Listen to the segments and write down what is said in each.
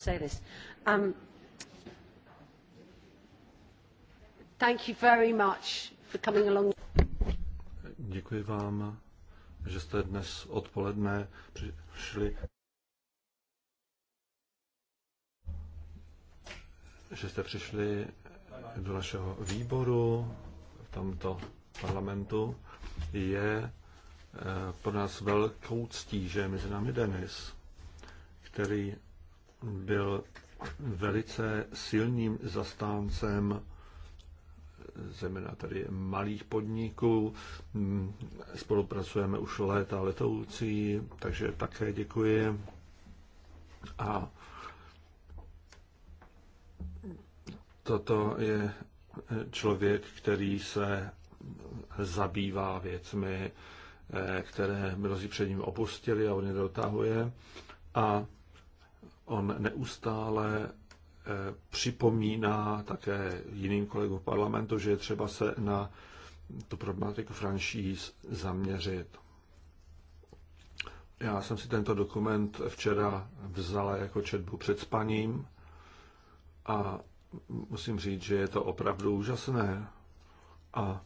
say this. Um, thank you very much for coming along. Děkuji vám, že jste dnes odpoledne přišli. že jste přišli do našeho výboru v tomto parlamentu. Je eh, pro nás velkou ctí, že je mezi námi Denis, který byl velice silným zastáncem zejména tady malých podniků. Spolupracujeme už léta letoucí, takže také děkuji. A toto je člověk, který se zabývá věcmi, eh, které mnozí před ním opustili a on je dotahuje. A On neustále eh, připomíná také jiným kolegům parlamentu, že je třeba se na tu problematiku franšíz zaměřit. Já jsem si tento dokument včera vzala jako četbu před spaním a musím říct, že je to opravdu úžasné. A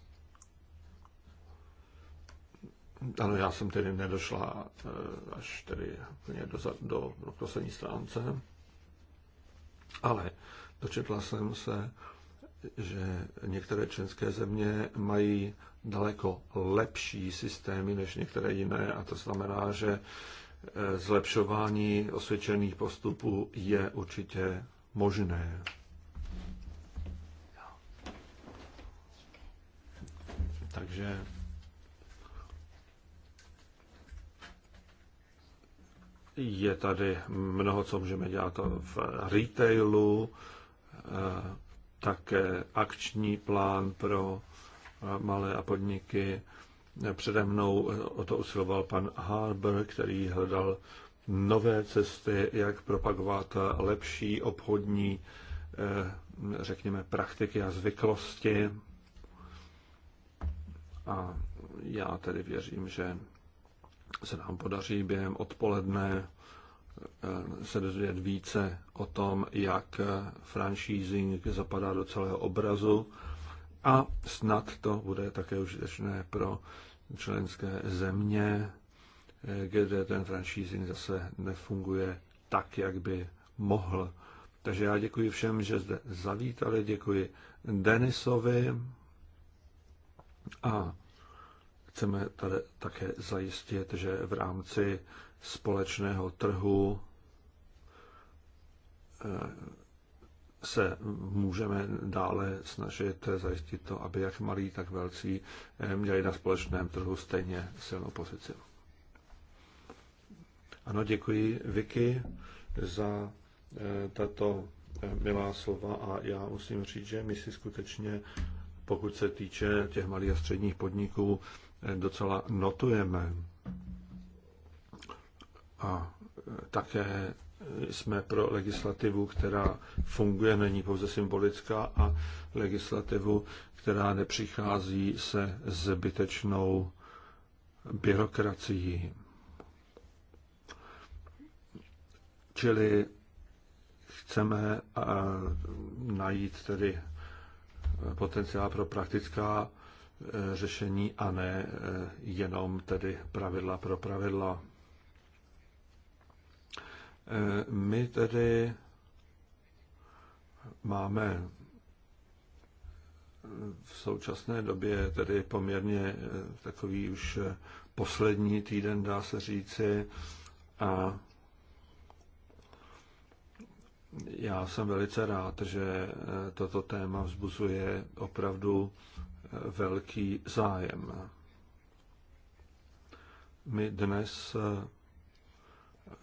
ano, já jsem tedy nedošla eh, až tedy úplně do, do, do poslední stránce, ale dočetla jsem se, že některé členské země mají daleko lepší systémy než některé jiné a to znamená, že eh, zlepšování osvědčených postupů je určitě možné. Takže Je tady mnoho, co můžeme dělat v retailu, eh, také akční plán pro eh, malé a podniky. Přede mnou eh, o to usiloval pan Harber, který hledal nové cesty, jak propagovat lepší obchodní, řekněme, praktiky a zvyklosti. A já tedy věřím, že se nám podaří během odpoledne eh, se dozvědět více o tom, jak eh, franchising zapadá do celého obrazu a snad to bude také užitečné pro členské země, eh, kde ten franchising zase nefunguje tak, jak by mohl. Takže já děkuji všem, že zde zavítali, děkuji Denisovi a Chceme tady také zajistit, že v rámci společného trhu eh, se můžeme dále snažit zajistit to, aby jak malí, tak velcí eh, měli na společném trhu stejně silnou pozici. Ano, děkuji Vicky za eh, tato milá slova a já musím říct, že my si skutečně, pokud se týče těch malých a středních podniků, docela notujeme. A také jsme pro legislativu, která funguje, není pouze symbolická, a legislativu, která nepřichází se zbytečnou byrokracií. Čili chceme eh, najít tedy potenciál pro praktická Eh, řešení a ne eh, jenom tedy pravidla pro pravidla. Eh, my tedy máme v současné době tedy poměrně takový už poslední týden, dá se říci, a já jsem velice rád, že toto téma vzbuzuje opravdu velký zájem. My dnes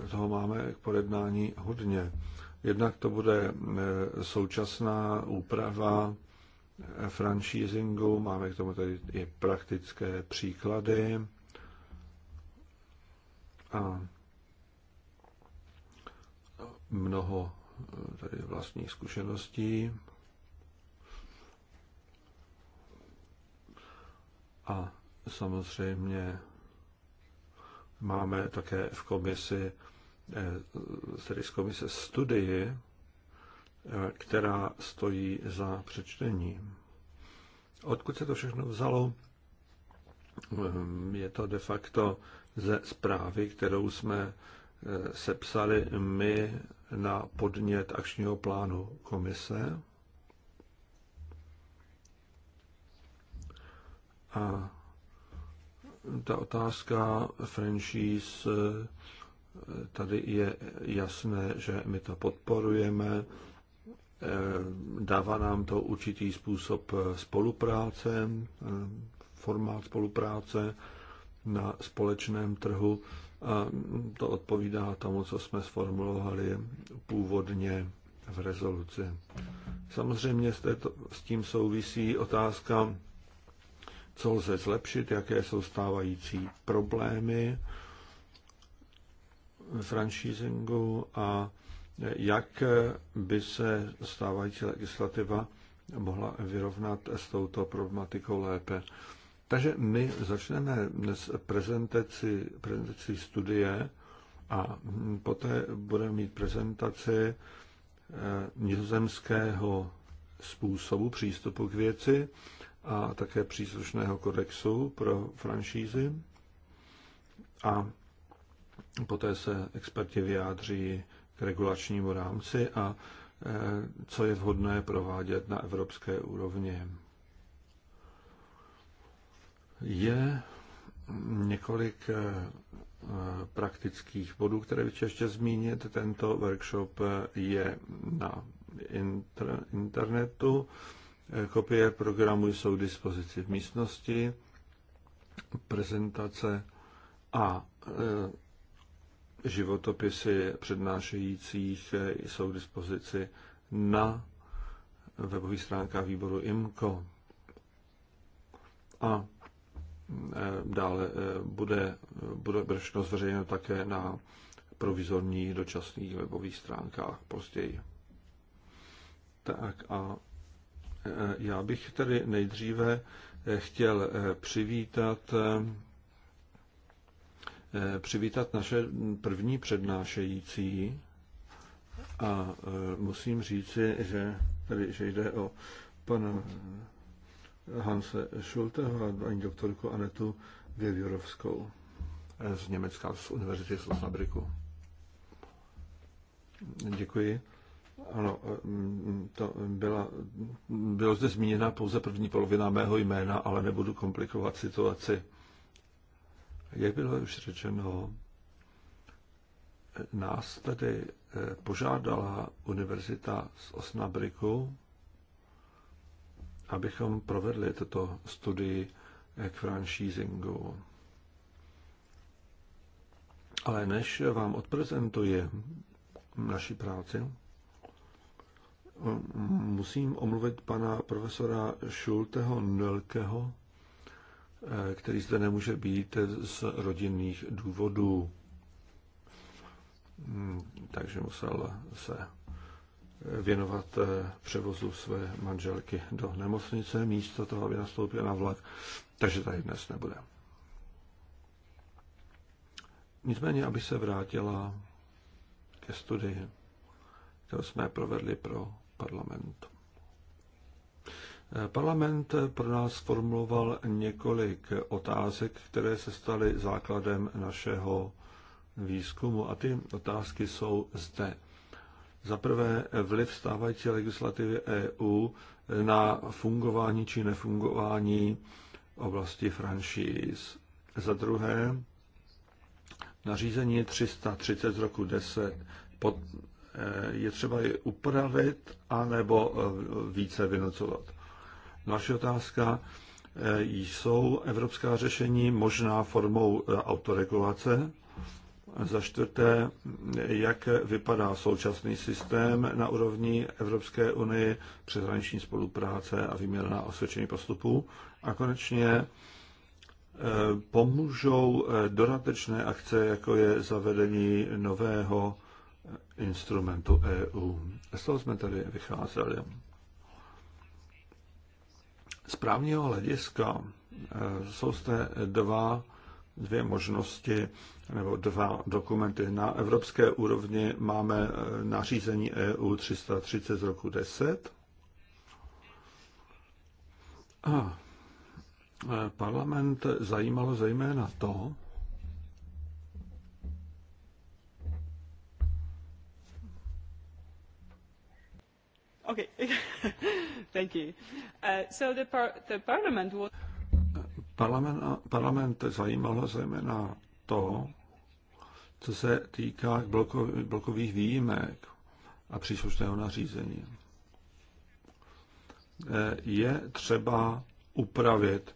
eh, toho máme k projednání hodně. Jednak to bude eh, současná úprava eh, franchisingu, máme k tomu tady i praktické příklady. A mnoho tady vlastních zkušeností. A samozřejmě máme také v komisi, eh, tedy z komise studii, eh, která stojí za přečtením. Odkud se to všechno vzalo? Eh, je to de facto ze zprávy, kterou jsme sepsali my na podnět akčního plánu komise. A ta otázka franchise, eh, tady je jasné, že my to podporujeme, eh, dává nám to určitý způsob spolupráce, eh, formát spolupráce na společném trhu a to odpovídá tomu, co jsme sformulovali původně v rezoluci. Samozřejmě s, s tím souvisí otázka co lze zlepšit, jaké jsou stávající problémy franšízingu a jak by se stávající legislativa mohla vyrovnat s touto problematikou lépe. Takže my začneme dnes prezentaci, prezentaci studie a poté budeme mít prezentaci eh, nizozemského způsobu přístupu k věci a také příslušného kodexu pro franšízy. A poté se experti vyjádří k regulačnímu rámci a e, co je vhodné provádět na evropské úrovni. Je několik e, praktických bodů, které bych ještě zmínit. Tento workshop je na internetu Eh, kopie programu jsou k dispozici v místnosti, prezentace a eh, životopisy přednášejících eh, jsou k dispozici na webových stránkách výboru IMCO. A dále bude, bude bršno zveřejněno také na provizorních dočasných webových stránkách později. Tak a Eh, já bych tedy nejdříve eh, chtěl eh, přivítat přivítat naše první přednášející a musím říci, že, tedy, že jde o pana Hanse Schulteho a paní doktorku Anetu Gevjurovskou z Německa, z Univerzity Slavnabriku. Děkuji. Ano, mm, to byla, bylo zde zmíněna pouze první polovina mého jména, ale nebudu komplikovat situaci. Jak bylo už řečeno, nás tedy eh, požádala univerzita z Osnabriku, abychom provedli toto studii eh, k franchisingu. Ale než vám odprezentuji naši práci, musím omluvit pana profesora Šulteho Nelkeho, eh, který zde nemůže být z rodinných důvodů. Hmm, takže musel se věnovat eh, převozu své manželky do nemocnice, místo toho, aby nastoupil na vlak, takže tady dnes nebude. Nicméně, aby se vrátila ke studii, kterou jsme provedli pro parlamentu. Parlament pro nás formuloval několik otázek, které se staly základem našeho výzkumu. A ty otázky jsou zde. Za prvé vliv stávající legislativy EU na fungování či nefungování oblasti franšíz. Za druhé nařízení 330 z roku 10 pod, Eh, je třeba je upravit anebo eh, více vynocovat. Další otázka, eh, jsou evropská řešení možná formou autoregulace? Za čtvrté, jak vypadá současný systém na úrovni Evropské unie, přeshraniční spolupráce a výměna osvědčení postupů? A konečně, pomůžou dodatečné akce, jako je zavedení nového instrumentu EU. Z toho jsme tady vycházeli. Z právního hlediska eh, jsou zde dva, dvě možnosti nebo dva dokumenty. Na evropské úrovni máme eh, nařízení EU 330 z roku 10 a eh, parlament zajímalo zejména to, Uh, parlament, parlament zajímalo zejména to, co se týká blokových výjimek a příslušného nařízení. Eh, je třeba upravit eh,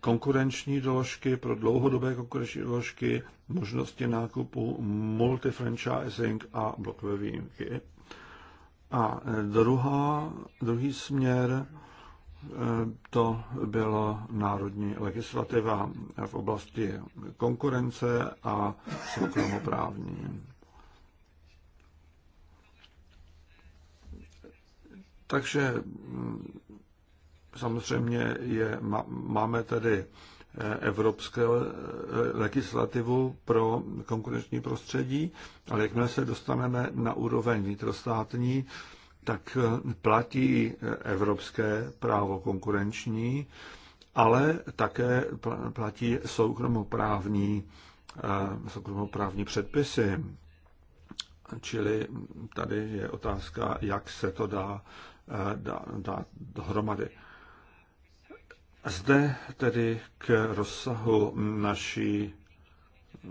konkurenční doložky pro dlouhodobé konkurenční doložky, možnosti nákupu, multifranchising a blokové výjimky a e, druhá, druhý směr e, to byla národní legislativa v oblasti konkurence a soukromoprávní. Takže samozřejmě je, máme tedy evropské legislativu pro konkurenční prostředí, ale jakmile se dostaneme na úroveň vnitrostátní, tak platí evropské právo konkurenční, ale také platí soukromoprávní, eh, soukromoprávní předpisy. Čili tady je otázka, jak se to dá, eh, dohromady. dá dohromady. Zde tedy k rozsahu naší,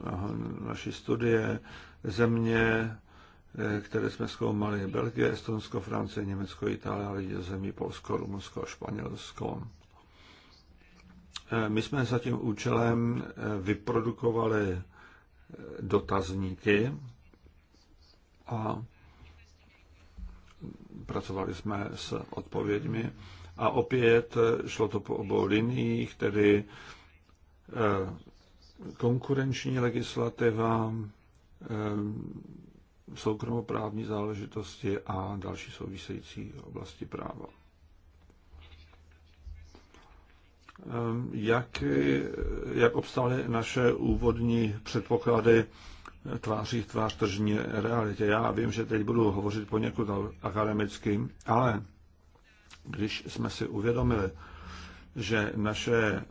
no, naší studie země, eh, které jsme zkoumali, Belgie, Estonsko, Francie, Německo, Itálie, ale i zemí Polsko, Rumunsko a Španělsko. Eh, my jsme za tím účelem eh, vyprodukovali dotazníky a pracovali jsme s odpověďmi. A opět eh, šlo to po obou liniích, tedy eh, konkurenční legislativa, eh, soukromoprávní záležitosti a další související oblasti práva. Jak, jak obstály naše úvodní předpoklady tváří tvář tržní realitě? Já vím, že teď budu hovořit poněkud akademicky, ale když jsme si uvědomili, že naše eh,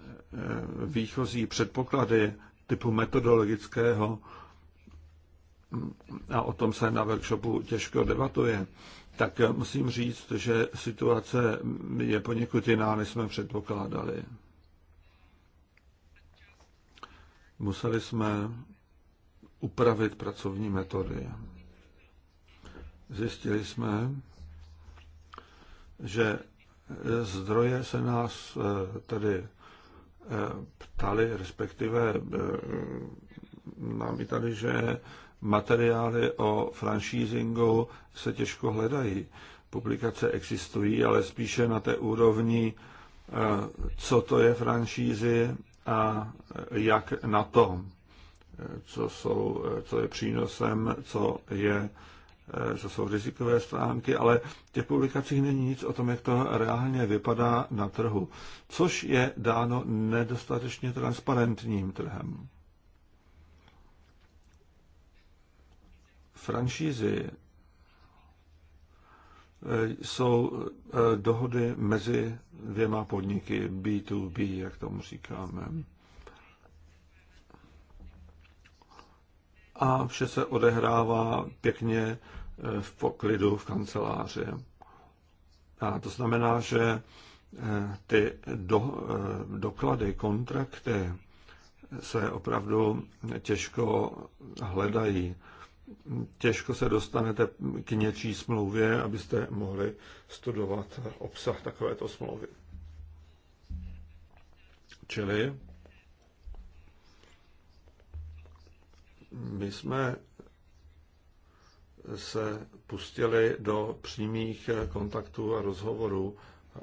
výchozí předpoklady typu metodologického, mm, a o tom se na workshopu těžko debatuje, tak eh, musím říct, že situace je poněkud jiná, než jsme předpokládali. Museli jsme upravit pracovní metody. Zjistili jsme, že eh, zdroje se nás eh, tedy eh, ptali, respektive nám i tady, že materiály o franšízingu se těžko hledají. Publikace existují, ale spíše na té úrovni, co to je franšízy a jak na to, co, jsou, co je přínosem, co je Eh, co jsou rizikové stránky, ale v těch publikacích není nic o tom, jak to reálně vypadá na trhu, což je dáno nedostatečně transparentním trhem. Franšízy eh, jsou eh, dohody mezi dvěma podniky, B2B, jak tomu říkáme. a vše se odehrává pěkně v poklidu v kanceláři. A to znamená, že eh, ty do, eh, doklady, kontrakty se opravdu těžko hledají. Těžko se dostanete k něčí smlouvě, abyste mohli studovat obsah takovéto smlouvy. Čili my jsme se pustili do přímých kontaktů a rozhovorů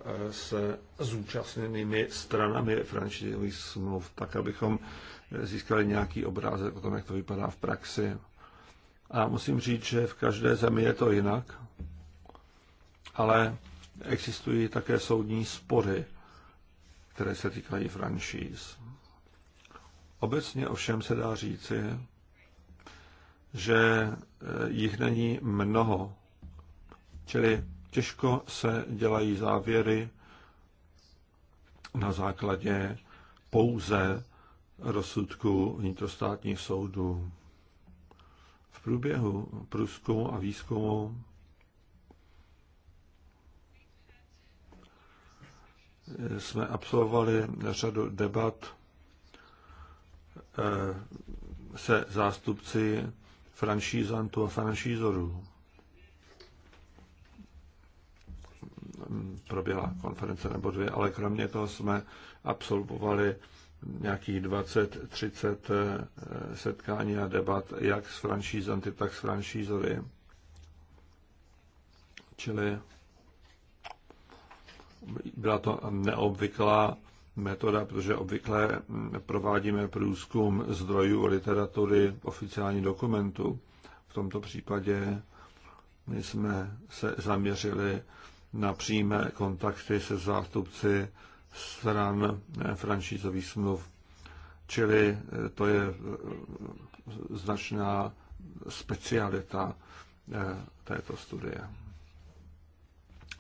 eh, se zúčastněnými stranami franšízových smluv, tak abychom eh, získali nějaký obrázek o tom, jak to vypadá v praxi. A musím říct, že v každé zemi je to jinak, ale existují také soudní spory, které se týkají franšíz. Obecně ovšem se dá říci, že Eh, jich není mnoho. Čili těžko se dělají závěry na základě pouze rozsudku vnitrostátních soudů. V průběhu průzkumu a výzkumu jsme absolvovali řadu debat eh, se zástupci franšízantů a franšízorů. Proběhla konference nebo dvě, ale kromě toho jsme absolvovali nějakých 20-30 eh, setkání a debat jak s franšízanty, tak s franšízory. Čili byla to neobvyklá metoda, protože obvykle mm, provádíme průzkum zdrojů, literatury, oficiální dokumentů. V tomto případě my jsme se zaměřili na přímé kontakty se zástupci stran eh, franšízových smluv. Čili eh, to je eh, značná specialita této studie.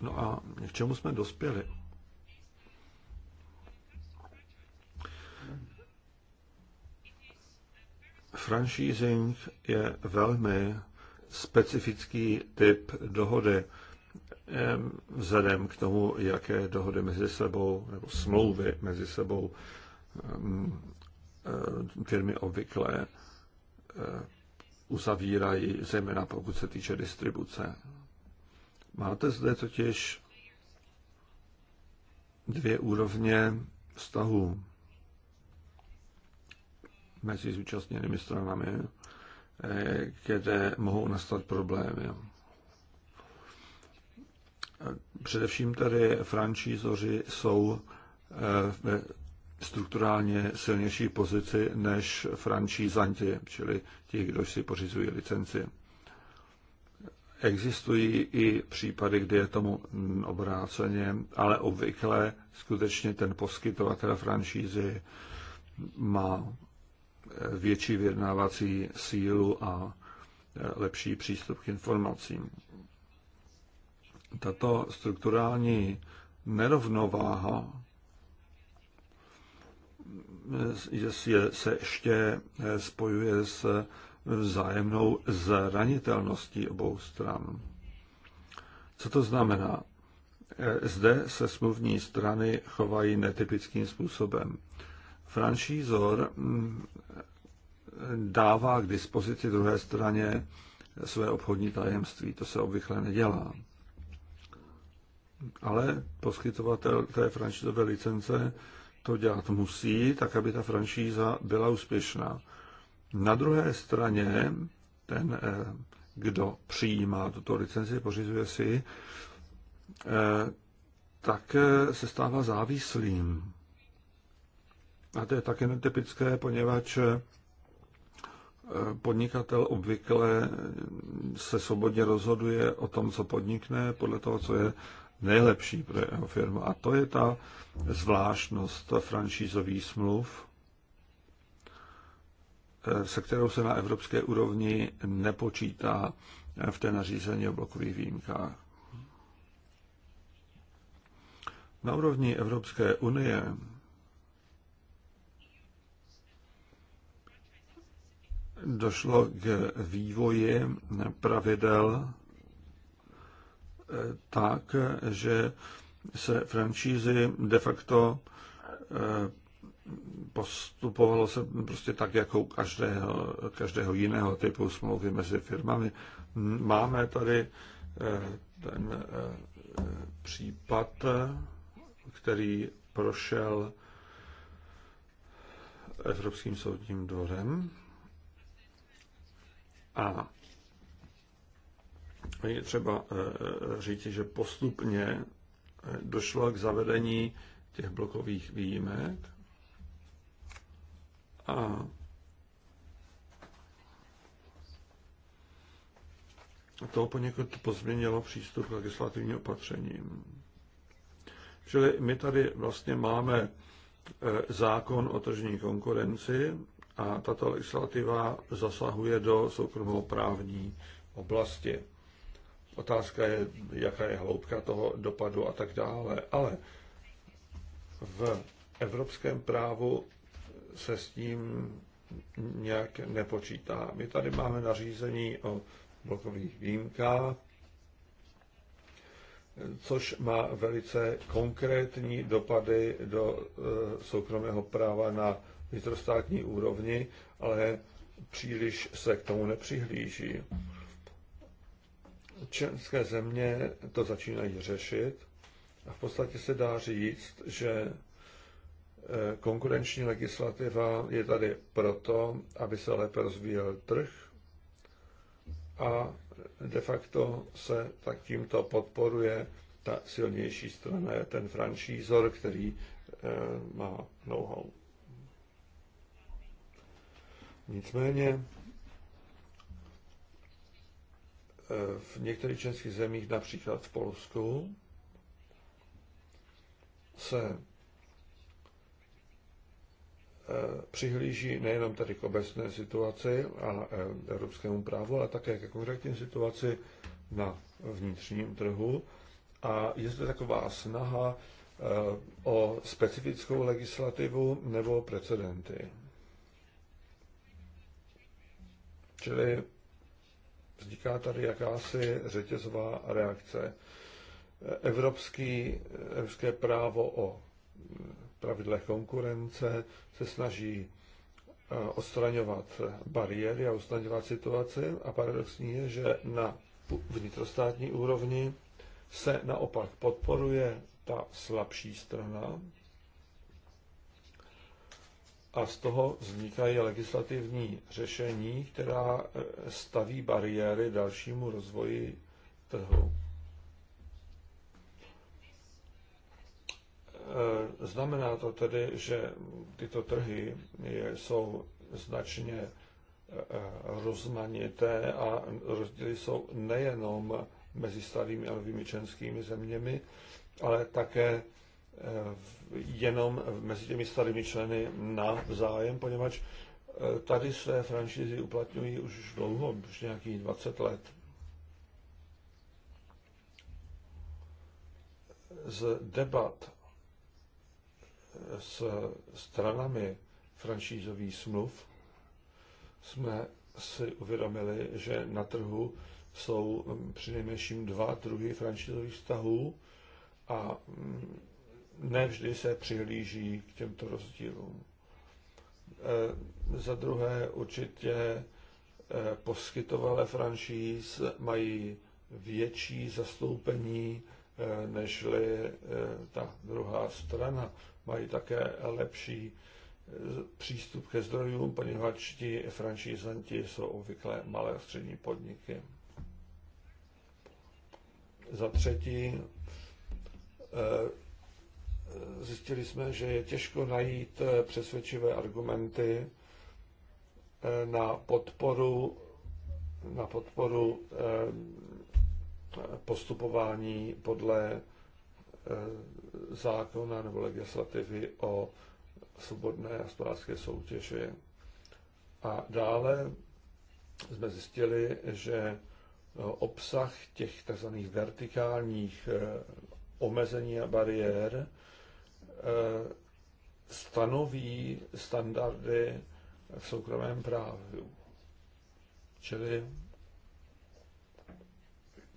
No a k čemu jsme dospěli? Franchising je velmi specifický typ dohody vzhledem k tomu, jaké dohody mezi sebou nebo smlouvy mezi sebou firmy obvykle uzavírají, zejména pokud se týče distribuce. Máte zde totiž dvě úrovně vztahů mezi zúčastněnými stranami, eh, kde mohou nastat problémy. Především tady franšízoři jsou eh, ve strukturálně silnější pozici než franšízanti, čili ti, kdo si pořizují licenci. Existují i případy, kdy je tomu obráceně, ale obvykle skutečně ten poskytovatel franšízy má větší vyjednávací sílu a e, lepší přístup k informacím. Tato strukturální nerovnováha e, je, se ještě e, spojuje s vzájemnou zranitelností obou stran. Co to znamená? Zde se smluvní strany chovají netypickým způsobem. Franšízor mm, dává k dispozici druhé straně své obchodní tajemství. To se obvykle nedělá. Ale poskytovatel té franšízové licence to dělat musí, tak aby ta franšíza byla úspěšná. Na druhé straně ten, eh, kdo přijímá tuto licenci, pořizuje si, eh, tak eh, se stává závislým a to je také netypické, poněvadž eh, podnikatel obvykle se svobodně rozhoduje o tom, co podnikne, podle toho, co je nejlepší pro jeho firmu. A to je ta zvláštnost franšízových smluv, eh, se kterou se na evropské úrovni nepočítá v té nařízení o blokových výjimkách. Na úrovni Evropské unie došlo k vývoji pravidel eh, tak, že se franšízy de facto eh, postupovalo se prostě tak, jako u každého, každého jiného typu smlouvy mezi firmami. Máme tady eh, ten případ, který prošel Evropským soudním dvorem a je třeba eh, eh, říct, že postupně eh, došlo k zavedení těch blokových výjimek a to poněkud pozměnilo přístup k legislativním opatřením. Čili my tady vlastně máme zákon o tržní konkurenci, a tato legislativa zasahuje do soukromoprávní oblasti. Otázka je, jaká je hloubka toho dopadu a tak dále. Ale v evropském právu se s tím nějak nepočítá. My tady máme nařízení o blokových výjimkách, což má velice konkrétní dopady do e, soukromého práva na vnitrostátní úrovni, ale příliš se k tomu nepřihlíží. České země to začínají řešit a v podstatě se dá říct, že eh, konkurenční legislativa je tady proto, aby se lépe rozvíjel trh a de facto se tak tímto podporuje ta silnější strana, ten franšízor, který eh, má know-how. Nicméně eh, v některých českých zemích, například v Polsku, se eh, přihlíží nejenom tady k obecné situaci a eh, evropskému právu, ale také ke konkrétní situaci na vnitřním trhu. A je zde taková snaha o specifickou legislativu nebo precedenty. Čili vzniká tady jakási řetězová reakce. Evropský, evropské právo o pravidlech konkurence se snaží eh, odstraňovat bariéry a odstraňovat situaci a paradoxní je, že na vnitrostátní úrovni se naopak podporuje ta slabší strana a z toho vznikají legislativní řešení, která e, staví bariéry dalšímu rozvoji trhu. E, znamená to tedy, že tyto trhy jsou značně e, rozmanité a rozdíly jsou nejenom mezi starými a novými členskými zeměmi, ale také Eh, jenom mezi těmi starými členy na zájem, poněvadž eh, tady se franšízy uplatňují už dlouho, už nějakých 20 let. Z debat eh, s stranami franšízových smluv jsme si uvědomili, že na trhu jsou hm, přinejmenším dva druhy franšízových vztahů a hm, nevždy se přihlíží k těmto rozdílům. E, za druhé, určitě e, poskytovalé franšíz mají větší zastoupení e, nežli ta druhá strana. Mají také lepší přístup ke zdrojům, poněvadž ti franšízanti jsou obvykle malé a střední podniky. Za třetí, zjistili jsme, že je těžko najít eh, přesvědčivé argumenty eh, na podporu, na podporu eh, postupování podle zákona nebo legislativy o svobodné hospodářské soutěži. A dále jsme zjistili, že obsah těch tzv. vertikálních omezení a bariér Eh, stanoví standardy v soukromém právu. Čili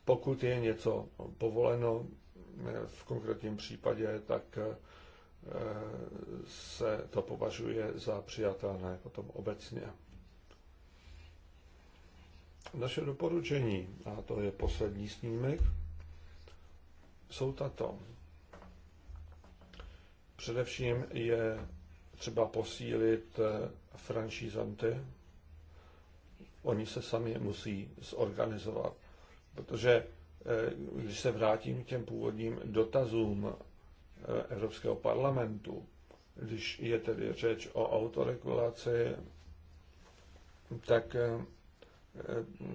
pokud je něco povoleno eh, v konkrétním případě, tak eh, se to považuje za přijatelné potom obecně. Naše doporučení, a to je poslední snímek, jsou tato. Především je třeba posílit eh, franšízanty. Oni se sami musí zorganizovat, protože eh, když se vrátím k těm původním dotazům eh, Evropského parlamentu, když je tedy řeč o autoregulaci, tak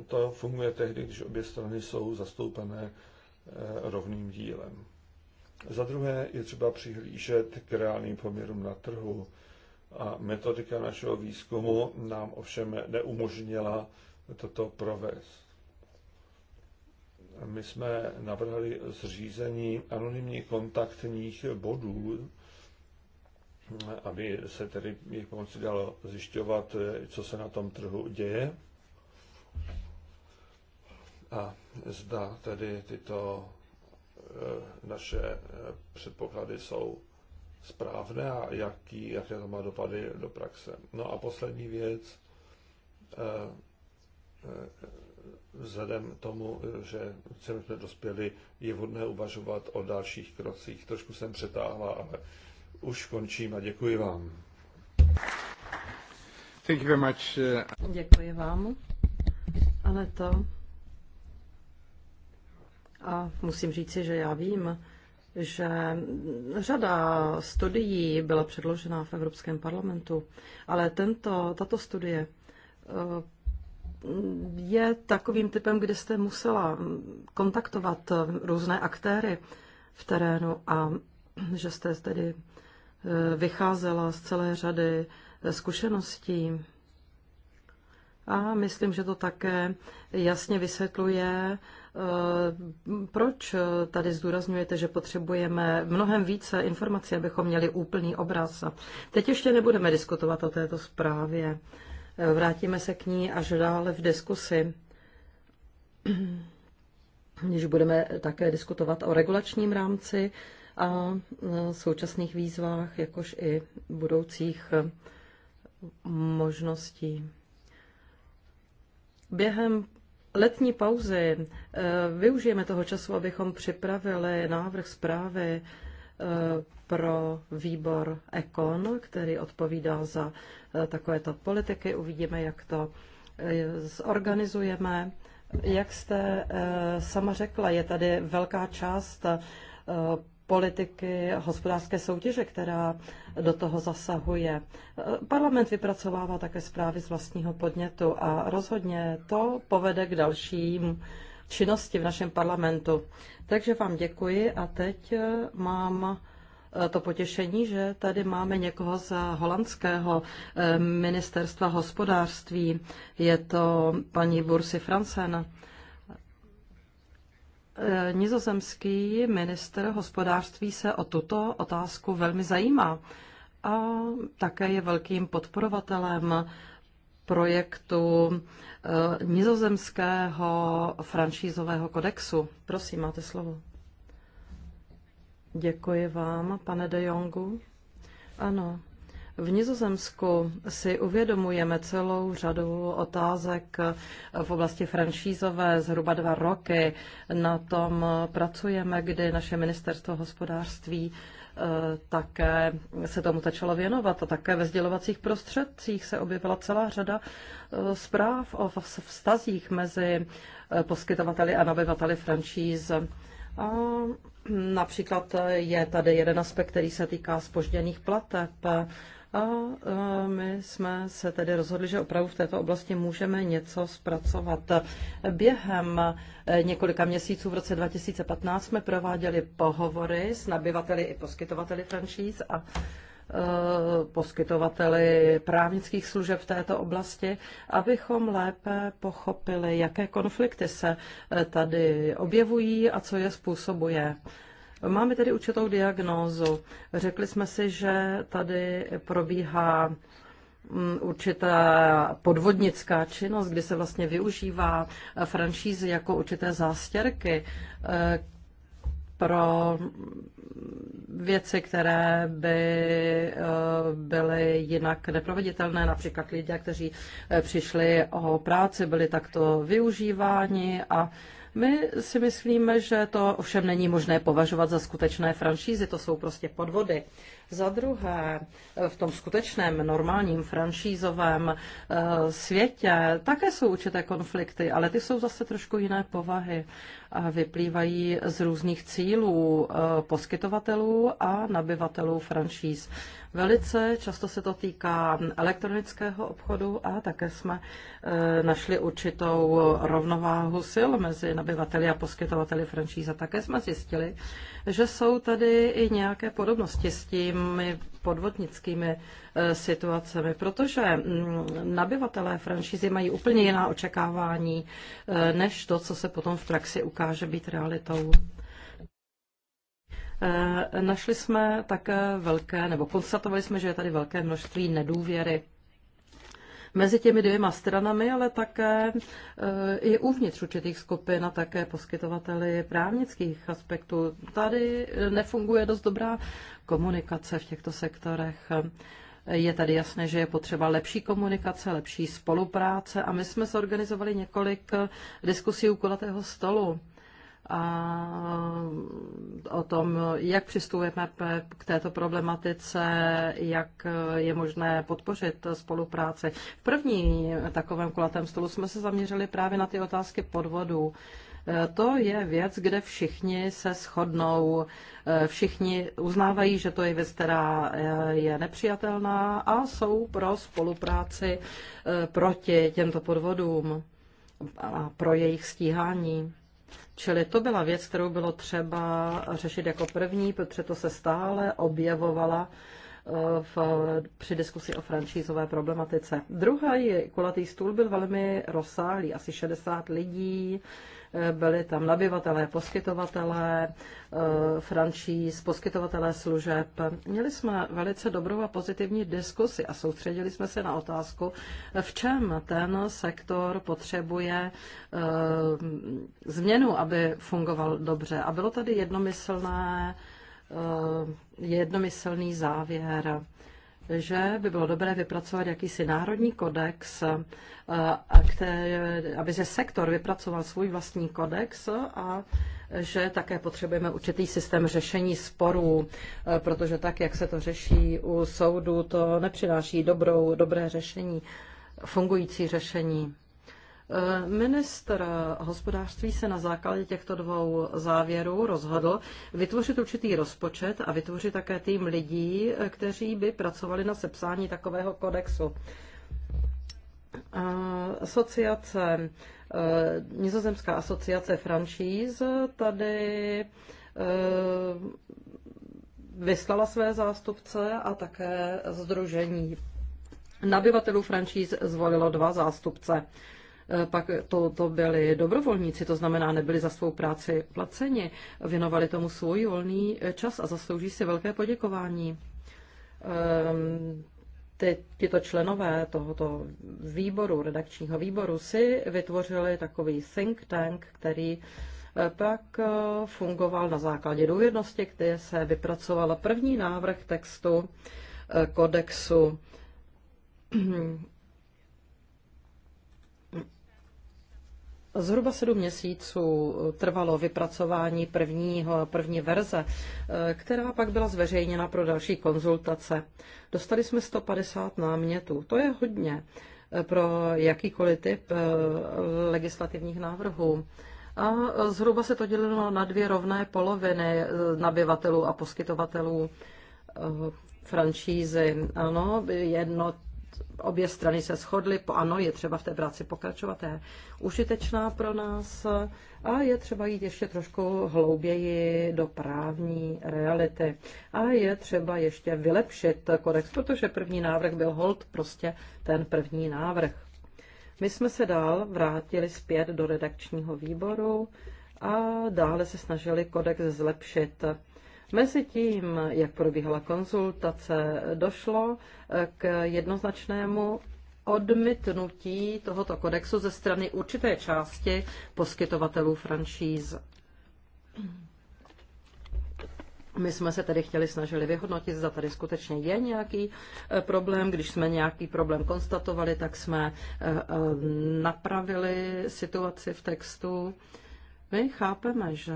to funguje tehdy, když obě strany jsou zastoupené rovným dílem. Za druhé je třeba přihlížet k reálným poměrům na trhu. A metodika našeho výzkumu nám ovšem neumožnila toto provést. My jsme navrhli zřízení anonymních kontaktních bodů, aby se tedy jejich pomocí dalo zjišťovat, co se na tom trhu děje. A zda tedy tyto Eh, naše eh, předpoklady jsou správné a jaký, jaké to má dopady do praxe. No a poslední věc, eh, vzhledem tomu, že sem jsme dospěli, je vhodné uvažovat o dalších krocích. Trošku jsem přetáhla, ale už končím a děkuji vám. Thank you very much. Děkuji vám. Ale to a musím říci, že já vím, že řada studií byla předložena v Evropském parlamentu, ale tento, tato studie eh, je takovým typem, kde jste musela kontaktovat různé aktéry v terénu a že jste tedy eh, vycházela z celé řady eh, zkušeností a myslím, že to také jasně vysvětluje, eh, proč tady zdůrazňujete, že potřebujeme mnohem více informací, abychom měli úplný obraz? Teď ještě nebudeme diskutovat o této zprávě. Eh, vrátíme se k ní až dále v diskusi, když budeme také diskutovat o regulačním rámci a eh, současných výzvách, jakož i budoucích možností během letní pauzy eh, využijeme toho času, abychom připravili návrh zprávy eh, pro výbor Ekon, který odpovídá za eh, takovéto politiky. Uvidíme, jak to zorganizujeme. Jak jste sama řekla, je tady velká část politiky hospodářské soutěže, která do toho zasahuje. Parlament vypracovává také zprávy z vlastního podnětu a rozhodně to povede k dalším činnosti v našem parlamentu. Takže vám děkuji a teď eh, mám eh, to potěšení, že tady máme někoho z holandského eh, ministerstva hospodářství. Je to paní Bursi Fransen. Eh, nizozemský minister hospodářství se o tuto otázku velmi zajímá a také je velkým podporovatelem projektu eh, nizozemského franšízového kodexu. Prosím, máte slovo. Děkuji vám, pane de Jongu. Ano, v Nizozemsku si uvědomujeme celou řadu otázek v oblasti franšízové. Zhruba dva roky na tom pracujeme, kdy naše ministerstvo hospodářství eh, také se tomu začalo věnovat a také ve sdělovacích prostředcích se objevila celá řada eh, zpráv o vztazích mezi eh, poskytovateli a nabyvateli franšíz. A například je tady jeden aspekt, který se týká spožděných plateb a e, my jsme se tedy rozhodli, že opravdu v této oblasti můžeme něco zpracovat. Během e, několika měsíců v roce 2015 jsme prováděli pohovory s nabyvateli i poskytovateli franšíz a e, poskytovateli právnických služeb v této oblasti, abychom lépe pochopili, jaké konflikty se tady objevují a co je způsobuje. Máme tady určitou diagnózu. Řekli jsme si, že tady probíhá mm, určitá podvodnická činnost, kdy se vlastně využívá franšízy jako určité zástěrky eh, pro věci, které by eh, byly jinak neproveditelné. Například lidé, kteří eh, přišli o práci, byli takto využíváni a my si myslíme, že to ovšem není možné považovat za skutečné franšízy, to jsou prostě podvody. Za druhé, v tom skutečném normálním franšízovém eh, světě také jsou určité konflikty, ale ty jsou zase trošku jiné povahy a vyplývají z různých cílů eh, poskytovatelů a nabyvatelů franšíz. Velice často se to týká elektronického obchodu a také jsme eh, našli určitou rovnováhu sil mezi nabyvateli a poskytovateli franšíz. A také jsme zjistili, že jsou tady i nějaké podobnosti s tím, těmi podvodnickými eh, situacemi, protože mm, nabyvatelé franšízy mají úplně jiná očekávání, eh, než to, co se potom v praxi ukáže být realitou. Eh, našli jsme také velké, nebo konstatovali jsme, že je tady velké množství nedůvěry mezi těmi dvěma stranami, ale také eh, i uvnitř určitých skupin a také poskytovateli právnických aspektů. Tady nefunguje dost dobrá komunikace v těchto sektorech. Je tady jasné, že je potřeba lepší komunikace, lepší spolupráce a my jsme zorganizovali několik diskusí u kulatého stolu a o tom, jak přistupujeme k této problematice, jak je možné podpořit spolupráci. V první takovém kulatém stolu jsme se zaměřili právě na ty otázky podvodů. To je věc, kde všichni se shodnou, všichni uznávají, že to je věc, která je nepřijatelná a jsou pro spolupráci eh, proti těmto podvodům a pro jejich stíhání. Čili to byla věc, kterou bylo třeba řešit jako první, protože to se stále objevovala eh, v, při diskusi o franšízové problematice. Druhý kulatý stůl byl velmi rozsáhlý, asi 60 lidí, byli tam nabyvatelé, poskytovatelé eh, franšíz, poskytovatelé služeb. Měli jsme velice dobrou a pozitivní diskusi a soustředili jsme se na otázku, v čem ten sektor potřebuje eh, změnu, aby fungoval dobře. A bylo tady jednomyslné eh, jednomyslný závěr že by bylo dobré vypracovat jakýsi národní kodex, eh, aby se sektor vypracoval svůj vlastní kodex a že také potřebujeme určitý systém řešení sporů, eh, protože tak, jak se to řeší u soudu, to nepřináší dobrou, dobré řešení, fungující řešení. Eh, ministr hospodářství se na základě těchto dvou závěrů rozhodl vytvořit určitý rozpočet a vytvořit také tým lidí, eh, kteří by pracovali na sepsání takového kodexu. Eh, asociace, Nizozemská asociace franchise tady vyslala své zástupce a také združení nabyvatelů franšíz zvolilo dva zástupce. Eh, pak to, to byli dobrovolníci, to znamená, nebyli za svou práci placeni, věnovali tomu svůj volný eh, čas a zaslouží si velké poděkování. Ehm, ty, tyto členové tohoto výboru, redakčního výboru, si vytvořili takový think tank, který eh, pak fungoval na základě důvěrnosti, kde se vypracovala první návrh textu kodexu Zhruba sedm měsíců eh, trvalo vypracování prvního, první verze, eh, která pak byla zveřejněna pro další konzultace. Dostali jsme 150 námětů. To je hodně eh, pro jakýkoliv typ legislativních návrhů. A zhruba se to dělilo na dvě rovné poloviny nabyvatelů a poskytovatelů franšízy. Ano, jedno, obě strany se shodly, po ano, je třeba v té práci pokračovat, je užitečná pro nás a je třeba jít ještě trošku hlouběji do právní reality. A je třeba ještě vylepšit kodex, protože první návrh byl hold prostě ten první návrh. My jsme se dál vrátili zpět do redakčního výboru a dále se snažili kodex zlepšit. Mezi tím, jak probíhala konzultace, došlo eh, k jednoznačnému odmítnutí tohoto kodexu ze strany určité části poskytovatelů franšíz. My jsme se tedy chtěli snažili vyhodnotit, zda tady skutečně je nějaký eh, problém. Když jsme nějaký problém konstatovali, tak jsme eh, napravili situaci v textu. My chápeme, že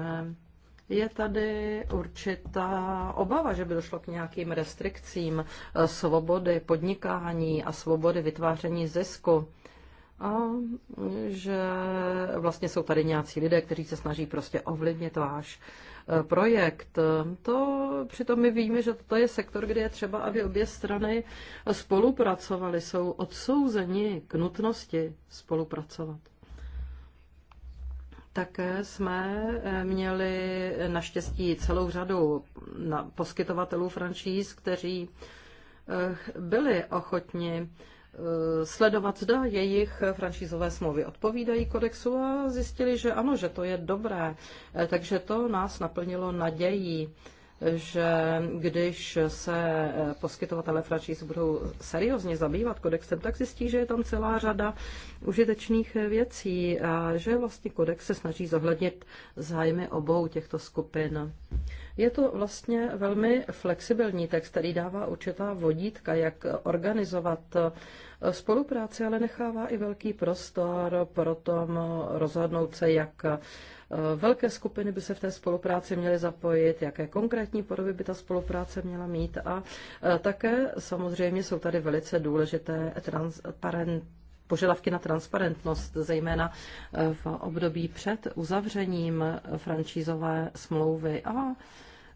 je tady určitá obava, že by došlo k nějakým restrikcím eh, svobody podnikání a svobody vytváření zisku. A že vlastně jsou tady nějací lidé, kteří se snaží prostě ovlivnit váš eh, projekt. To přitom my víme, že toto je sektor, kde je třeba, aby obě strany spolupracovaly, jsou odsouzeni k nutnosti spolupracovat. Také jsme eh, měli naštěstí celou řadu poskytovatelů franšíz, kteří eh, byli ochotni eh, sledovat, zda jejich franšízové smlouvy odpovídají kodexu a zjistili, že ano, že to je dobré. Takže to nás naplnilo nadějí že když se eh, poskytovatele franšíz budou seriózně zabývat kodexem, tak zjistí, že je tam celá řada užitečných věcí a že vlastně kodex se snaží zohlednit zájmy obou těchto skupin. Je to vlastně velmi flexibilní text, který dává určitá vodítka, jak organizovat eh, spolupráci, ale nechává i velký prostor pro tom rozhodnout se, jak Eh, velké skupiny by se v té spolupráci měly zapojit, jaké konkrétní podoby by ta spolupráce měla mít a eh, také samozřejmě jsou tady velice důležité transparent požadavky na transparentnost, zejména eh, v období před uzavřením francízové smlouvy a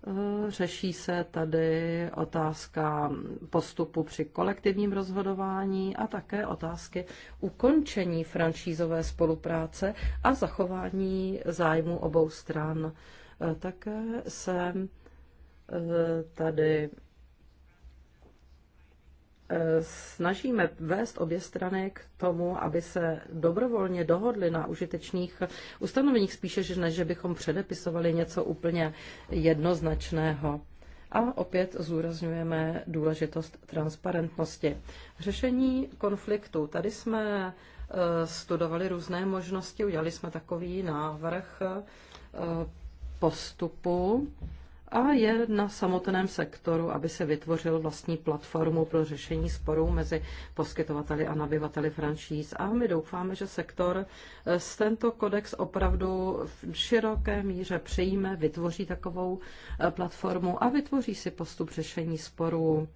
Eh, řeší se tady otázka postupu při kolektivním rozhodování a také otázky ukončení franšízové spolupráce a zachování zájmu obou stran. Eh, také se eh, tady Eh, snažíme vést obě strany k tomu, aby se dobrovolně dohodly na užitečných ustanoveních, spíše než že bychom předepisovali něco úplně jednoznačného. A opět zúrazňujeme důležitost transparentnosti. Řešení konfliktu. Tady jsme eh, studovali různé možnosti, udělali jsme takový návrh eh, postupu a je na samotném sektoru, aby se vytvořil vlastní platformu pro řešení sporů mezi poskytovateli a nabyvateli franšíz. A my doufáme, že sektor z eh, tento kodex opravdu v široké míře přijme, vytvoří takovou eh, platformu a vytvoří si postup řešení sporů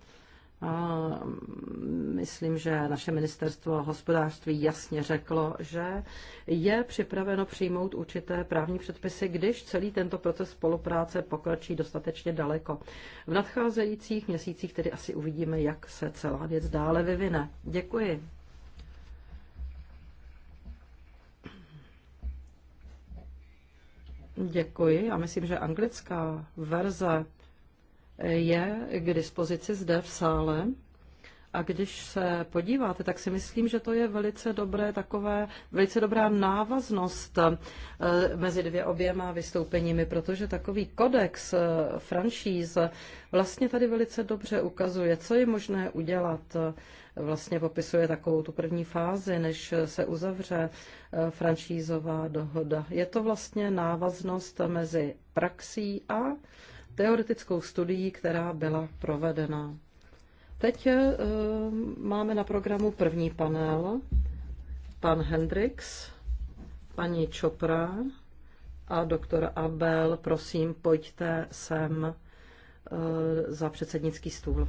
Mm, myslím, že naše ministerstvo hospodářství jasně řeklo, že je připraveno přijmout určité právní předpisy, když celý tento proces spolupráce pokročí dostatečně daleko. V nadcházejících měsících tedy asi uvidíme, jak se celá věc dále vyvine. Děkuji. Děkuji. A myslím, že anglická verze je k dispozici zde v sále. A když se podíváte, tak si myslím, že to je velice, dobré, takové, velice dobrá návaznost eh, mezi dvě oběma vystoupeními, protože takový kodex eh, franšíz vlastně tady velice dobře ukazuje, co je možné udělat. Eh, vlastně popisuje takovou tu první fázi, než se uzavře franšízová dohoda. Je to vlastně návaznost mezi praxí a teoretickou studií, která byla provedena. Teď eh, máme na programu první panel. Pan Hendrix, paní Čopra a doktor Abel, prosím, pojďte sem eh, za předsednický stůl.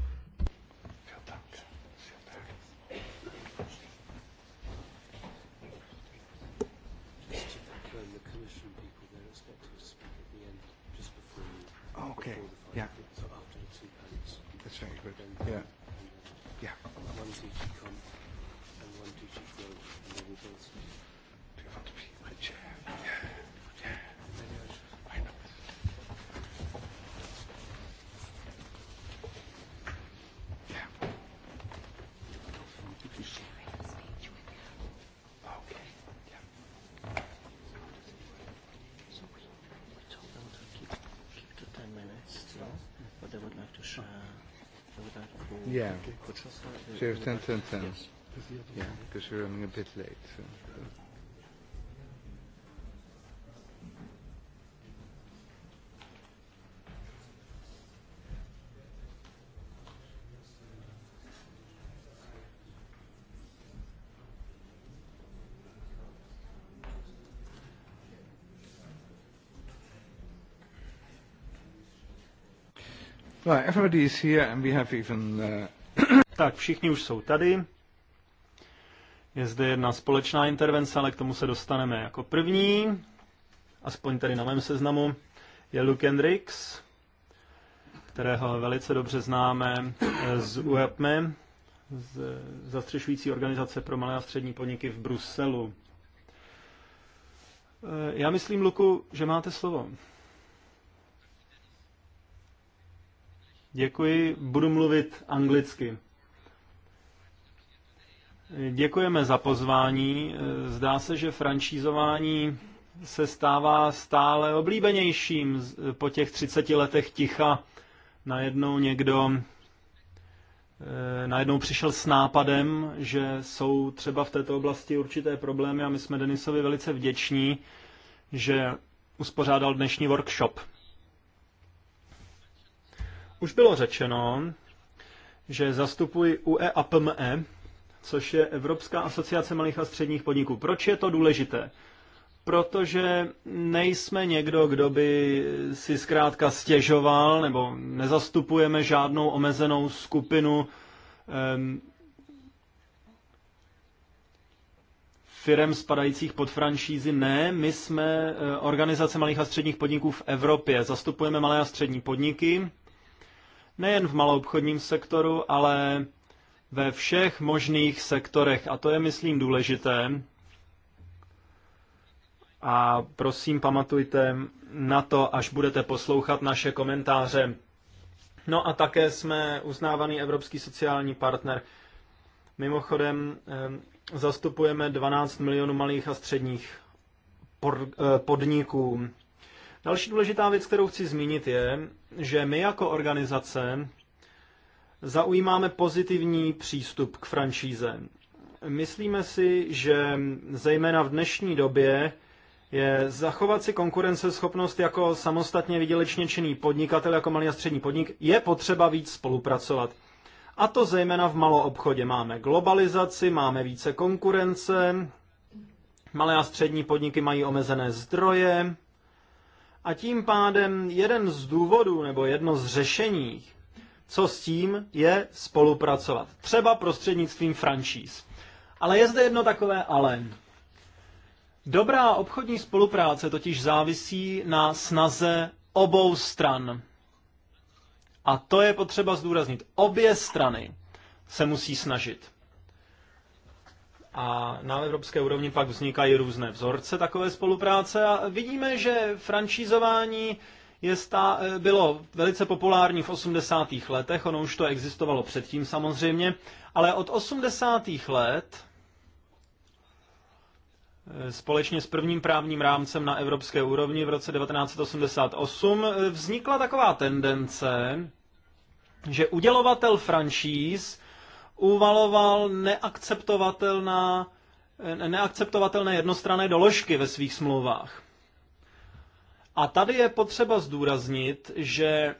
sorry, but, yeah. Yeah. One DG comp and one DG grow, and they will both Yeah. Okay. 7, 10, 10, 10. Yeah, because you're running a bit late. So. Uh, tak, všichni už jsou tady. Je zde jedna společná intervence, ale k tomu se dostaneme jako první. Aspoň tady na mém seznamu je Luke Hendricks, kterého velice dobře známe eh, z UEPME, z zastřešující organizace pro malé a střední podniky v Bruselu. Eh, já myslím, Luku, že máte slovo. Děkuji, budu mluvit anglicky. Děkujeme za pozvání. Zdá se, že franšízování se stává stále oblíbenějším po těch 30 letech ticha. Najednou někdo eh, najednou přišel s nápadem, že jsou třeba v této oblasti určité problémy a my jsme Denisovi velice vděční, že uspořádal dnešní workshop. Už bylo řečeno, že zastupuji UEAPME, e, což je Evropská asociace malých a středních podniků. Proč je to důležité? Protože nejsme někdo, kdo by si zkrátka stěžoval, nebo nezastupujeme žádnou omezenou skupinu um, firem spadajících pod franšízy. Ne, my jsme eh, organizace malých a středních podniků v Evropě. Zastupujeme malé a střední podniky, nejen v maloobchodním sektoru, ale ve všech možných sektorech. A to je, myslím, důležité. A prosím, pamatujte na to, až budete poslouchat naše komentáře. No a také jsme uznávaný evropský sociální partner. Mimochodem, zastupujeme 12 milionů malých a středních eh, podniků Další důležitá věc, kterou chci zmínit, je, že my jako organizace zaujímáme pozitivní přístup k franšíze. Myslíme si, že zejména v dnešní době je zachovat si konkurenceschopnost jako samostatně vydělečně činný podnikatel, jako malý a střední podnik, je potřeba víc spolupracovat. A to zejména v maloobchodě. Máme globalizaci, máme více konkurence, malé a střední podniky mají omezené zdroje, a tím pádem jeden z důvodů nebo jedno z řešení, co s tím, je spolupracovat. Třeba prostřednictvím franšíz. Ale je zde jedno takové ale. Dobrá obchodní spolupráce totiž závisí na snaze obou stran. A to je potřeba zdůraznit. Obě strany se musí snažit. A na evropské úrovni pak vznikají různé vzorce takové spolupráce a vidíme, že francízování je stá, eh, bylo velice populární v 80. letech, ono už to existovalo předtím samozřejmě, ale od 80. let eh, společně s prvním právním rámcem na evropské úrovni v roce 1988 eh, vznikla taková tendence, že udělovatel francíz uvaloval neakceptovatelná, neakceptovatelné jednostranné doložky ve svých smlouvách. A tady je potřeba zdůraznit, že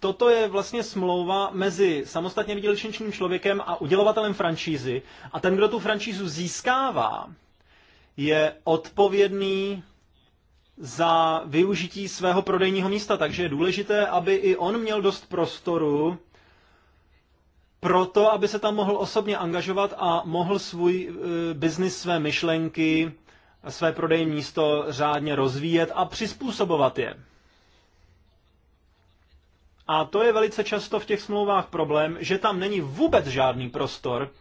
toto je vlastně smlouva mezi samostatně výdělečným člověkem a udělovatelem franšízy a ten, kdo tu franšízu získává, je odpovědný za využití svého prodejního místa, takže je důležité, aby i on měl dost prostoru proto, aby se tam mohl osobně angažovat a mohl svůj eh, biznis, své myšlenky, své prodejní místo řádně rozvíjet a přizpůsobovat je. A to je velice často v těch smlouvách problém, že tam není vůbec žádný prostor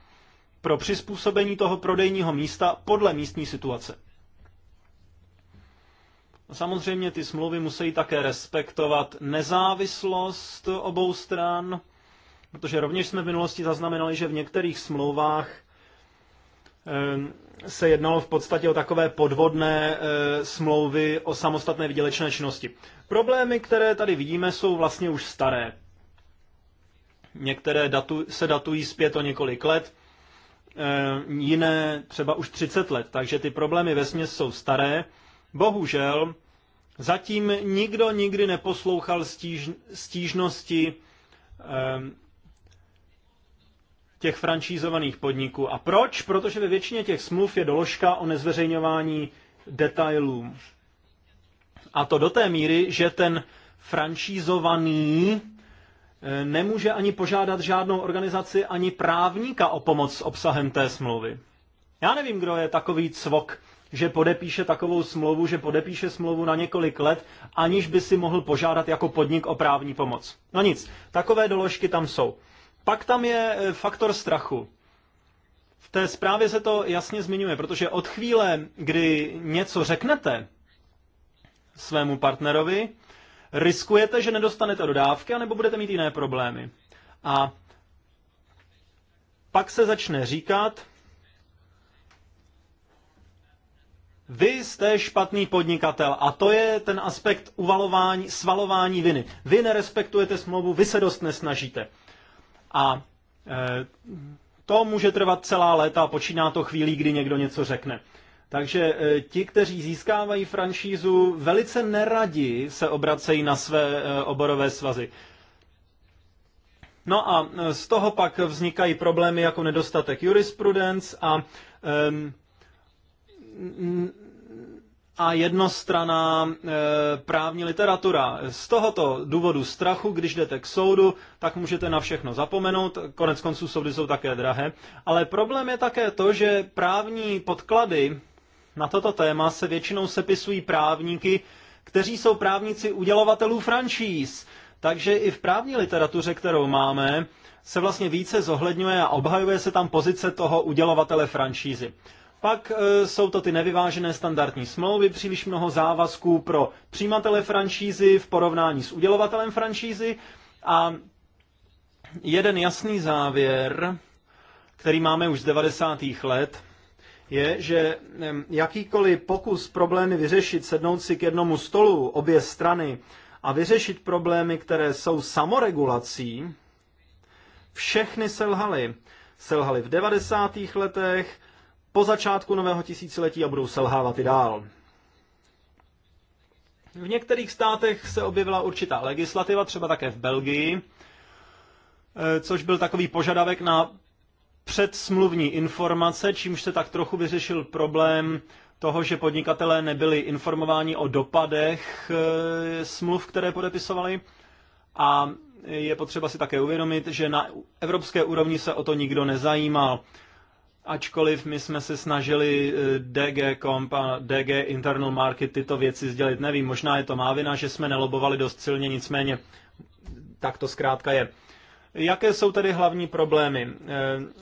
pro přizpůsobení toho prodejního místa podle místní situace. Samozřejmě ty smlouvy musí také respektovat nezávislost obou stran, Protože rovněž jsme v minulosti zaznamenali, že v některých smlouvách eh, se jednalo v podstatě o takové podvodné eh, smlouvy o samostatné výdělečné činnosti. Problémy, které tady vidíme, jsou vlastně už staré. Některé datu, se datují zpět o několik let, eh, jiné třeba už 30 let, takže ty problémy ve směs jsou staré. Bohužel zatím nikdo nikdy neposlouchal stíž, stížnosti těch franšízovaných podniků. A proč? Protože ve většině těch smluv je doložka o nezveřejňování detailů. A to do té míry, že ten franšízovaný eh, nemůže ani požádat žádnou organizaci, ani právníka o pomoc s obsahem té smlouvy. Já nevím, kdo je takový cvok, že podepíše takovou smlouvu, že podepíše smlouvu na několik let, aniž by si mohl požádat jako podnik o právní pomoc. No nic, takové doložky tam jsou. Pak tam je eh, faktor strachu. V té zprávě se to jasně zmiňuje, protože od chvíle, kdy něco řeknete svému partnerovi, riskujete, že nedostanete dodávky, anebo budete mít jiné problémy. A pak se začne říkat, Vy jste špatný podnikatel a to je ten aspekt uvalování, svalování viny. Vy nerespektujete smlouvu, vy se dost nesnažíte. A e, to může trvat celá léta a počíná to chvílí, kdy někdo něco řekne. Takže e, ti, kteří získávají franšízu, velice neradi se obracejí na své e, oborové svazy. No a z toho pak vznikají problémy jako nedostatek jurisprudence a a jednostraná e, právní literatura. Z tohoto důvodu strachu, když jdete k soudu, tak můžete na všechno zapomenout. Konec konců soudy jsou také drahé. Ale problém je také to, že právní podklady na toto téma se většinou sepisují právníky, kteří jsou právníci udělovatelů franšíz. Takže i v právní literatuře, kterou máme, se vlastně více zohledňuje a obhajuje se tam pozice toho udělovatele franšízy. Pak e, jsou to ty nevyvážené standardní smlouvy, příliš mnoho závazků pro přijímatele franšízy v porovnání s udělovatelem franšízy a jeden jasný závěr, který máme už z 90. let, je, že jakýkoliv pokus problémy vyřešit, sednout si k jednomu stolu obě strany a vyřešit problémy, které jsou samoregulací, všechny selhaly. Selhaly v 90. letech, po začátku nového tisíciletí a budou selhávat i dál. V některých státech se objevila určitá legislativa, třeba také v Belgii, eh, což byl takový požadavek na předsmluvní informace, čímž se tak trochu vyřešil problém toho, že podnikatelé nebyli informováni o dopadech eh, smluv, které podepisovali. A je potřeba si také uvědomit, že na evropské úrovni se o to nikdo nezajímal. Ačkoliv my jsme se snažili eh, DG Comp a DG Internal Market tyto věci sdělit, nevím, možná je to má vina, že jsme nelobovali dost silně, nicméně tak to zkrátka je. Jaké jsou tedy hlavní problémy? Eh,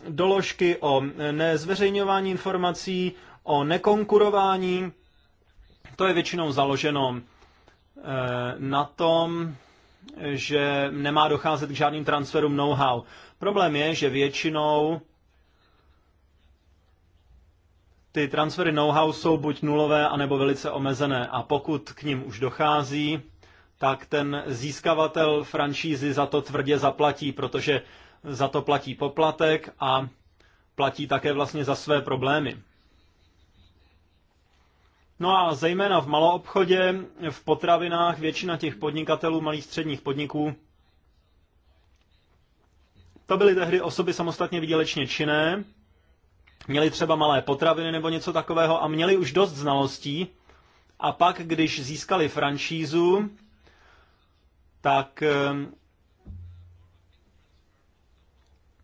doložky o nezveřejňování informací, o nekonkurování, to je většinou založeno eh, na tom, že nemá docházet k žádným transferům know-how. Problém je, že většinou ty transfery know-how jsou buď nulové, anebo velice omezené. A pokud k ním už dochází, tak ten získavatel franšízy za to tvrdě zaplatí, protože za to platí poplatek a platí také vlastně za své problémy. No a zejména v maloobchodě, v potravinách většina těch podnikatelů malých středních podniků to byly tehdy osoby samostatně výdělečně činné, měli třeba malé potraviny nebo něco takového a měli už dost znalostí. A pak, když získali franšízu, tak ehm,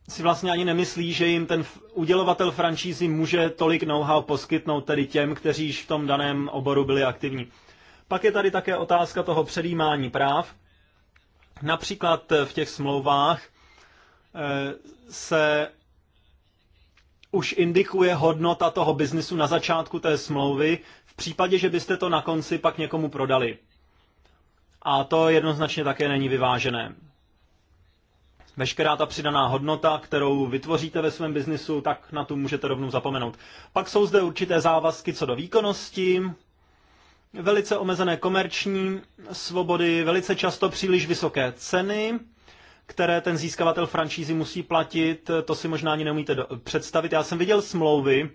si vlastně ani nemyslí, že jim ten udělovatel franšízy může tolik know-how poskytnout tedy těm, kteří již v tom daném oboru byli aktivní. Pak je tady také otázka toho předjímání práv. Například v těch smlouvách eh, se už indikuje hodnota toho biznesu na začátku té smlouvy, v případě, že byste to na konci pak někomu prodali. A to jednoznačně také není vyvážené. Veškerá ta přidaná hodnota, kterou vytvoříte ve svém biznisu, tak na tu můžete rovnou zapomenout. Pak jsou zde určité závazky co do výkonnosti, velice omezené komerční svobody, velice často příliš vysoké ceny, které ten získavatel franšízy musí platit, to si možná ani neumíte představit. Já jsem viděl smlouvy,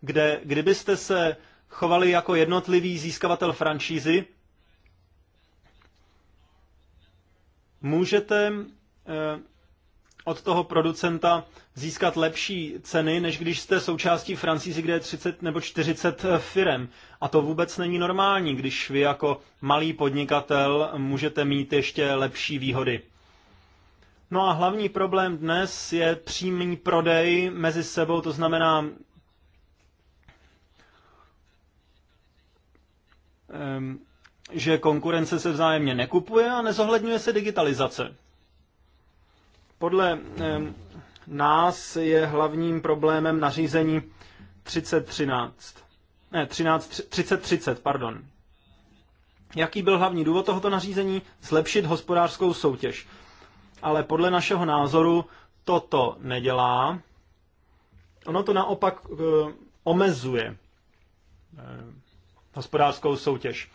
kde kdybyste se chovali jako jednotlivý získavatel franšízy, můžete eh, od toho producenta získat lepší ceny, než když jste součástí francízy, kde je 30 nebo 40 eh, firem. A to vůbec není normální, když vy jako malý podnikatel můžete mít ještě lepší výhody. No a hlavní problém dnes je přímý prodej mezi sebou, to znamená ehm, že konkurence se vzájemně nekupuje a nezohledňuje se digitalizace. Podle ehm, nás je hlavním problémem nařízení 3013. Ne, 13, 3030, pardon. Jaký byl hlavní důvod tohoto nařízení? Zlepšit hospodářskou soutěž ale podle našeho názoru toto nedělá. Ono to naopak eh, omezuje eh, hospodářskou soutěž.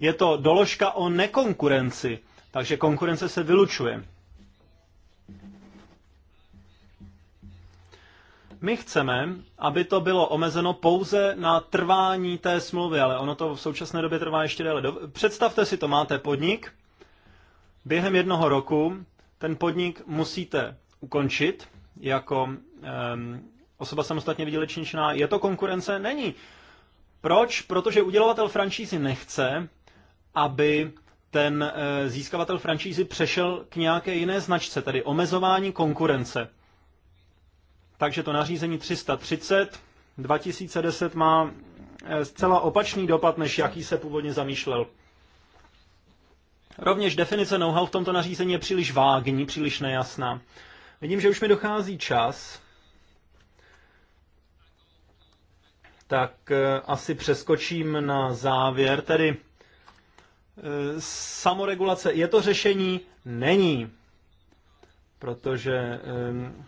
Je to doložka o nekonkurenci, takže konkurence se vylučuje. My chceme, aby to bylo omezeno pouze na trvání té smlouvy, ale ono to v současné době trvá ještě déle. Představte si to, máte podnik, během jednoho roku ten podnik musíte ukončit jako um, osoba samostatně výdělečně činná. Je to konkurence? Není. Proč? Protože udělovatel franšízy nechce, aby ten uh, získavatel franšízy přešel k nějaké jiné značce, tedy omezování konkurence. Takže to nařízení 330 2010 má eh, zcela opačný dopad, než jaký se původně zamýšlel. Rovněž definice know-how v tomto nařízení je příliš vágní, příliš nejasná. Vidím, že už mi dochází čas, tak eh, asi přeskočím na závěr. Tedy eh, samoregulace je to řešení? Není. Protože ehm,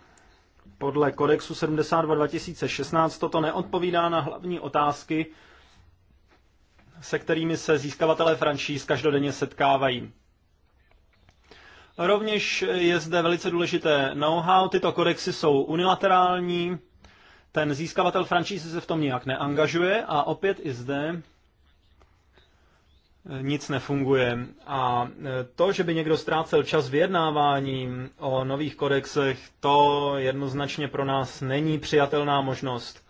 podle kodexu 72 2016 toto neodpovídá na hlavní otázky, se kterými se získavatelé franšíz každodenně setkávají. Rovněž je zde velice důležité know-how. Tyto kodexy jsou unilaterální, ten získavatel franšízy se v tom nijak neangažuje a opět i zde nic nefunguje. A to, že by někdo ztrácel čas vyjednáváním o nových kodexech, to jednoznačně pro nás není přijatelná možnost.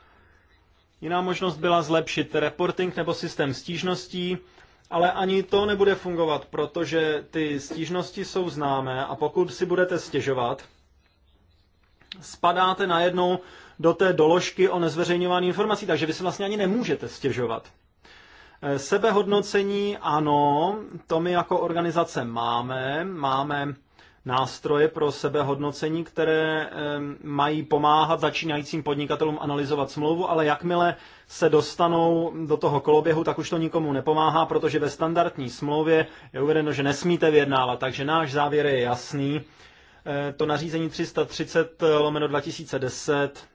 Jiná možnost byla zlepšit reporting nebo systém stížností, ale ani to nebude fungovat, protože ty stížnosti jsou známé a pokud si budete stěžovat, spadáte najednou do té doložky o nezveřejňování informací, takže vy se vlastně ani nemůžete stěžovat. Eh, sebehodnocení, ano, to my jako organizace máme. Máme nástroje pro sebehodnocení, které mají pomáhat začínajícím podnikatelům analyzovat smlouvu, ale jakmile se dostanou do toho koloběhu, tak už to nikomu nepomáhá, protože ve standardní smlouvě je uvedeno, že nesmíte vyjednávat, takže náš závěr je jasný. E, to nařízení 330 lomeno 2010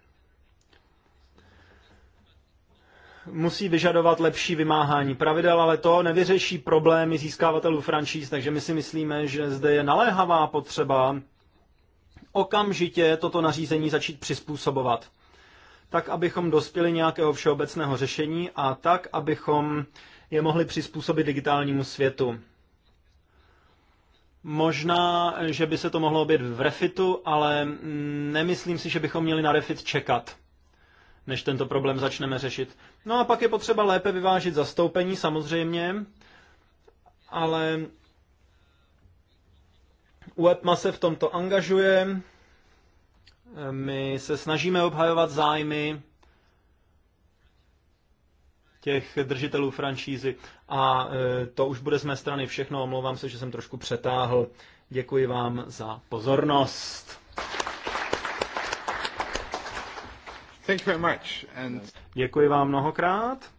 musí vyžadovat lepší vymáhání pravidel, ale to nevyřeší problémy získávatelů franšíz, takže my si myslíme, že zde je naléhavá potřeba okamžitě toto nařízení začít přizpůsobovat. Tak, abychom dospěli nějakého všeobecného řešení a tak, abychom je mohli přizpůsobit digitálnímu světu. Možná, že by se to mohlo být v refitu, ale mm, nemyslím si, že bychom měli na refit čekat než tento problém začneme řešit. No a pak je potřeba lépe vyvážit zastoupení samozřejmě, ale UEPMA se v tomto angažuje, my se snažíme obhajovat zájmy těch držitelů franšízy. A e, to už bude z mé strany všechno. Omlouvám se, že jsem trošku přetáhl. Děkuji vám za pozornost. Thank you very much. And... Děkuji vám mnohokrát.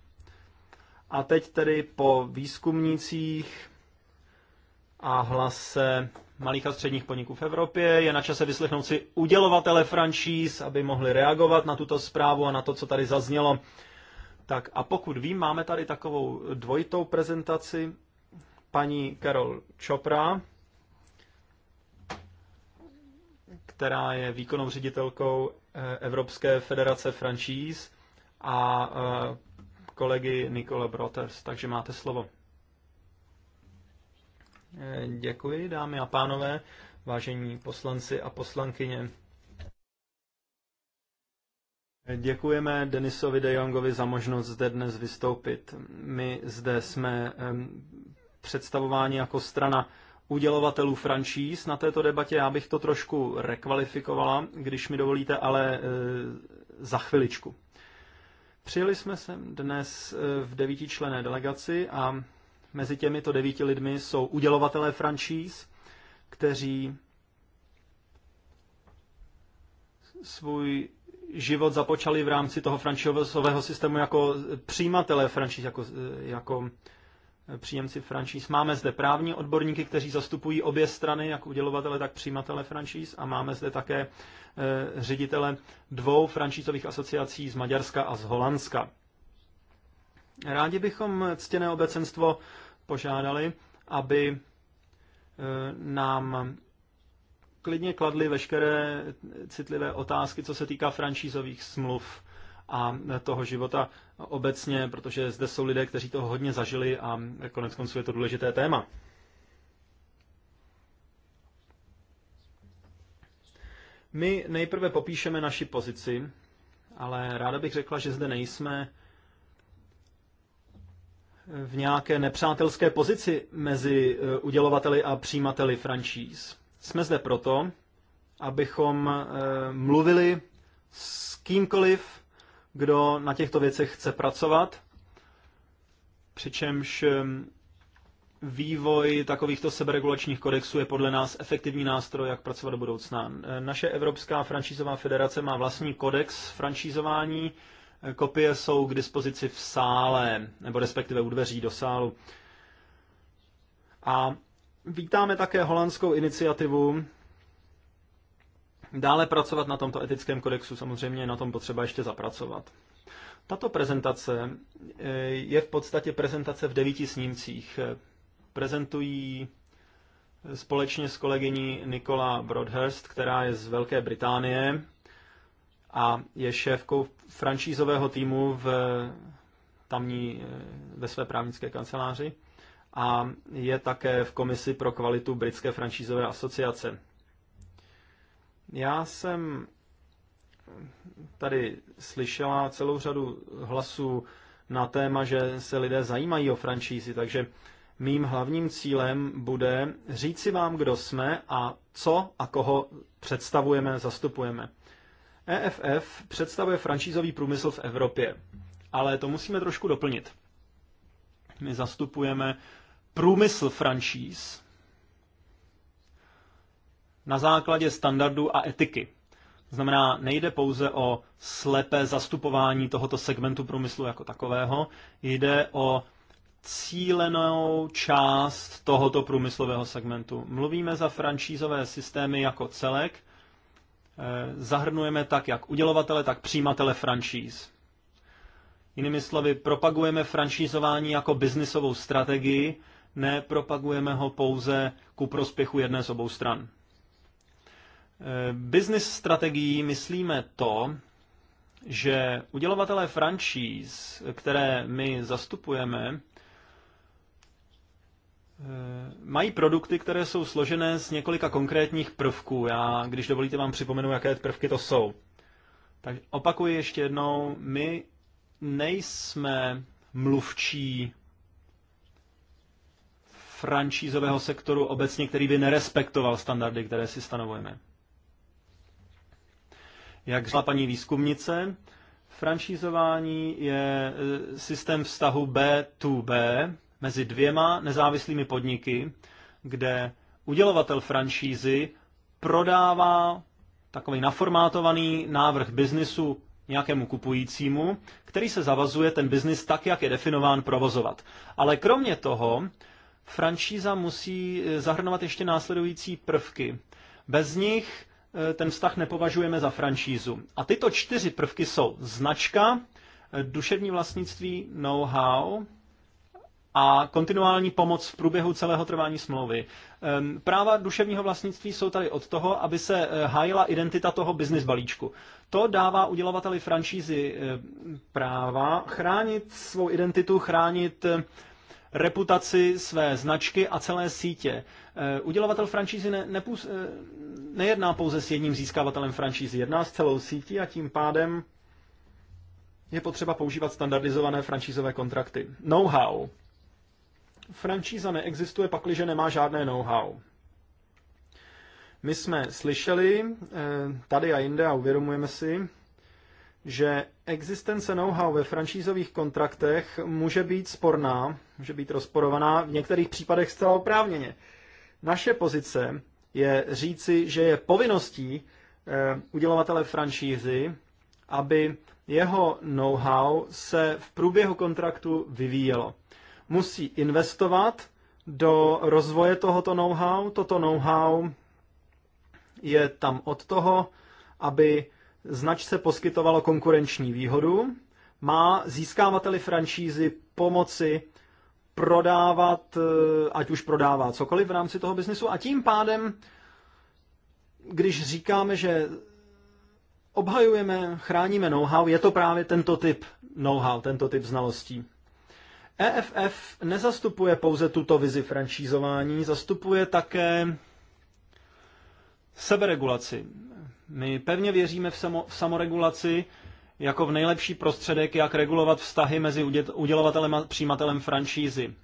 A teď tedy po výzkumnících a hlase malých a středních podniků v Evropě. Je na čase vyslechnout si udělovatele franšíz, aby mohli reagovat na tuto zprávu a na to, co tady zaznělo. Tak a pokud vím, máme tady takovou dvojitou prezentaci paní Karol Chopra, která je výkonnou ředitelkou Eh, Evropské federace franšíz a eh, kolegy Nikole Broters. Takže máte slovo. Eh, děkuji, dámy a pánové, vážení poslanci a poslankyně. Děkujeme Denisovi de Jongovi za možnost zde dnes vystoupit. My zde jsme představováni jako strana udělovatelů franšíz na této debatě. Já bych to trošku rekvalifikovala, když mi dovolíte, ale e, za chviličku. Přijeli jsme sem dnes e, v devítičlené delegaci a mezi těmito devíti lidmi jsou udělovatelé franšíz, kteří svůj život započali v rámci toho franšízového systému jako e, přijímatelé franšíz, jako, jako příjemci franšíz. Máme zde právní odborníky, kteří zastupují obě strany, jak udělovatele, tak přijímatele franšíz a máme zde také eh, ředitele dvou franšízových asociací z Maďarska a z Holandska. Rádi bychom ctěné obecenstvo požádali, aby eh, nám klidně kladli veškeré citlivé otázky, co se týká franšízových smluv a toho života obecně, protože zde jsou lidé, kteří toho hodně zažili a konec konců je to důležité téma. My nejprve popíšeme naši pozici, ale ráda bych řekla, že zde nejsme v nějaké nepřátelské pozici mezi eh, udělovateli a přijímateli franšíz. Jsme zde proto, abychom eh, mluvili s kýmkoliv, kdo na těchto věcech chce pracovat, přičemž vývoj takovýchto seberegulačních kodexů je podle nás efektivní nástroj, jak pracovat do budoucna. E, naše Evropská francízová federace má vlastní kodex francízování. E, kopie jsou k dispozici v sále, nebo respektive u dveří do sálu. A vítáme také holandskou iniciativu Dále pracovat na tomto etickém kodexu samozřejmě na tom potřeba ještě zapracovat. Tato prezentace eh, je v podstatě prezentace v devíti snímcích. Prezentují eh, společně s kolegyní Nikola Broadhurst, která je z Velké Británie a je šéfkou franšízového týmu v tamní, eh, ve své právnické kanceláři a je také v komisi pro kvalitu Britské franšízové asociace. Já jsem tady slyšela celou řadu hlasů na téma, že se lidé zajímají o franšízy, takže mým hlavním cílem bude říci vám, kdo jsme a co a koho představujeme, zastupujeme. EFF představuje franšízový průmysl v Evropě, ale to musíme trošku doplnit. My zastupujeme průmysl franšíz, na základě standardů a etiky. To znamená, nejde pouze o slepé zastupování tohoto segmentu průmyslu jako takového, jde o cílenou část tohoto průmyslového segmentu. Mluvíme za franšízové systémy jako celek, eh, zahrnujeme tak jak udělovatele, tak přijímatele franšíz. Jinými slovy, propagujeme franšízování jako biznisovou strategii, nepropagujeme ho pouze ku prospěchu jedné z obou stran business strategií myslíme to, že udělovatelé franšíz, které my zastupujeme, eh, mají produkty, které jsou složené z několika konkrétních prvků. Já, když dovolíte, vám připomenu, jaké prvky to jsou. Tak opakuji ještě jednou, my nejsme mluvčí franšízového sektoru obecně, který by nerespektoval standardy, které si stanovujeme. Jak říká paní výzkumnice, franšízování je e, systém vztahu B2B mezi dvěma nezávislými podniky, kde udělovatel franšízy prodává takový naformátovaný návrh biznisu nějakému kupujícímu, který se zavazuje ten biznis tak, jak je definován, provozovat. Ale kromě toho, franšíza musí e, zahrnovat ještě následující prvky. Bez nich Eh, ten vztah nepovažujeme za franšízu. A tyto čtyři prvky jsou značka, eh, duševní vlastnictví, know-how a kontinuální pomoc v průběhu celého trvání smlouvy. Ehm, práva duševního vlastnictví jsou tady od toho, aby se eh, hájila identita toho business balíčku. To dává udělovateli franšízy práva chránit svou identitu, chránit reputaci své značky a celé sítě. Eh, Udělovatel franšízy ne, nepůs, eh, nejedná pouze s jedním získávatelem franšízy, jedná s celou sítí a tím pádem je potřeba používat standardizované franšízové kontrakty. Know-how. Franšíza neexistuje, pakliže nemá žádné know-how. My jsme slyšeli eh, tady a jinde a uvědomujeme si, že existence know-how ve franšízových kontraktech může být sporná, může být rozporovaná, v některých případech zcela oprávněně. Naše pozice je říci, že je povinností eh, udělovatele franšízy, aby jeho know-how se v průběhu kontraktu vyvíjelo. Musí investovat do rozvoje tohoto know-how. Toto know-how je tam od toho, aby značce poskytovalo konkurenční výhodu, má získávateli franšízy pomoci prodávat, eh, ať už prodává cokoliv v rámci toho biznesu a tím pádem, když říkáme, že obhajujeme, chráníme know-how, je to právě tento typ know-how, tento typ znalostí. EFF nezastupuje pouze tuto vizi franšízování, zastupuje také seberegulaci. My pevně věříme v, samo, v samoregulaci jako v nejlepší prostředek, jak regulovat vztahy mezi udělovatelem a přijímatelem franšízy.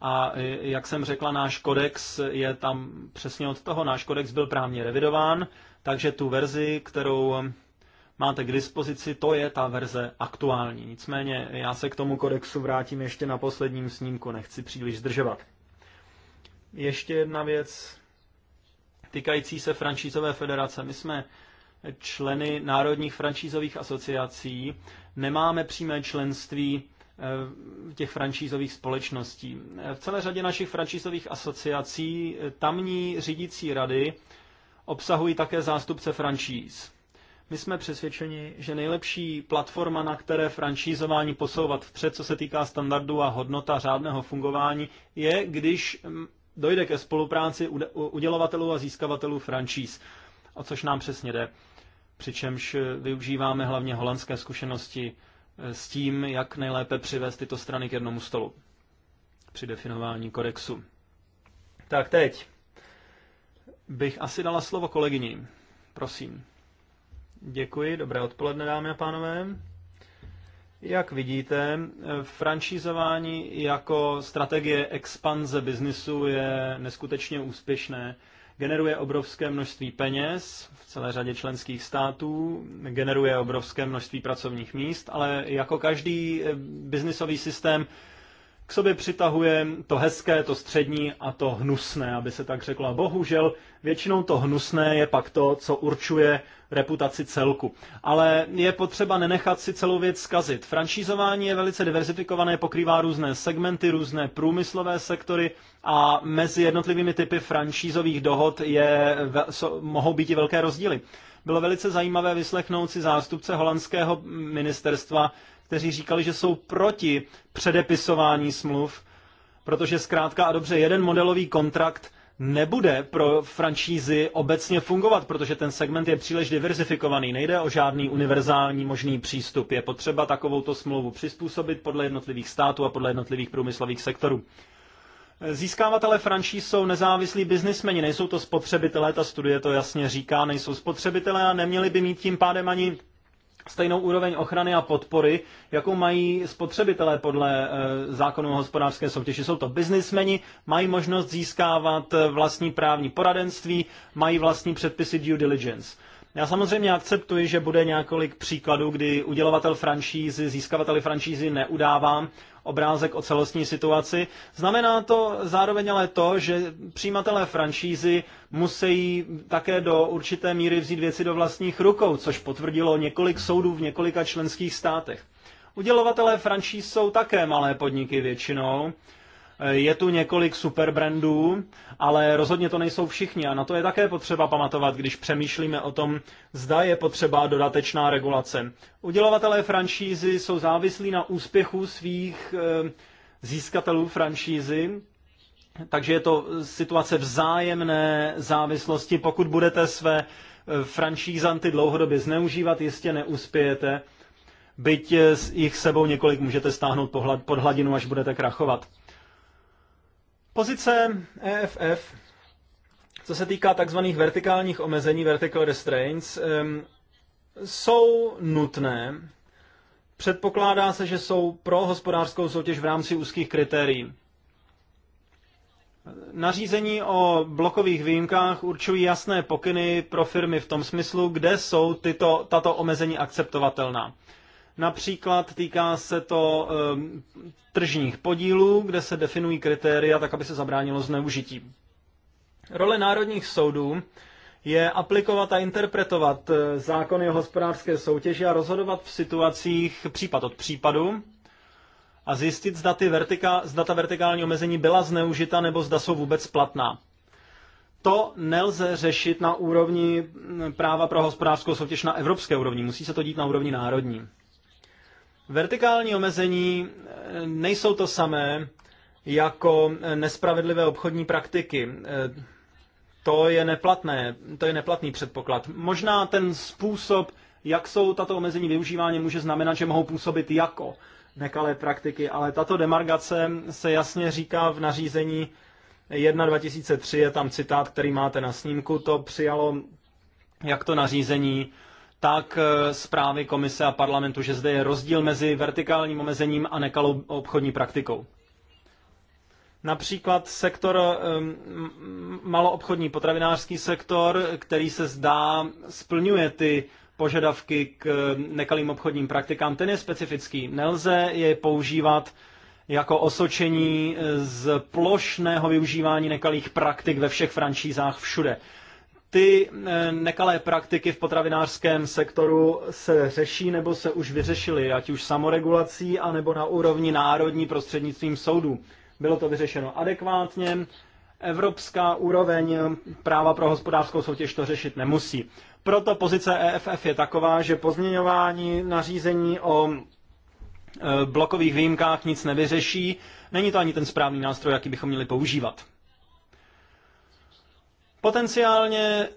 A e, jak jsem řekla, náš kodex je tam přesně od toho. Náš kodex byl právně revidován, takže tu verzi, kterou e, máte k dispozici, to je ta verze aktuální. Nicméně já se k tomu kodexu vrátím ještě na posledním snímku, nechci příliš zdržovat. Ještě jedna věc týkající se francízové federace. My jsme členy národních franšízových asociací, nemáme přímé členství eh, těch franšízových společností. Eh, v celé řadě našich franšízových asociací eh, tamní řídící rady obsahují také zástupce franšíz. My jsme přesvědčeni, že nejlepší platforma, na které franšízování posouvat vpřed, co se týká standardů a hodnota řádného fungování, je, když mm, dojde ke spolupráci udělovatelů a získavatelů franšíz, o což nám přesně jde přičemž využíváme hlavně holandské zkušenosti eh, s tím, jak nejlépe přivést tyto strany k jednomu stolu při definování kodexu. Tak teď bych asi dala slovo kolegyni. Prosím. Děkuji, dobré odpoledne, dámy a pánové. Jak vidíte, franšízování jako strategie expanze biznisu je neskutečně úspěšné Generuje obrovské množství peněz v celé řadě členských států, generuje obrovské množství pracovních míst, ale jako každý eh, biznisový systém k sobě přitahuje to hezké, to střední a to hnusné, aby se tak řeklo. A bohužel většinou to hnusné je pak to, co určuje reputaci celku. Ale je potřeba nenechat si celou věc zkazit. Franšízování je velice diverzifikované, pokrývá různé segmenty, různé průmyslové sektory a mezi jednotlivými typy franšízových dohod je, mohou být i velké rozdíly. Bylo velice zajímavé vyslechnout si zástupce holandského ministerstva, kteří říkali, že jsou proti předepisování smluv, protože zkrátka a dobře jeden modelový kontrakt nebude pro franšízy obecně fungovat, protože ten segment je příliš diverzifikovaný. Nejde o žádný univerzální možný přístup. Je potřeba takovouto smlouvu přizpůsobit podle jednotlivých států a podle jednotlivých průmyslových sektorů. Získávatele franší jsou nezávislí biznismeni, nejsou to spotřebitelé, ta studie to jasně říká, nejsou spotřebitelé a neměli by mít tím pádem ani stejnou úroveň ochrany a podpory, jakou mají spotřebitelé podle eh, zákonu o hospodářské soutěži. Jsou to biznismeni, mají možnost získávat eh, vlastní právní poradenství, mají vlastní předpisy due diligence. Já samozřejmě akceptuji, že bude několik příkladů, kdy udělovatel franšízy, získavateli franšízy neudává obrázek o celostní situaci. Znamená to zároveň ale to, že přijímatelé franšízy musí také do určité míry vzít věci do vlastních rukou, což potvrdilo několik soudů v několika členských státech. Udělovatelé franšíz jsou také malé podniky většinou, je tu několik superbrandů, ale rozhodně to nejsou všichni a na to je také potřeba pamatovat, když přemýšlíme o tom, zda je potřeba dodatečná regulace. Udělovatelé franšízy jsou závislí na úspěchu svých eh, získatelů franšízy, takže je to situace vzájemné závislosti. Pokud budete své eh, franšízanty dlouhodobě zneužívat, jistě neuspějete, byť eh, jich sebou několik můžete stáhnout pod hladinu, až budete krachovat. Pozice EFF, co se týká takzvaných vertikálních omezení, vertical restraints, jsou nutné. Předpokládá se, že jsou pro hospodářskou soutěž v rámci úzkých kritérií. Nařízení o blokových výjimkách určují jasné pokyny pro firmy v tom smyslu, kde jsou tyto, tato omezení akceptovatelná. Například týká se to ehm, tržních podílů, kde se definují kritéria tak, aby se zabránilo zneužití. Role národních soudů je aplikovat a interpretovat eh, zákony o hospodářské soutěži a rozhodovat v situacích případ od případu a zjistit, zda, ty vertika, zda ta vertikální omezení byla zneužita nebo zda jsou vůbec platná. To nelze řešit na úrovni práva pro hospodářskou soutěž na evropské úrovni, musí se to dít na úrovni národní. Vertikální omezení eh, nejsou to samé jako eh, nespravedlivé obchodní praktiky. Eh, to je neplatné, to je neplatný předpoklad. Možná ten způsob, jak jsou tato omezení využívány, může znamenat, že mohou působit jako nekalé praktiky, ale tato demargace se jasně říká v nařízení 1 2003, je tam citát, který máte na snímku, to přijalo jak to nařízení, tak eh, zprávy komise a parlamentu, že zde je rozdíl mezi vertikálním omezením a nekalou obchodní praktikou. Například sektor, maloobchodní potravinářský sektor, který se zdá splňuje ty požadavky k eh, nekalým obchodním praktikám, ten je specifický. Nelze je používat jako osočení eh, z plošného využívání nekalých praktik ve všech franšízách všude ty eh, nekalé praktiky v potravinářském sektoru se řeší nebo se už vyřešily, ať už samoregulací, anebo na úrovni národní prostřednictvím soudů. Bylo to vyřešeno adekvátně, evropská úroveň práva pro hospodářskou soutěž to řešit nemusí. Proto pozice EFF je taková, že pozměňování nařízení o eh, blokových výjimkách nic nevyřeší. Není to ani ten správný nástroj, jaký bychom měli používat. Potenciálně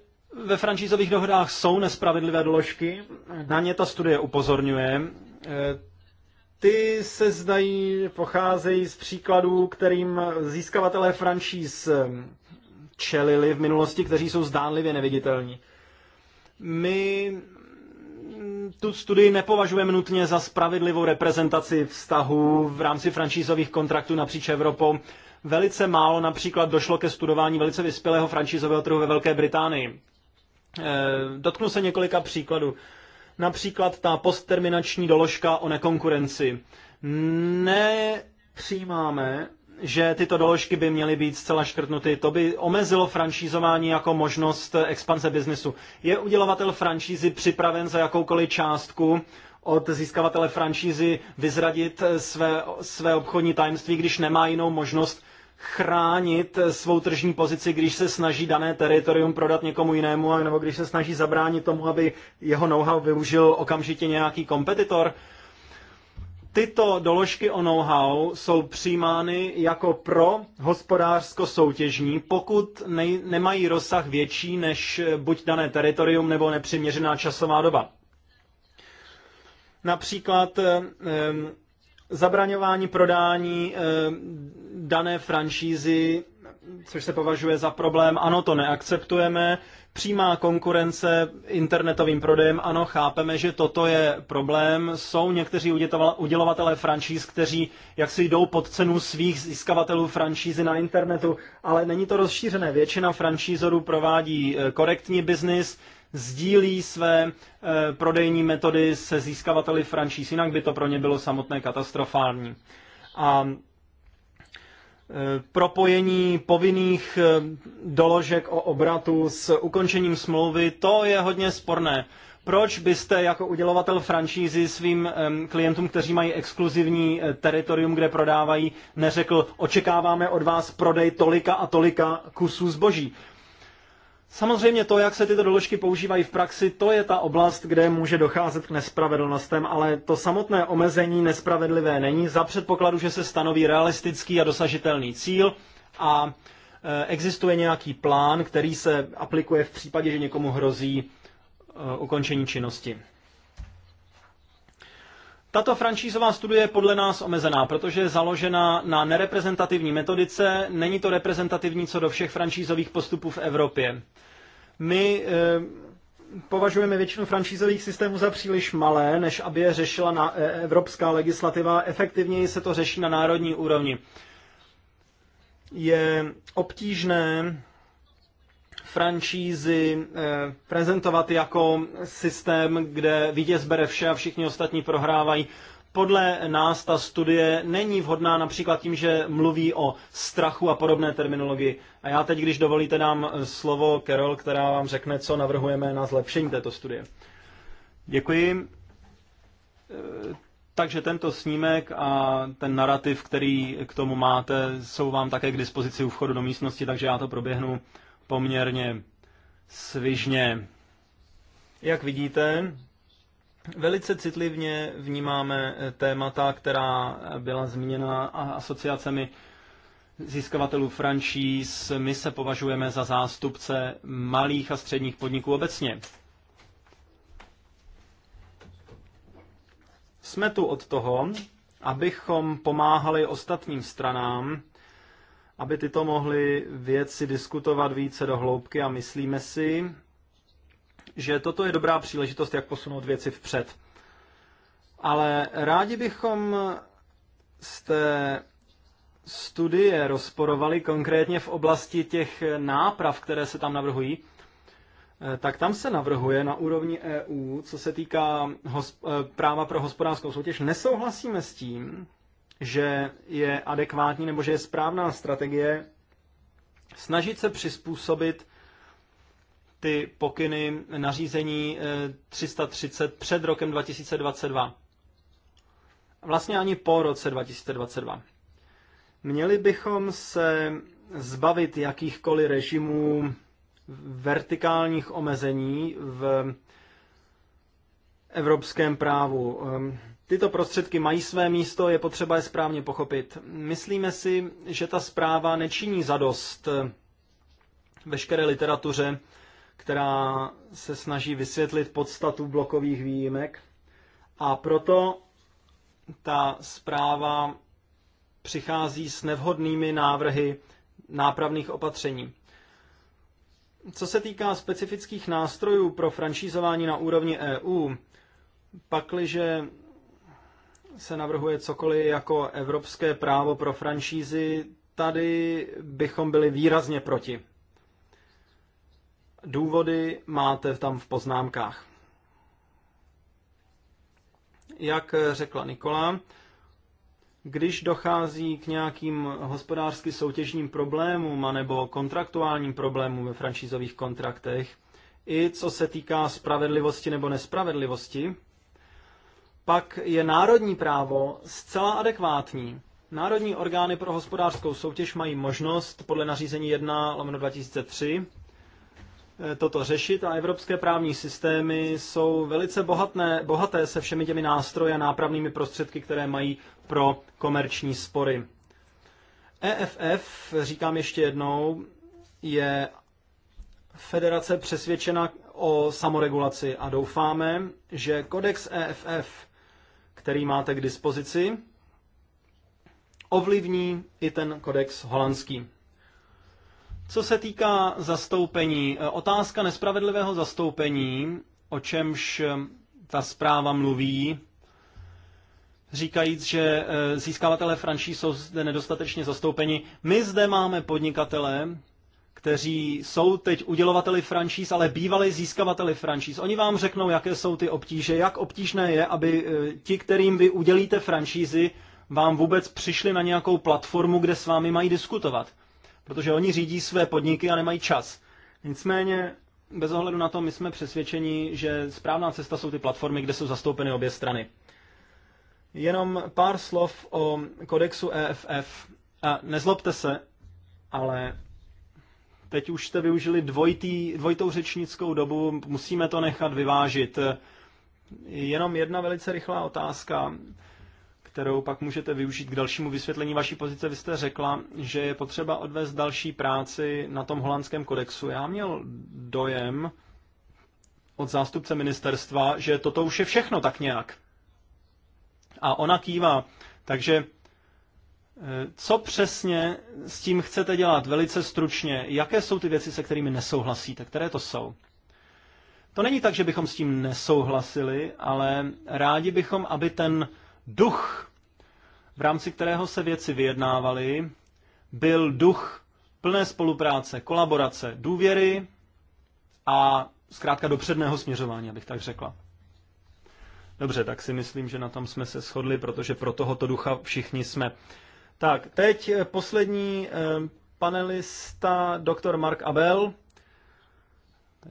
ve franšízových dohodách jsou nespravedlivé doložky, na ně ta studie upozorňuje. E, ty se zdají, pocházejí z příkladů, kterým získavatelé franšíz čelili v minulosti, kteří jsou zdánlivě neviditelní. My tu studii nepovažujeme nutně za spravedlivou reprezentaci vztahu v rámci franšízových kontraktů napříč Evropou Velice málo například došlo ke studování velice vyspělého franšízového trhu ve Velké Británii. E, dotknu se několika příkladů. Například ta postterminační doložka o nekonkurenci. Nepřijímáme, že tyto doložky by měly být zcela škrtnuty. To by omezilo franšízování jako možnost expanze biznesu. Je udělovatel franšízy připraven za jakoukoliv částku od získavatele franšízy vyzradit své, své obchodní tajemství, když nemá jinou možnost, chránit svou tržní pozici, když se snaží dané teritorium prodat někomu jinému, nebo když se snaží zabránit tomu, aby jeho know-how využil okamžitě nějaký kompetitor. Tyto doložky o know-how jsou přijímány jako pro hospodářsko-soutěžní, pokud nej- nemají rozsah větší než eh, buď dané teritorium nebo nepřiměřená časová doba. Například eh, zabraňování prodání eh, dané franšízy, což se považuje za problém, ano, to neakceptujeme. Přímá konkurence internetovým prodejem, ano, chápeme, že toto je problém. Jsou někteří udělovatelé franšíz, kteří jak si jdou pod cenu svých získavatelů franšízy na internetu, ale není to rozšířené. Většina franšízorů provádí eh, korektní biznis, sdílí své eh, prodejní metody se získavateli franšíz, jinak by to pro ně bylo samotné katastrofální. A eh, propojení povinných eh, doložek o obratu s ukončením smlouvy, to je hodně sporné. Proč byste jako udělovatel franšízy svým klientům, kteří mají exkluzivní teritorium, kde prodávají, neřekl, očekáváme od vás prodej tolika a tolika kusů zboží? Samozřejmě to, jak se tyto doložky používají v praxi, to je ta oblast, kde může docházet k nespravedlnostem, ale to samotné omezení nespravedlivé není za předpokladu, že se stanoví realistický a dosažitelný cíl a e, existuje nějaký plán, který se aplikuje v případě, že někomu hrozí e, ukončení činnosti. Tato franšízová studie je podle nás omezená, protože je založena na nereprezentativní metodice, není to reprezentativní co do všech franšízových postupů v Evropě. My e, považujeme většinu franšízových systémů za příliš malé, než aby je řešila na, e, evropská legislativa. Efektivněji se to řeší na národní úrovni. Je obtížné franšízy eh, prezentovat jako systém, kde vítěz bere vše a všichni ostatní prohrávají. Podle nás ta studie není vhodná například tím, že mluví o strachu a podobné terminologii. A já teď, když dovolíte, dám eh, slovo Carol, která vám řekne, co navrhujeme na zlepšení této studie. Děkuji. Eh, takže tento snímek a ten narrativ, který k tomu máte, jsou vám také k dispozici u vchodu do místnosti, takže já to proběhnu poměrně svižně. Jak vidíte, Velice citlivně vnímáme témata, která byla zmíněna asociacemi získavatelů franšíz. My se považujeme za zástupce malých a středních podniků obecně. Jsme tu od toho, abychom pomáhali ostatním stranám aby tyto mohly věci diskutovat více do hloubky a myslíme si, že toto je dobrá příležitost, jak posunout věci vpřed. Ale rádi bychom z té studie rozporovali konkrétně v oblasti těch náprav, které se tam navrhují, eh, tak tam se navrhuje na úrovni EU, co se týká eh, práva pro hospodářskou soutěž, nesouhlasíme s tím, že je adekvátní nebo že je správná strategie snažit se přizpůsobit ty pokyny nařízení 330 eh, před rokem 2022. Vlastně ani po roce 2022. Měli bychom se zbavit jakýchkoliv režimů vertikálních omezení v evropském právu. Ehm, Tyto prostředky mají své místo, je potřeba je správně pochopit. Myslíme si, že ta zpráva nečiní zadost veškeré literatuře, která se snaží vysvětlit podstatu blokových výjimek. A proto ta zpráva přichází s nevhodnými návrhy nápravných opatření. Co se týká specifických nástrojů pro franšízování na úrovni EU, pakliže se navrhuje cokoliv jako evropské právo pro franšízy, tady bychom byli výrazně proti. Důvody máte tam v poznámkách. Jak řekla Nikola, když dochází k nějakým hospodářsky soutěžním problémům anebo kontraktuálním problémům ve franšízových kontraktech, i co se týká spravedlivosti nebo nespravedlivosti, pak je národní právo zcela adekvátní. Národní orgány pro hospodářskou soutěž mají možnost podle nařízení 1 lomeno 2003 eh, toto řešit a evropské právní systémy jsou velice bohatné, bohaté se všemi těmi nástroji a nápravnými prostředky, které mají pro komerční spory. EFF, říkám ještě jednou, je federace přesvědčena o samoregulaci a doufáme, že kodex EFF který máte k dispozici, ovlivní i ten kodex holandský. Co se týká zastoupení, e, otázka nespravedlivého zastoupení, o čemž e, ta zpráva mluví, říkajíc, že e, získavatele franší jsou zde nedostatečně zastoupeni. My zde máme podnikatele, kteří jsou teď udělovateli franšíz, ale bývali získavateli franšíz. Oni vám řeknou, jaké jsou ty obtíže, jak obtížné je, aby eh, ti, kterým vy udělíte franšízy, vám vůbec přišli na nějakou platformu, kde s vámi mají diskutovat. Protože oni řídí své podniky a nemají čas. Nicméně, bez ohledu na to, my jsme přesvědčeni, že správná cesta jsou ty platformy, kde jsou zastoupeny obě strany. Jenom pár slov o kodexu EFF. A nezlobte se, ale Teď už jste využili dvojitý, dvojitou řečnickou dobu, musíme to nechat vyvážit. Jenom jedna velice rychlá otázka, kterou pak můžete využít k dalšímu vysvětlení vaší pozice. Vy jste řekla, že je potřeba odvést další práci na tom holandském kodexu. Já měl dojem od zástupce ministerstva, že toto už je všechno tak nějak. A ona kývá. Takže co přesně s tím chcete dělat? Velice stručně. Jaké jsou ty věci, se kterými nesouhlasíte? Které to jsou? To není tak, že bychom s tím nesouhlasili, ale rádi bychom, aby ten duch, v rámci kterého se věci vyjednávaly, byl duch plné spolupráce, kolaborace, důvěry a zkrátka dopředného směřování, abych tak řekla. Dobře, tak si myslím, že na tom jsme se shodli, protože pro tohoto ducha všichni jsme. Tak, teď eh, poslední eh, panelista, doktor Mark Abel,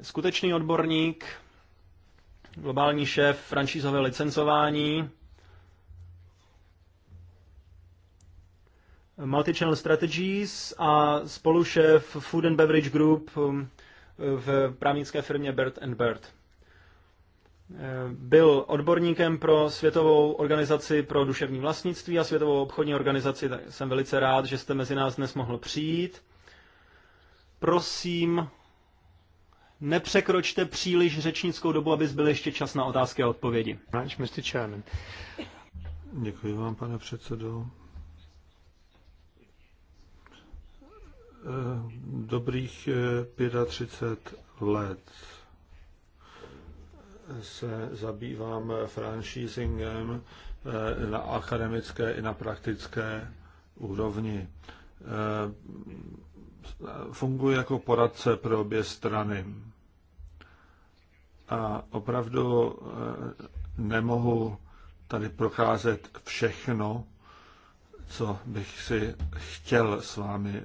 skutečný odborník, globální šéf franšízové licencování, Multichannel Strategies a spolušéf Food and Beverage Group eh, v právnické firmě Bird and Bird byl odborníkem pro Světovou organizaci pro duševní vlastnictví a Světovou obchodní organizaci, tak jsem velice rád, že jste mezi nás dnes mohl přijít. Prosím, nepřekročte příliš řečnickou dobu, aby zbyl ještě čas na otázky a odpovědi. Děkuji vám, pane předsedo. Eh, dobrých 35 eh, let se zabývám franchisingem eh, na akademické i na praktické úrovni. Eh, funguji jako poradce pro obě strany. A opravdu eh, nemohu tady procházet všechno, co bych si chtěl s vámi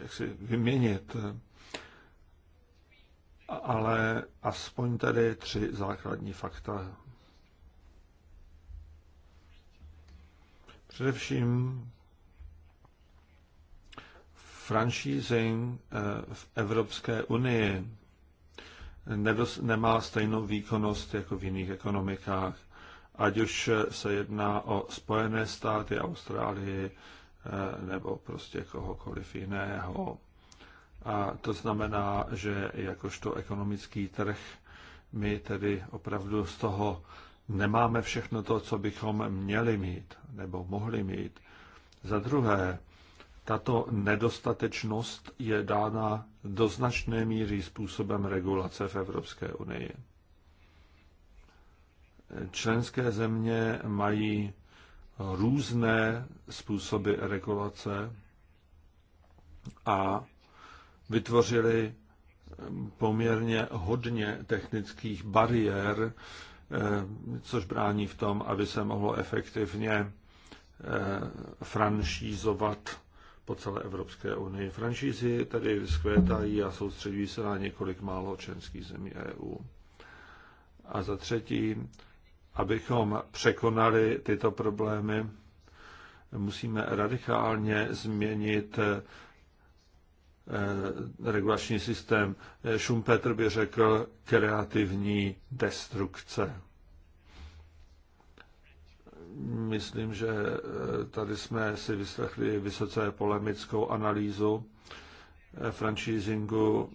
jaksi vyměnit ale aspoň tedy tři základní fakta. Především franchising eh, v Evropské unii nemá stejnou výkonnost jako v jiných ekonomikách, ať už se jedná o Spojené státy, Austrálii eh, nebo prostě kohokoliv jiného. A to znamená, že jakožto ekonomický trh my tedy opravdu z toho nemáme všechno to, co bychom měli mít nebo mohli mít. Za druhé, tato nedostatečnost je dána do značné míry způsobem regulace v Evropské unii. Členské země mají různé způsoby regulace a vytvořili poměrně hodně technických bariér, eh, což brání v tom, aby se mohlo efektivně eh, franšízovat po celé Evropské unii. Franšízy tedy zkvétají a soustředují se na několik málo členských zemí EU. A za třetí, abychom překonali tyto problémy, musíme radikálně změnit eh, Eh, regulační systém. Eh, Schumpeter by řekl kreativní destrukce. Myslím, že eh, tady jsme si vyslechli vysoce polemickou analýzu franchisingu.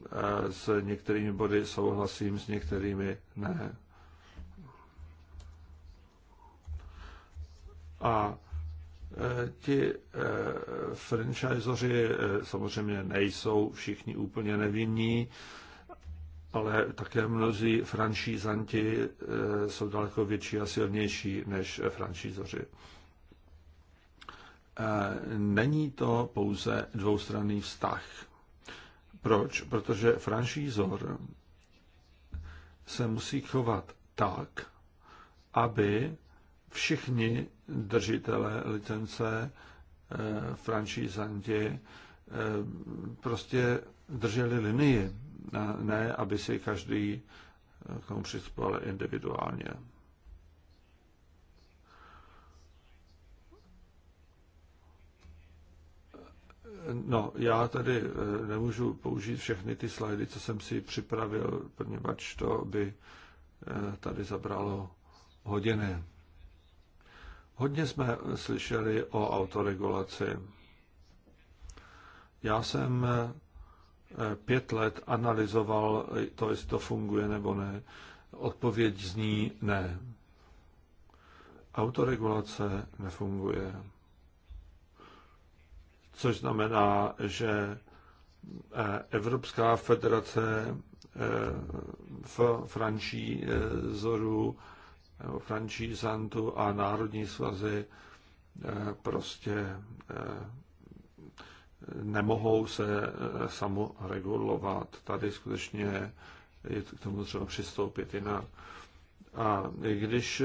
S některými body souhlasím, s některými ne. A ti eh, franchisoři eh, samozřejmě nejsou všichni úplně nevinní, ale také mnozí franšízanti eh, jsou daleko větší a silnější než franšízoři. Není to pouze dvoustranný vztah. Proč? Protože franšízor se musí chovat tak, aby všichni držitele licence, eh, franšízanti, eh, prostě drželi linii, ne aby si každý eh, k tomu přispěl individuálně. No, já tady nemůžu použít všechny ty slajdy, co jsem si připravil, poněvadž to by tady zabralo hodiny. Hodně jsme slyšeli o autoregulaci. Já jsem eh, pět let analyzoval to, jestli to funguje nebo ne. Odpověď zní ne. Autoregulace nefunguje. Což znamená, že eh, Evropská federace v eh, franší zoru nebo franšízantu a národní svazy eh, prostě eh, nemohou se eh, samoregulovat. Tady skutečně je k tomu třeba přistoupit jinak. A když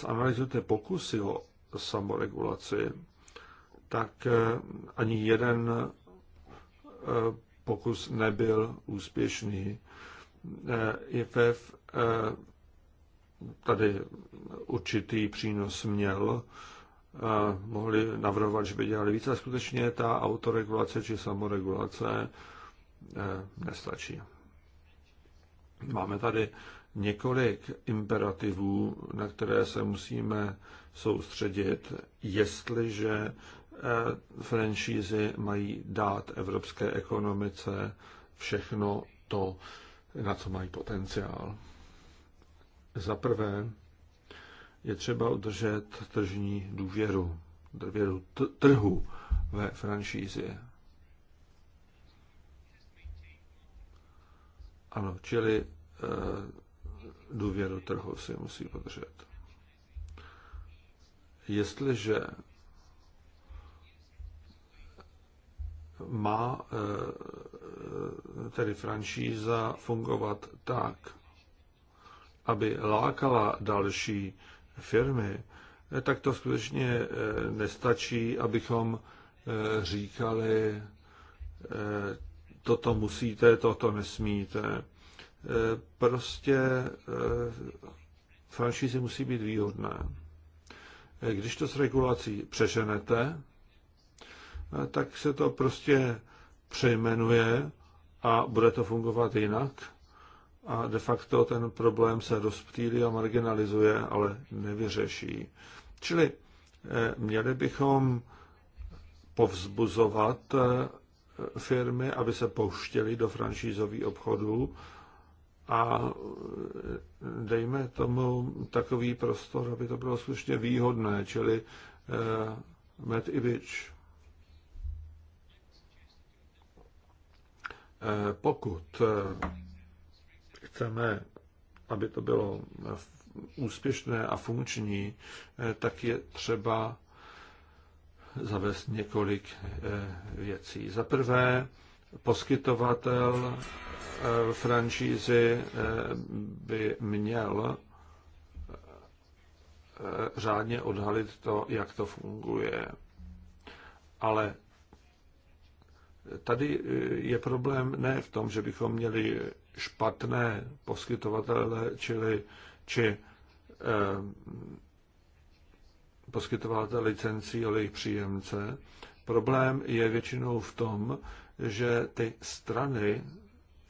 zanalizujete pokusy o samoregulaci, tak ani jeden pokus nebyl úspěšný. IFF tady určitý přínos měl, mohli navrhovat, že by dělali více, ale skutečně ta autoregulace či samoregulace eh, nestačí. Máme tady několik imperativů, na které se musíme soustředit, jestliže eh, franšízy mají dát evropské ekonomice všechno to, na co mají potenciál. Za prvé je třeba udržet tržní důvěru, důvěru trhu ve franšízi. Ano, čili eh, důvěru trhu si musí udržet. Jestliže má eh, tedy franšíza fungovat tak, aby lákala další firmy, tak to skutečně eh, nestačí, abychom eh, říkali, eh, toto musíte, toto nesmíte. Prostě franšízy musí být výhodné. Když to s regulací přeženete, tak se to prostě přejmenuje a bude to fungovat jinak a de facto ten problém se rozptýlí a marginalizuje, ale nevyřeší. Čili eh, měli bychom povzbuzovat eh, firmy, aby se pouštěly do franšízových obchodů a eh, dejme tomu takový prostor, aby to bylo skutečně výhodné, čili eh, med i Eh, pokud eh, chceme, aby to bylo úspěšné a funkční, eh, tak je třeba zavést několik eh, věcí. Za prvé, poskytovatel eh, franšízy by měl řádně odhalit to, jak to funguje. Ale Tady eh, je problém ne v tom, že bychom měli špatné poskytovatele, čili či eh, poskytovatele licencí, ale jejich příjemce. Problém je většinou v tom, že ty strany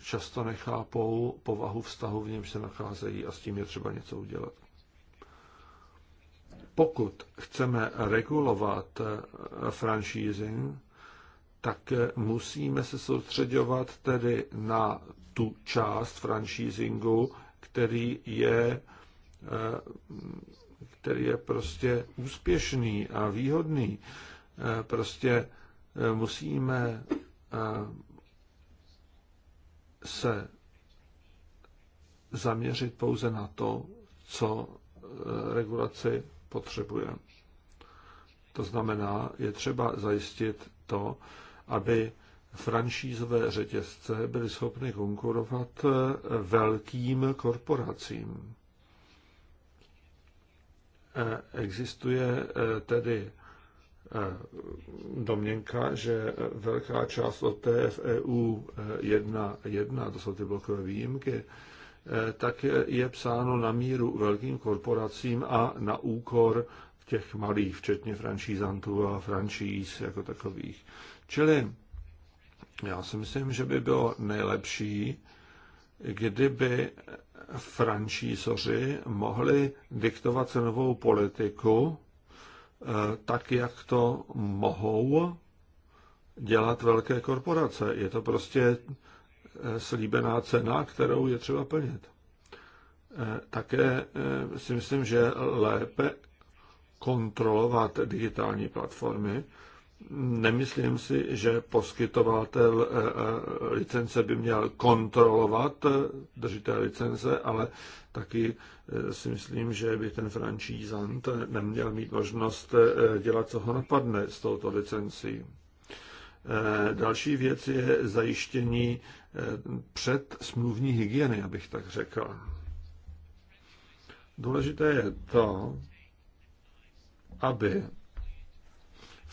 často nechápou povahu vztahu, v němž se nacházejí a s tím je třeba něco udělat. Pokud chceme regulovat eh, franchising, tak eh, musíme se soustředovat tedy na tu část franchisingu, který je, eh, který je prostě úspěšný a výhodný. Eh, prostě musíme se zaměřit pouze na to, co regulaci potřebuje. To znamená, je třeba zajistit to, aby franšízové řetězce byly schopny konkurovat velkým korporacím. E, existuje e, tedy e, domněnka, že velká část od TFEU 1.1, to jsou ty blokové výjimky, tak je psáno na míru velkým korporacím a na úkor těch malých, včetně franšízantů a franšíz jako takových. Čili já si myslím, že by bylo nejlepší, kdyby francízoři mohli diktovat cenovou politiku eh, tak, jak to mohou dělat velké korporace. Je to prostě eh, slíbená cena, kterou je třeba plnit. Eh, také si myslím, že lépe kontrolovat digitální platformy, Nemyslím si, že poskytovatel eh, eh, licence by měl kontrolovat eh, držitele licence, ale taky si myslím, že by ten francízant neměl mít možnost dělat, co ho napadne s touto licencí. Další věc je zajištění před smluvní hygieny, abych tak řekl. Důležité je to, aby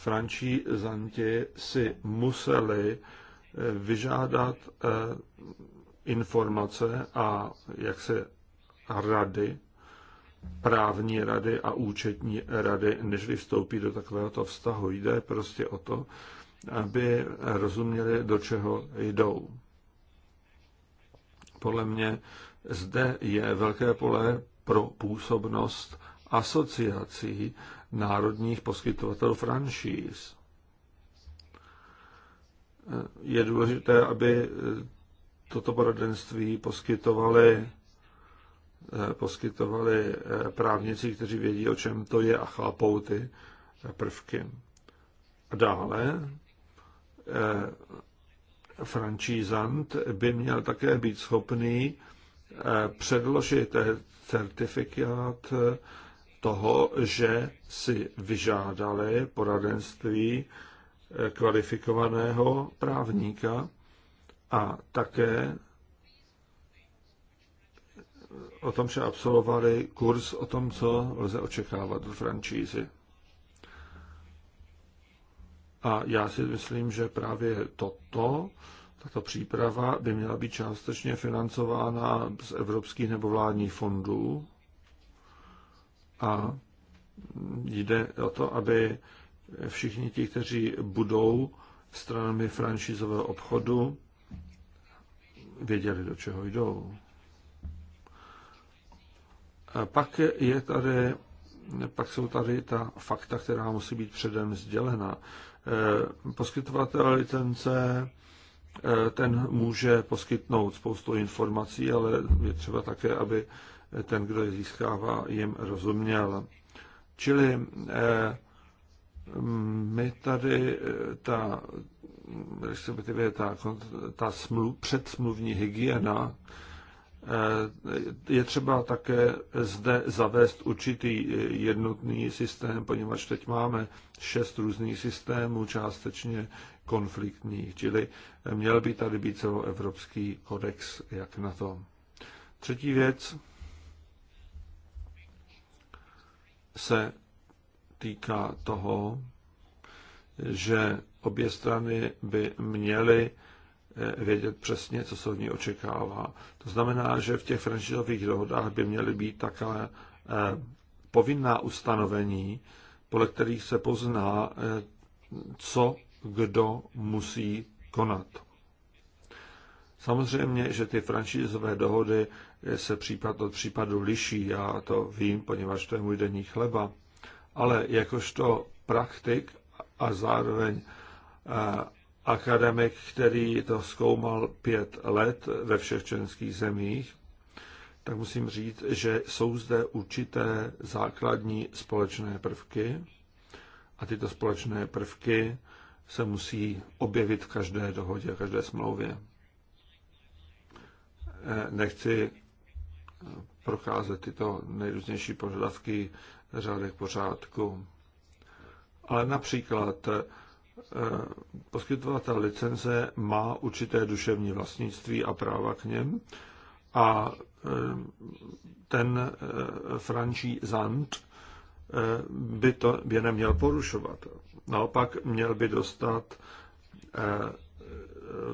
Frančízanti si museli eh, vyžádat eh, informace a jak se rady, právní rady a účetní rady, než vstoupí do takovéhoto vztahu. Jde prostě o to, aby rozuměli, do čeho jdou. Podle mě zde je velké pole pro působnost asociací národních poskytovatelů franšíz. Je důležité, aby toto poradenství poskytovali, poskytovali právníci, kteří vědí, o čem to je a chápou ty prvky. A dále eh, frančízant by měl také být schopný eh, předložit certifikát toho, že si vyžádali poradenství eh, kvalifikovaného právníka a také eh, o tom, že absolvovali kurz o tom, co lze očekávat od francízy. A já si myslím, že právě toto, tato příprava by měla být částečně financována z evropských nebo vládních fondů, a jde o to, aby všichni ti, kteří budou stranami franšízového obchodu, věděli, do čeho jdou. A pak je tady pak jsou tady ta fakta, která musí být předem sdělena. E, poskytovatel licence e, ten může poskytnout spoustu informací, ale je třeba také, aby ten, kdo je získává, jim rozuměl. Čili eh, my tady eh, ta, respektive ta, ta smlu, předsmluvní hygiena, eh, je třeba také zde zavést určitý jednotný systém, poněvadž teď máme šest různých systémů, částečně konfliktních, čili měl by tady být celoevropský kodex, jak na to. Třetí věc, se týká toho, že obě strany by měly eh, vědět přesně, co se od ní očekává. To znamená, že v těch franšizových dohodách by měly být také eh, povinná ustanovení, podle kterých se pozná, eh, co kdo musí konat. Samozřejmě, že ty franšízové dohody se případ od případu liší, já to vím, poněvadž to je můj denní chleba, ale jakožto praktik a zároveň eh, akademik, který to zkoumal pět let ve všech členských zemích, tak musím říct, že jsou zde určité základní společné prvky a tyto společné prvky se musí objevit v každé dohodě, v každé smlouvě. Eh, nechci procházet tyto nejrůznější požadavky řádek pořádku. Ale například eh, poskytovatel licence má určité duševní vlastnictví a práva k něm a eh, ten eh, Zant by to by neměl porušovat. Naopak měl by dostat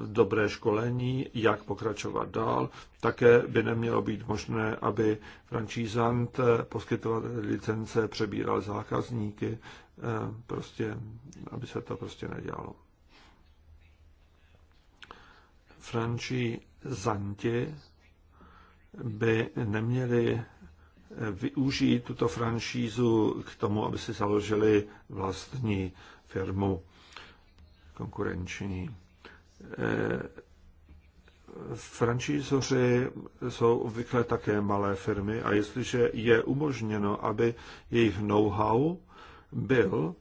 dobré školení, jak pokračovat dál. Také by nemělo být možné, aby francízant, eh, poskytovatel licence, přebíral zákazníky, eh, prostě, aby se to prostě nedělalo. Francízanti by neměli eh, využít tuto franšízu k tomu, aby si založili vlastní firmu konkurenční. Eh, franšízoři jsou obvykle také malé firmy a jestliže je umožněno, aby jejich know-how byl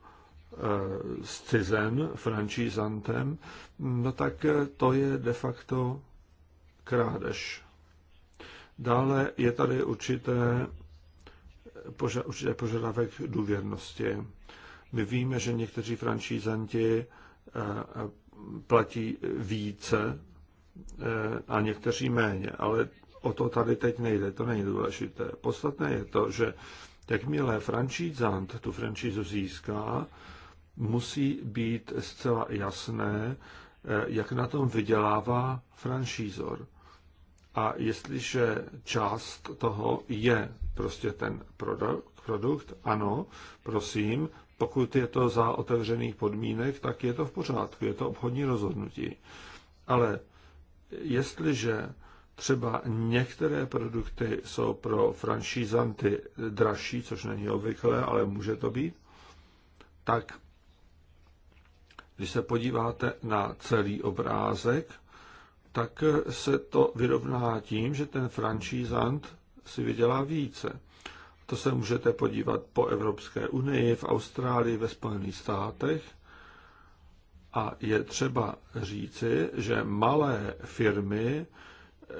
scizen eh, franšízantem, no tak eh, to je de facto krádež. Dále je tady určité, určité požadavek důvěrnosti. My víme, že někteří franšízanti platí více eh, a někteří méně, ale o to tady teď nejde, to není důležité. Podstatné je to, že jakmile franšízant tu franšízu získá, musí být zcela jasné, eh, jak na tom vydělává franšízor. A jestliže část toho je prostě ten produkt ano, prosím, pokud je to za otevřených podmínek, tak je to v pořádku, je to obchodní rozhodnutí. Ale jestliže třeba některé produkty jsou pro franšízanty dražší, což není obvyklé, ale může to být, tak když se podíváte na celý obrázek, tak se to vyrovná tím, že ten franšízant si vydělá více. To se můžete podívat po Evropské unii, v Austrálii, ve Spojených státech. A je třeba říci, že malé firmy, eh,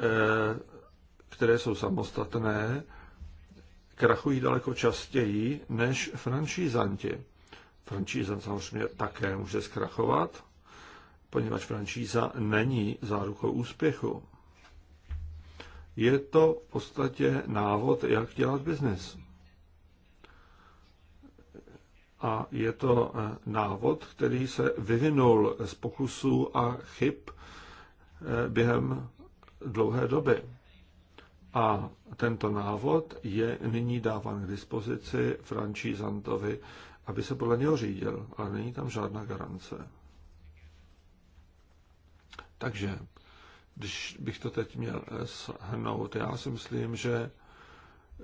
které jsou samostatné, krachují daleko častěji než franšízanti. Franšízan samozřejmě také může zkrachovat, poněvadž franšíza není zárukou úspěchu. Je to v podstatě návod, jak dělat biznis. A je to eh, návod, který se vyvinul z pokusů a chyb eh, během dlouhé doby. A tento návod je nyní dáván k dispozici Francízantovi, aby se podle něho řídil, ale není tam žádná garance. Takže když bych to teď měl eh, shrnout, já si myslím, že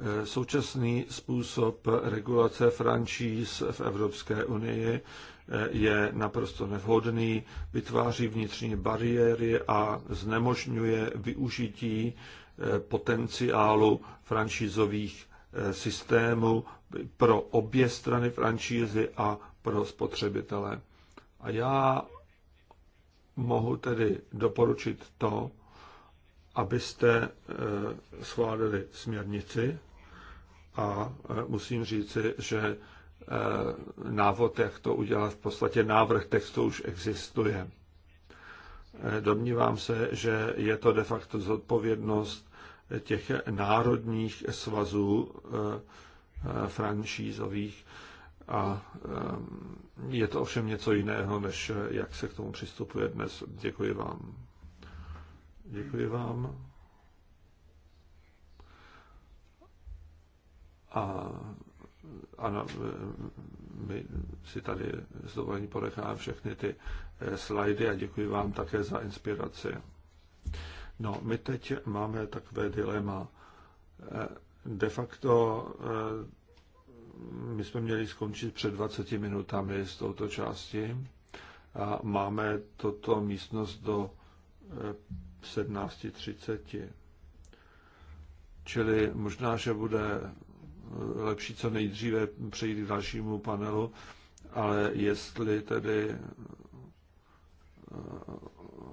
eh, současný způsob regulace franšíz v Evropské unii eh, je naprosto nevhodný, vytváří vnitřní bariéry a znemožňuje využití potenciálu franšízových systémů pro obě strany franšízy a pro spotřebitele. A já mohu tedy doporučit to, abyste eh, schválili směrnici a eh, musím říci, že eh, návod, jak to udělat, v podstatě návrh textu už existuje. Domnívám se, že je to de facto zodpovědnost těch národních svazů franšízových, a eh, je to ovšem něco jiného, než eh, jak se k tomu přistupuje dnes. Děkuji vám. Děkuji vám. A ano, eh, my si tady s dovolením ponecháme všechny ty slajdy a děkuji vám také za inspiraci. No, my teď máme takové dilema. De facto my jsme měli skončit před 20 minutami z touto části a máme toto místnost do 17.30. Eh, Čili možná, že bude eh, lepší co nejdříve přejít k dalšímu panelu, ale jestli tedy eh,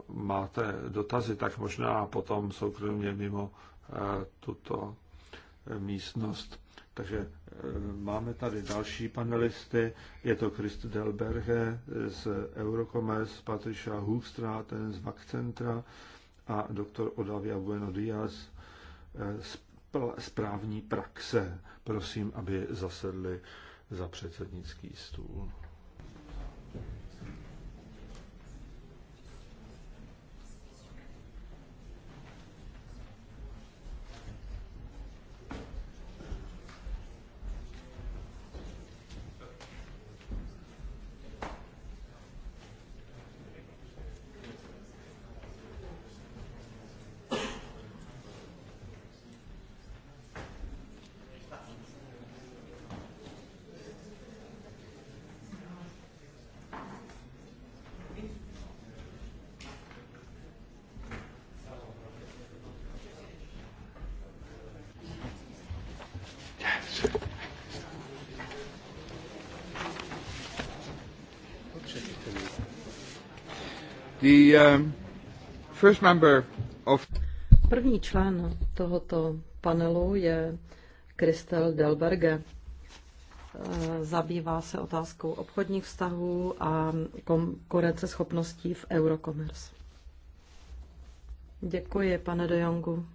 máte dotazy, tak možná potom soukromně mimo tuto místnost. Takže eh, máme tady další panelisty. Je to Christ Delberge z Eurocommerce, Patricia ten z Vakcentra a doktor Odavia Bueno Díaz eh, z správní praxe. Prosím, aby zasedli za předsednický stůl. The um, first member of... První člen tohoto panelu je Kristel Delberge. Eh, zabývá se otázkou obchodních vztahů a konkurenceschopností v Eurocommerce. Děkuji, pane De Jongu.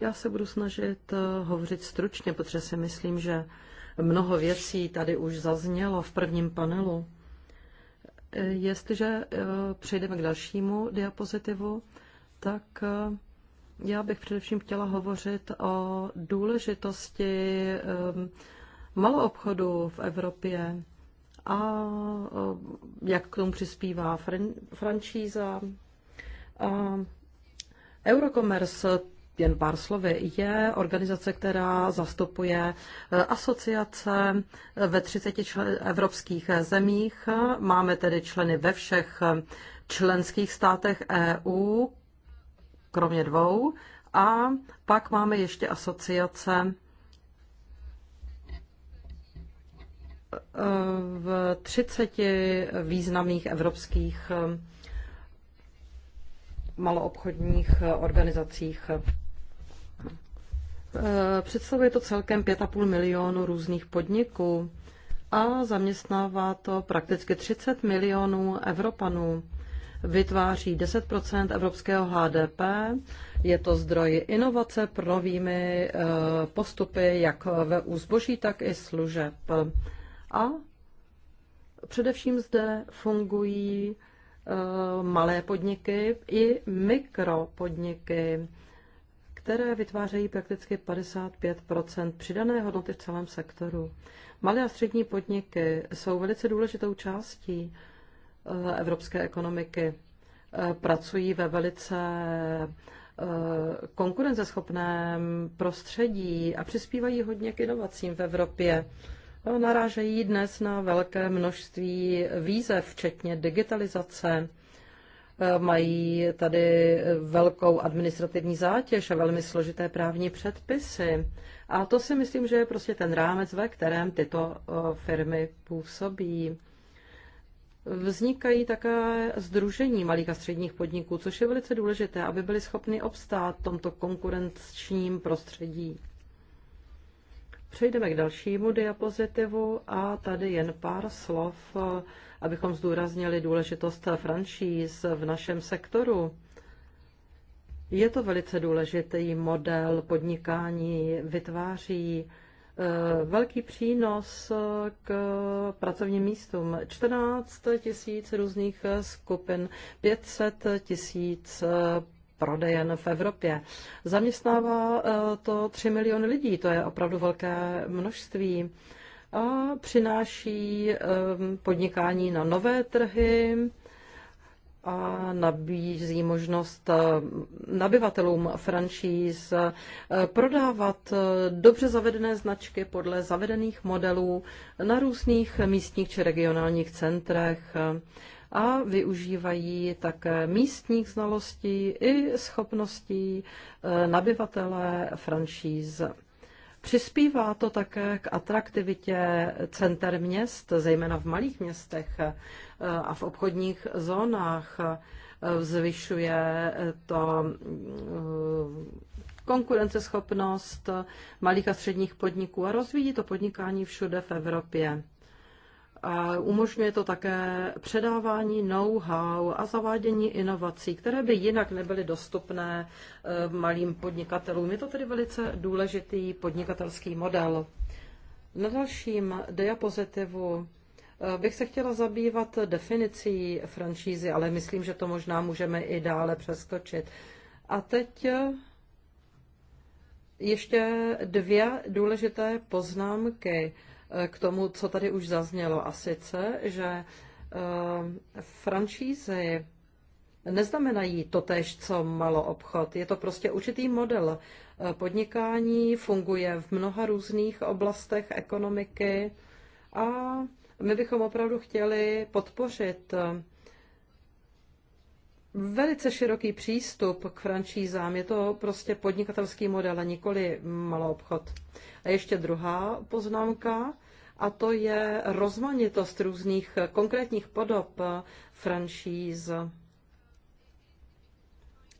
Já se budu snažit eh, hovořit stručně, protože si myslím, že mnoho věcí tady už zaznělo v prvním panelu. Jestliže eh, přejdeme k dalšímu diapozitivu, tak eh, já bych především chtěla hovořit o důležitosti eh, maloobchodu v Evropě a jak k tomu přispívá franšíza. A Eurocommerce jen pár slovy, je organizace, která zastupuje eh, asociace eh, ve 30 člen- evropských eh, zemích. Máme tedy členy ve všech členských státech EU, kromě dvou. A pak máme ještě asociace v 30 významných evropských maloobchodních organizacích. Eh, představuje to celkem 5,5 milionu různých podniků a zaměstnává to prakticky 30 milionů Evropanů. Vytváří 10 evropského HDP, je to zdroj inovace pro novými eh, postupy, jak ve úzboží, tak i služeb. A především zde fungují eh, malé podniky i mikropodniky které vytvářejí prakticky 55 přidané hodnoty v celém sektoru. Malé a střední podniky jsou velice důležitou částí eh, evropské ekonomiky. Eh, pracují ve velice eh, konkurenceschopném prostředí a přispívají hodně k inovacím v Evropě. Narážejí dnes na velké množství výzev, včetně digitalizace mají tady velkou administrativní zátěž a velmi složité právní předpisy. A to si myslím, že je prostě ten rámec, ve kterém tyto firmy působí. Vznikají také združení malých a středních podniků, což je velice důležité, aby byly schopny obstát v tomto konkurenčním prostředí. Přejdeme k dalšímu diapozitivu a tady jen pár slov abychom zdůraznili důležitost franšíz v našem sektoru. Je to velice důležitý model podnikání, vytváří eh, velký přínos k pracovním místům. 14 tisíc různých skupin, 500 tisíc eh, prodejen v Evropě. Zaměstnává eh, to 3 miliony lidí, to je opravdu velké množství a přináší podnikání na nové trhy a nabízí možnost nabyvatelům franšíz eh, prodávat eh, dobře zavedené značky podle zavedených modelů na různých místních či regionálních centrech a využívají také místních znalostí i schopností eh, nabyvatele franšíz. Přispívá to také k atraktivitě center měst, zejména v malých městech eh, a v obchodních zónách. Eh, zvyšuje to mm, eh, konkurenceschopnost malých a středních podniků a rozvíjí to podnikání všude v Evropě. A umožňuje to také předávání know-how a zavádění inovací, které by jinak nebyly dostupné eh, malým podnikatelům. Je to tedy velice důležitý podnikatelský model. Na dalším diapozitivu eh, bych se chtěla zabývat definicí franšízy, ale myslím, že to možná můžeme i dále přeskočit. A teď eh, ještě dvě důležité poznámky Eh, k tomu, co tady už zaznělo, a sice, že eh, franšízy neznamenají tež, co malo obchod. Je to prostě určitý model eh, podnikání, funguje v mnoha různých oblastech ekonomiky a my bychom opravdu chtěli podpořit velice široký přístup k franšízám. Je to prostě podnikatelský model a nikoli malou obchod. A ještě druhá poznámka a to je rozmanitost různých konkrétních podob franšíz.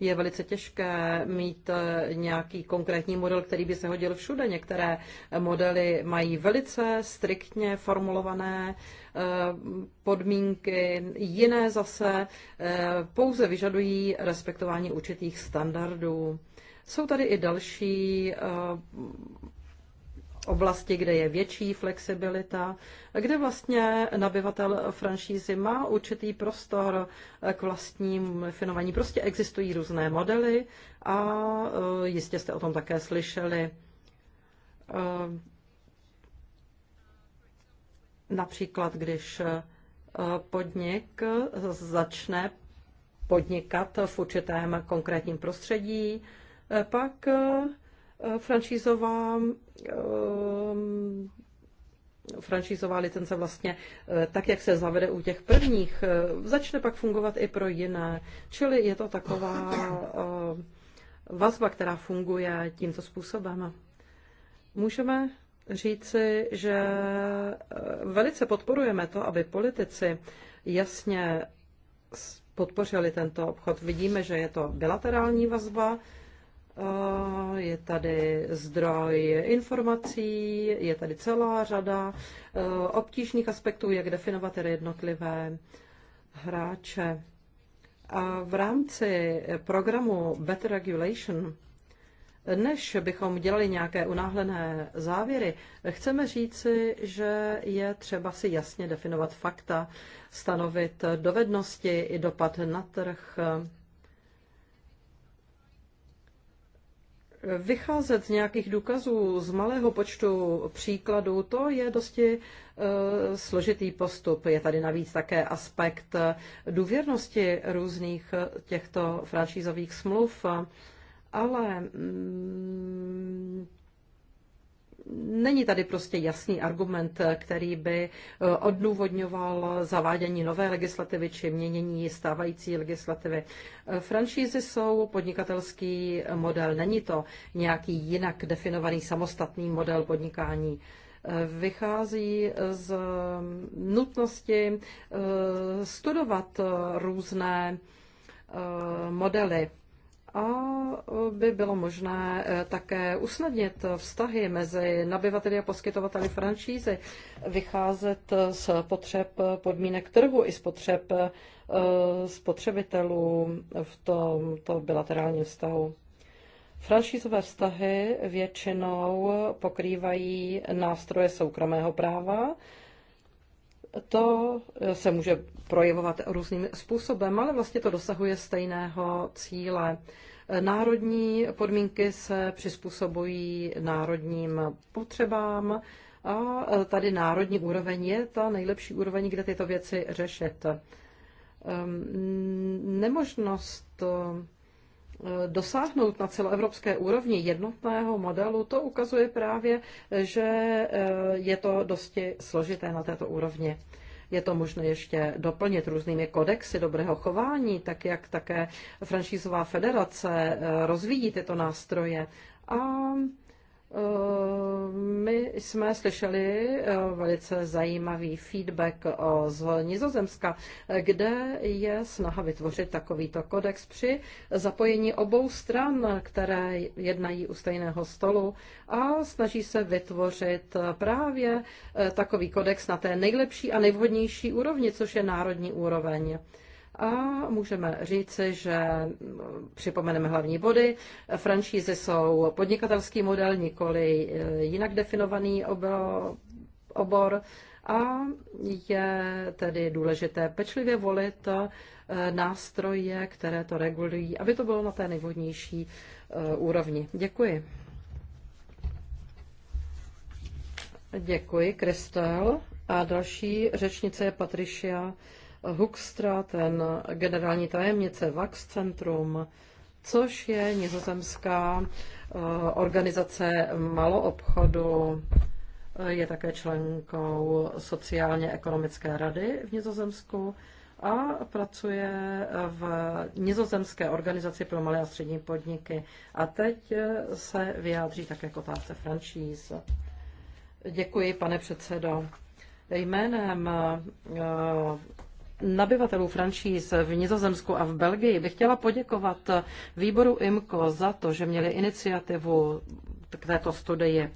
Je velice těžké mít nějaký konkrétní model, který by se hodil všude. Některé modely mají velice striktně formulované eh, podmínky, jiné zase eh, pouze vyžadují respektování určitých standardů. Jsou tady i další eh, oblasti, kde je větší flexibilita, kde vlastně nabyvatel franšízy má určitý prostor k vlastním finování. Prostě existují různé modely a e, jistě jste o tom také slyšeli. E, například, když e, podnik začne podnikat v určitém konkrétním prostředí, pak Eh, franšízová eh, franšízová licence vlastně eh, tak, jak se zavede u těch prvních, začne pak fungovat i pro jiné. Čili je to taková vazba, která funguje tímto způsobem. Můžeme říci, že velice podporujeme to, aby politici jasně podpořili tento obchod. Vidíme, že je to bilaterální vazba, je tady zdroj informací, je tady celá řada e, obtížných aspektů, jak definovat jednotlivé hráče. A v rámci programu Better Regulation, než bychom dělali nějaké unáhlené závěry, chceme říci, že je třeba si jasně definovat fakta, stanovit dovednosti i dopad na trh, Vycházet z nějakých důkazů z malého počtu příkladů, to je dosti eh, složitý postup. Je tady navíc také aspekt eh, důvěrnosti různých eh, těchto franšízových smluv, ale mm, Není tady prostě jasný argument, který by eh, odůvodňoval zavádění nové legislativy či měnění stávající legislativy. Eh, franšízy jsou podnikatelský model, není to nějaký jinak definovaný samostatný model podnikání eh, vychází z nutnosti studovat různé modely a by bylo možné eh, také usnadnit vztahy mezi nabyvateli a poskytovateli franšízy, vycházet z potřeb podmínek trhu i z potřeb eh, spotřebitelů v tomto bilaterálním vztahu. Franšízové vztahy většinou pokrývají nástroje soukromého práva. To se může projevovat různým způsobem, ale vlastně to dosahuje stejného cíle. Národní podmínky se přizpůsobují národním potřebám a tady národní úroveň je ta nejlepší úroveň, kde tyto věci řešit. Ehm, nemožnost eh, dosáhnout na celoevropské úrovni jednotného modelu, to ukazuje právě, že eh, je to dosti složité na této úrovni. Je to možné ještě doplnit různými kodexy dobrého chování, tak jak také franšízová federace eh, rozvíjí tyto nástroje. A my jsme slyšeli eh, velice zajímavý feedback z Nizozemska, kde je snaha vytvořit takovýto kodex při zapojení obou stran, které jednají u stejného stolu a snaží se vytvořit eh, právě eh, takový kodex na té nejlepší a nejvhodnější úrovni, což je národní úroveň. A můžeme říci, že připomeneme hlavní body. Franšízy jsou podnikatelský model, nikoli eh, jinak definovaný obor a je tedy důležité pečlivě volit eh, nástroje, které to regulují, aby to bylo na té nejvhodnější eh, úrovni. Děkuji. Děkuji, Kristel. A další řečnice je Patricia Hukstra, ten generální tajemnice VAX Centrum, což je nizozemská eh, organizace maloobchodu, eh, je také členkou sociálně-ekonomické rady v Nizozemsku a pracuje v nizozemské organizaci pro malé a střední podniky. A teď eh, se vyjádří také k jako otázce franšíz. Děkuji, pane předsedo. Jménem nabyvatelů franšíz v Nizozemsku a v Belgii bych chtěla poděkovat výboru IMCO za to, že měli iniciativu k této studii.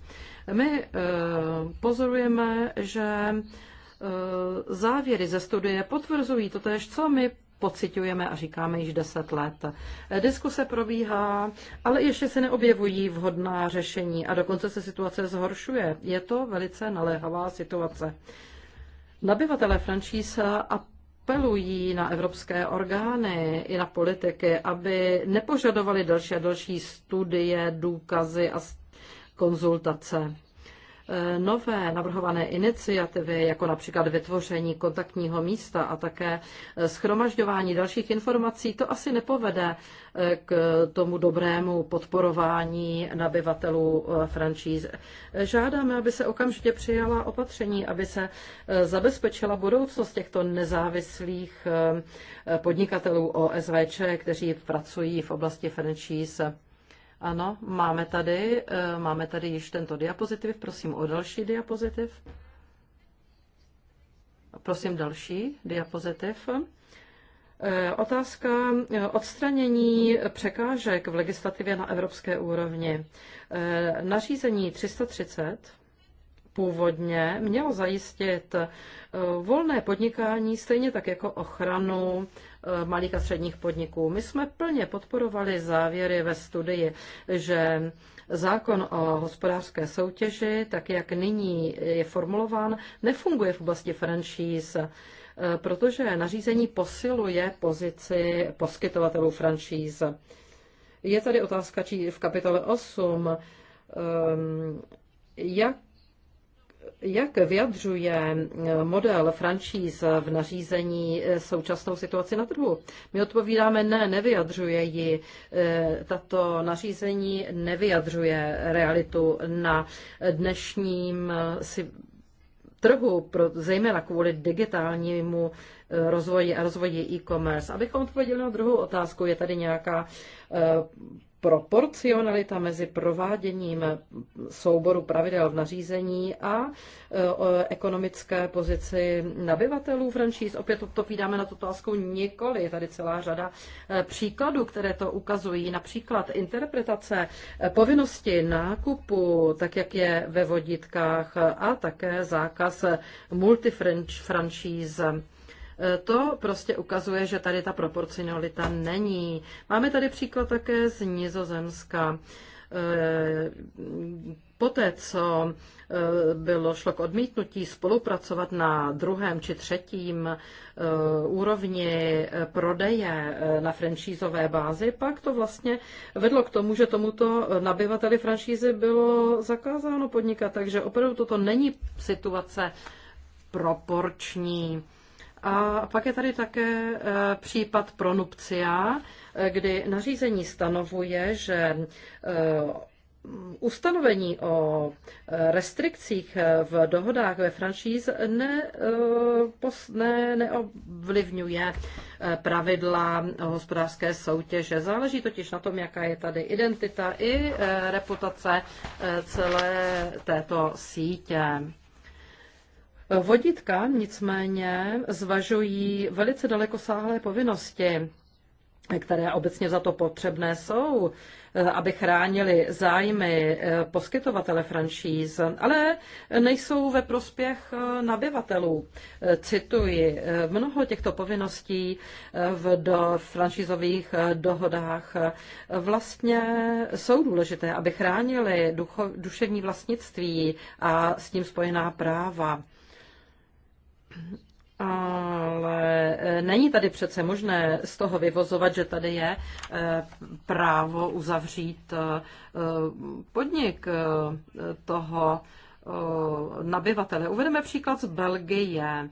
My eh, pozorujeme, že eh, závěry ze studie potvrzují to tež, co my pocitujeme a říkáme již deset let. Diskuse probíhá, ale ještě se neobjevují vhodná řešení a dokonce se situace zhoršuje. Je to velice naléhavá situace. Nabyvatele Frančísa a apelují na evropské orgány i na politiky, aby nepožadovali další a další studie, důkazy a konzultace. Eh, nové navrhované iniciativy, jako například vytvoření kontaktního místa a také eh, schromažďování dalších informací, to asi nepovede eh, k tomu dobrému podporování nabyvatelů franšíz. Žádáme, aby se okamžitě přijala opatření, aby se zabezpečila budoucnost těchto nezávislých podnikatelů OSVČ, kteří pracují v oblasti franšíz ano, máme tady, eh, máme tady již tento diapozitiv. Prosím o další diapozitiv. Prosím další diapozitiv. Eh, otázka eh, odstranění překážek v legislativě na evropské úrovni. Nařízení 330 původně mělo zajistit eh, volné podnikání, stejně tak jako ochranu eh, malých a středních podniků. My jsme plně podporovali závěry ve studii, že zákon o hospodářské soutěži, tak jak nyní je formulován, nefunguje v oblasti franšíz, eh, protože nařízení posiluje pozici poskytovatelů franšíz. Je tady otázka či v kapitole 8, ehm, jak jak vyjadřuje eh, model franšíz v nařízení eh, současnou situaci na trhu? My odpovídáme ne, nevyjadřuje ji. Eh, tato nařízení nevyjadřuje realitu na dnešním trhu, zejména kvůli digitálnímu rozvoji a rozvoji e-commerce. Abychom odpověděli na druhou otázku, je tady nějaká proporcionalita mezi prováděním souboru pravidel v nařízení a e, ekonomické pozici nabyvatelů franšíz. Opět odpovídáme na tu otázku nikoli. Je tady celá řada e, příkladů, které to ukazují. Například interpretace e, povinnosti nákupu, tak jak je ve vodítkách a také zákaz multifranšíz. To prostě ukazuje, že tady ta proporcionalita není. Máme tady příklad také z Nizozemska. Eh, poté, co eh, bylo šlo k odmítnutí spolupracovat na druhém či třetím eh, úrovni prodeje na franšízové bázi, pak to vlastně vedlo k tomu, že tomuto nabyvateli franšízy bylo zakázáno podnikat. Takže opravdu toto není situace proporční. A pak je tady také eh, případ pronupcia, eh, kdy nařízení stanovuje, že eh, ustanovení o restrikcích v dohodách ve franšíz ne, ne, neovlivňuje pravidla hospodářské soutěže. Záleží totiž na tom, jaká je tady identita i reputace celé této sítě. Vodítka nicméně zvažují velice dalekosáhlé povinnosti které obecně za to potřebné jsou, eh, aby chránili zájmy eh, poskytovatele franšíz, ale nejsou ve prospěch eh, nabyvatelů. Cituji, mnoho těchto povinností v do franšízových dohodách vlastně jsou důležité, aby chránili duševní vlastnictví a s tím spojená práva. Ale e, není tady přece možné z toho vyvozovat, že tady je e, právo uzavřít e, podnik toho nabyvatele. Uvedeme příklad z Belgie.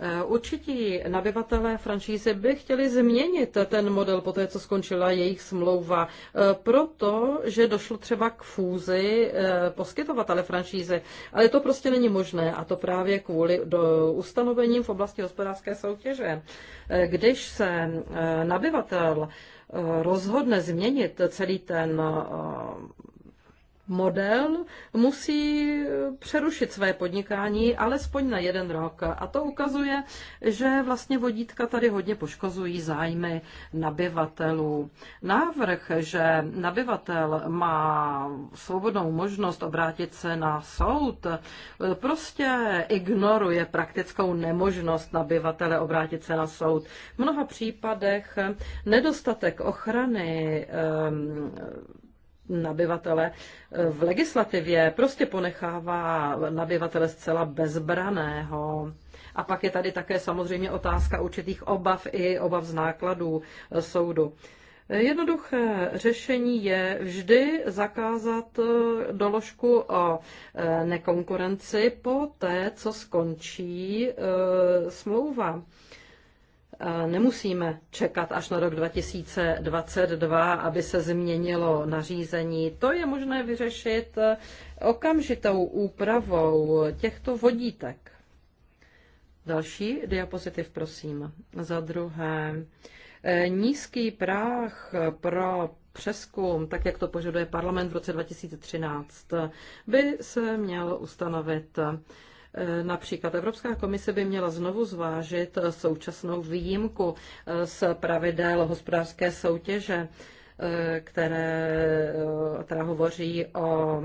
Eh, určití nabyvatelé franšízy by chtěli změnit ten model po té, co skončila jejich smlouva, eh, protože došlo třeba k fúzi eh, poskytovatele franšízy. Ale to prostě není možné a to právě kvůli do ustanovením v oblasti hospodářské soutěže. Když se nabyvatel rozhodne změnit celý ten model, musí přerušit své podnikání alespoň na jeden rok. A to ukazuje, že vlastně vodítka tady hodně poškozují zájmy nabyvatelů. Návrh, že nabyvatel má svobodnou možnost obrátit se na soud, prostě ignoruje praktickou nemožnost nabyvatele obrátit se na soud. V mnoha případech nedostatek ochrany ehm, nabyvatele eh, v legislativě prostě ponechává nabyvatele zcela bezbraného. A pak je tady také samozřejmě otázka určitých obav i obav z nákladů eh, soudu. Eh, jednoduché řešení je vždy zakázat doložku o nekonkurenci po té, co skončí smlouva. Nemusíme čekat až na rok 2022, aby se změnilo nařízení. To je možné vyřešit eh, okamžitou úpravou těchto vodítek. Další diapozitiv, prosím. Za druhé, eh, nízký práh pro přeskum, tak jak to požaduje parlament v roce 2013, by se měl ustanovit. Eh, například Evropská komise by měla znovu zvážit eh, současnou výjimku eh, z pravidel hospodářské soutěže, které teda hovoří o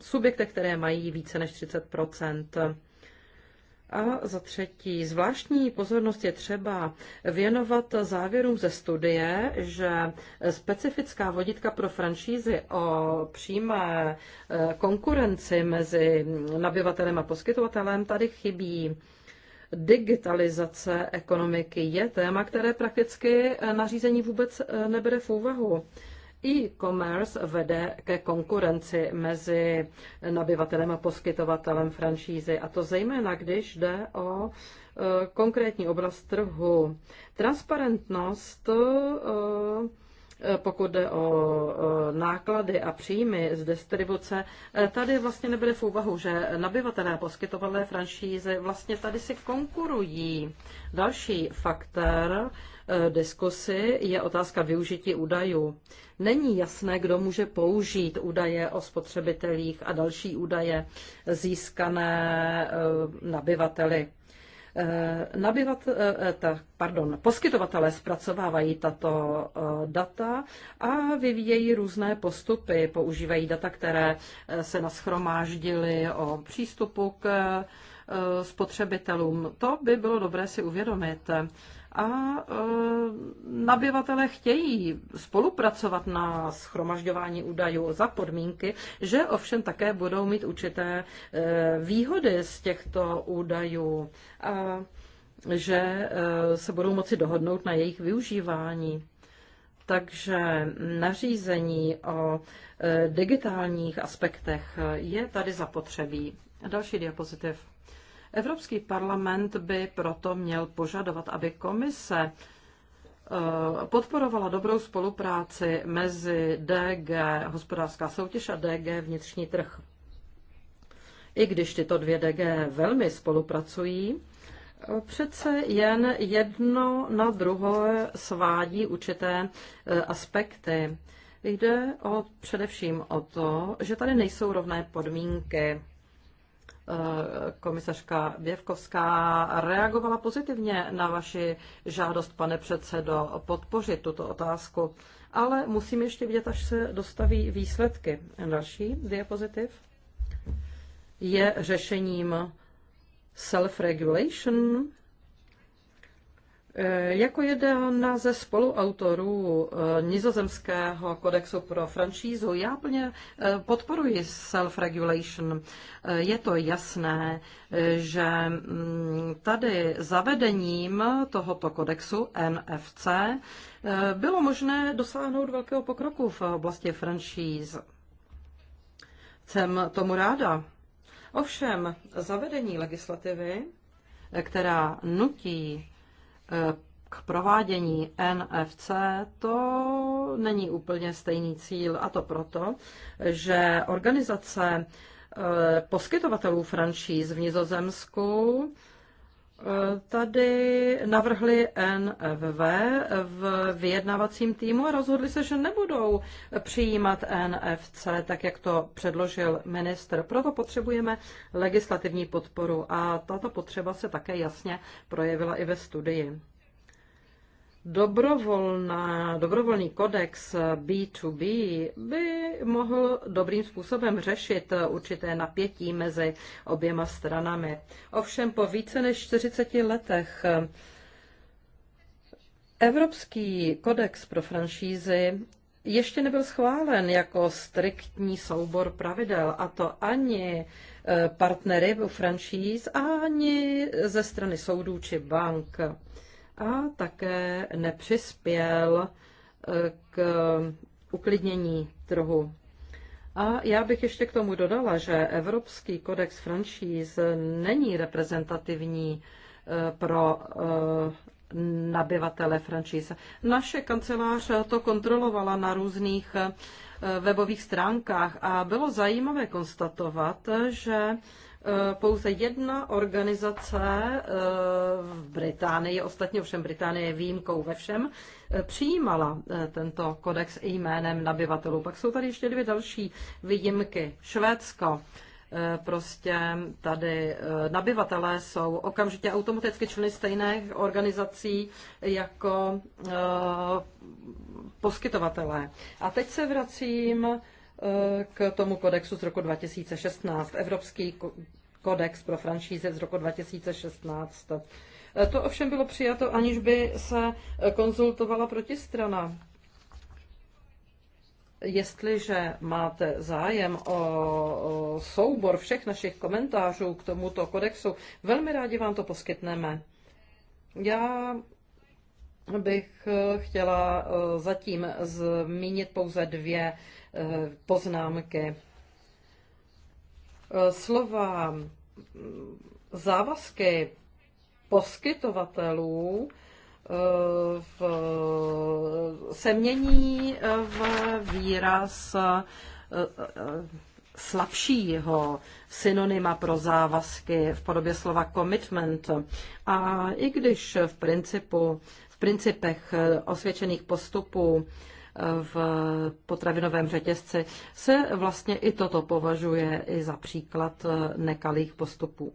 subjektech, které mají více než 30 a za třetí, zvláštní pozornost je třeba věnovat závěrům ze studie, že specifická vodítka pro franšízy o přímé eh, konkurenci mezi nabyvatelem a poskytovatelem tady chybí. Digitalizace ekonomiky je téma, které prakticky eh, nařízení vůbec eh, nebere v úvahu. E-commerce vede ke konkurenci mezi nabyvatelem a poskytovatelem franšízy, a to zejména, když jde o e, konkrétní oblast trhu. Transparentnost, e, e, pokud jde o náklady a příjmy z distribuce, tady vlastně nebude v úvahu, že nabyvatelé a poskytovatelé franšízy vlastně tady si konkurují. Další faktor, Eh, diskusi je otázka využití údajů. Není jasné, kdo může použít údaje o spotřebitelích a další údaje získané eh, nabyvateli. Eh, nabyvat, ta, pardon, poskytovatelé zpracovávají tato data a vyvíjejí různé postupy. Používají data, které se nashromáždily o přístupu k spotřebitelům. To by bylo dobré si uvědomit a e, nabyvatele chtějí spolupracovat na schromažďování údajů za podmínky, že ovšem také budou mít určité e, výhody z těchto údajů a že e, se budou moci dohodnout na jejich využívání. Takže nařízení o e, digitálních aspektech je tady zapotřebí. Další diapozitiv. Evropský parlament by proto měl požadovat, aby komise eh, podporovala dobrou spolupráci mezi DG hospodářská soutěž a DG vnitřní trh. I když tyto dvě DG velmi spolupracují, eh, přece jen jedno na druhé svádí určité eh, aspekty. Jde o, především o to, že tady nejsou rovné podmínky Eh, komisařka Běvkovská reagovala pozitivně na vaši žádost, pane předsedo, podpořit tuto otázku. Ale musím ještě vidět, až se dostaví výsledky. Další diapozitiv je řešením self-regulation E, jako jeden ze spoluautorů e, nizozemského kodexu pro franšízu, já plně e, podporuji self-regulation. Je to jasné, že mm, tady zavedením tohoto kodexu NFC bylo možné dosáhnout velkého pokroku v oblasti franšíz. Jsem tomu ráda. Ovšem, zavedení legislativy, která nutí k provádění NFC to není úplně stejný cíl a to proto, že organizace eh, poskytovatelů franšíz v Nizozemsku Tady navrhli NFV v vyjednavacím týmu a rozhodli se, že nebudou přijímat NFC, tak jak to předložil ministr. Proto potřebujeme legislativní podporu a tato potřeba se také jasně projevila i ve studii. Dobrovolná, dobrovolný kodex B2B by mohl dobrým způsobem řešit určité napětí mezi oběma stranami. Ovšem po více než 40 letech Evropský kodex pro franšízy ještě nebyl schválen jako striktní soubor pravidel, a to ani e, partnery u franšíz, ani ze strany soudů či bank a také nepřispěl eh, k uklidnění trhu. A já bych ještě k tomu dodala, že Evropský kodex franšíz není reprezentativní eh, pro eh, nabyvatele franšíz. Naše kancelář to kontrolovala na různých webových stránkách a bylo zajímavé konstatovat, že Eh, pouze jedna organizace eh, v Británii, ostatně všem Británie je výjimkou ve všem, eh, přijímala tento kodex jménem nabyvatelů. Pak jsou tady ještě dvě další výjimky. Švédsko, prostě tady nabyvatelé jsou okamžitě automaticky členy stejných organizací jako poskytovatelé. A teď se vracím k tomu kodexu z roku 2016, Evropský kodex pro franšízy z roku 2016. To ovšem bylo přijato, aniž by se konzultovala protistrana. Jestliže máte zájem o soubor všech našich komentářů k tomuto kodexu, velmi rádi vám to poskytneme. Já bych eh, chtěla eh, zatím zmínit pouze dvě eh, poznámky. Slova mm, závazky poskytovatelů v, se mění v výraz slabšího synonyma pro závazky v podobě slova commitment. A i když v principu principech eh, osvědčených postupů eh, v potravinovém řetězci se vlastně i toto považuje i za příklad eh, nekalých postupů.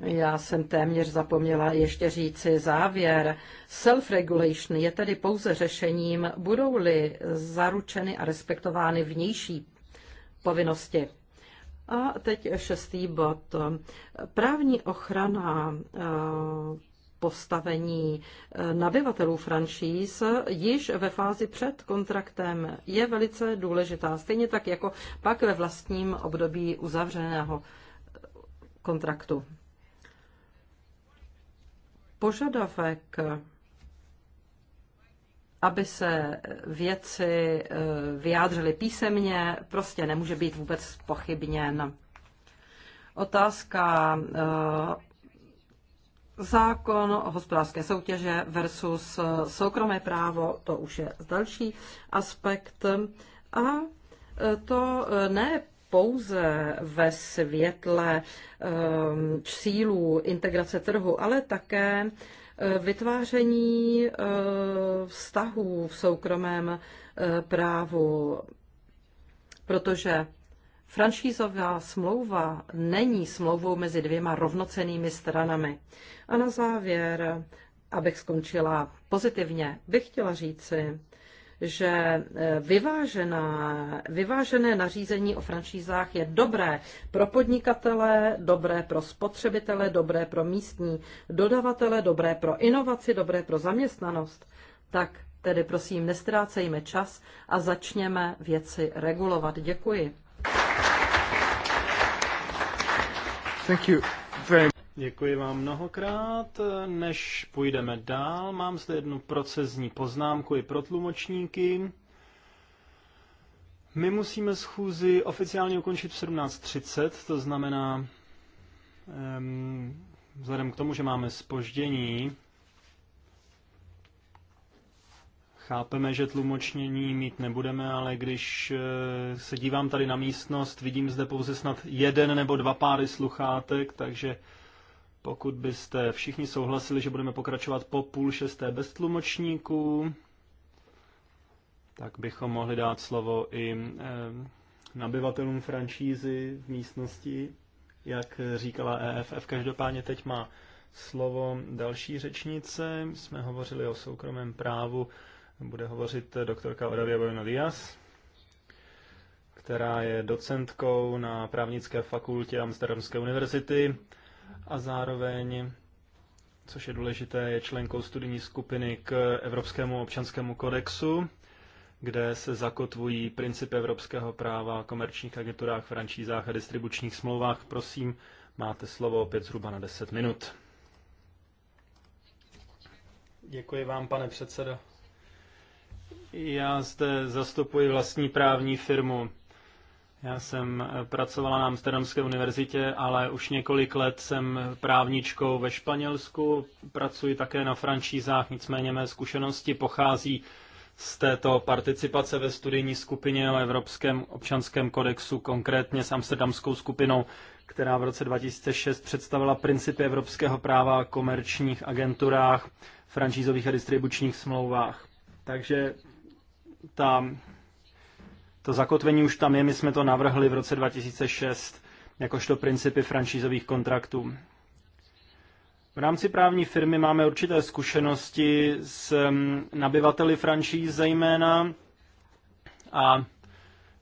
Já jsem téměř zapomněla ještě říci závěr. Self-regulation je tedy pouze řešením, budou-li zaručeny a respektovány vnější povinnosti. A teď šestý bod. Právní ochrana eh, postavení eh, nabyvatelů franšíz již ve fázi před kontraktem je velice důležitá, stejně tak jako pak ve vlastním období uzavřeného eh, kontraktu. Požadavek aby se věci eh, vyjádřily písemně, prostě nemůže být vůbec pochybněn. Otázka eh, zákon o hospodářské soutěže versus eh, soukromé právo, to už je další aspekt. A to ne pouze ve světle cílů integrace trhu, ale také vytváření eh, vztahů v soukromém eh, právu, protože franšízová smlouva není smlouvou mezi dvěma rovnocenými stranami. A na závěr, abych skončila pozitivně, bych chtěla říci, že eh, vyvážená, vyvážené nařízení o franšízách je dobré pro podnikatele, dobré pro spotřebitele, dobré pro místní dodavatele, dobré pro inovaci, dobré pro zaměstnanost. Tak tedy prosím, nestrácejme čas a začněme věci regulovat. Děkuji. Thank you very Děkuji vám mnohokrát. Než půjdeme dál, mám zde jednu procesní poznámku i pro tlumočníky. My musíme schůzi oficiálně ukončit v 17.30, to znamená, um, vzhledem k tomu, že máme spoždění, Chápeme, že tlumočnění mít nebudeme, ale když eh, se dívám tady na místnost, vidím zde pouze snad jeden nebo dva páry sluchátek, takže pokud byste všichni souhlasili, že budeme pokračovat po půl šesté bez tlumočníků, tak bychom mohli dát slovo i eh, nabyvatelům franšízy v místnosti, jak říkala EFF. Každopádně teď má slovo další řečnice. jsme hovořili o soukromém právu. Bude hovořit doktorka Odavia Bojona Díaz, která je docentkou na právnické fakultě Amsterdamské univerzity a zároveň, což je důležité, je členkou studijní skupiny k Evropskému občanskému kodexu, kde se zakotvují principy evropského práva, komerčních agenturách, franšízách a distribučních smlouvách. Prosím, máte slovo opět zhruba na 10 minut. Děkuji vám, pane předsedo. Já zde zastupuji vlastní právní firmu. Já jsem eh, pracovala na Amsterdamské univerzitě, ale už několik let jsem právničkou ve Španělsku, pracuji také na franšízách, nicméně mé zkušenosti pochází z této participace ve studijní skupině o Evropském občanském kodexu, konkrétně s amsterdamskou skupinou, která v roce 2006 představila principy evropského práva o komerčních agenturách, franšízových a distribučních smlouvách. Takže ta to zakotvení už tam je, my jsme to navrhli v roce 2006 jakožto principy franšízových kontraktů. V rámci právní firmy máme určité zkušenosti s nabyvateli franšíz zejména a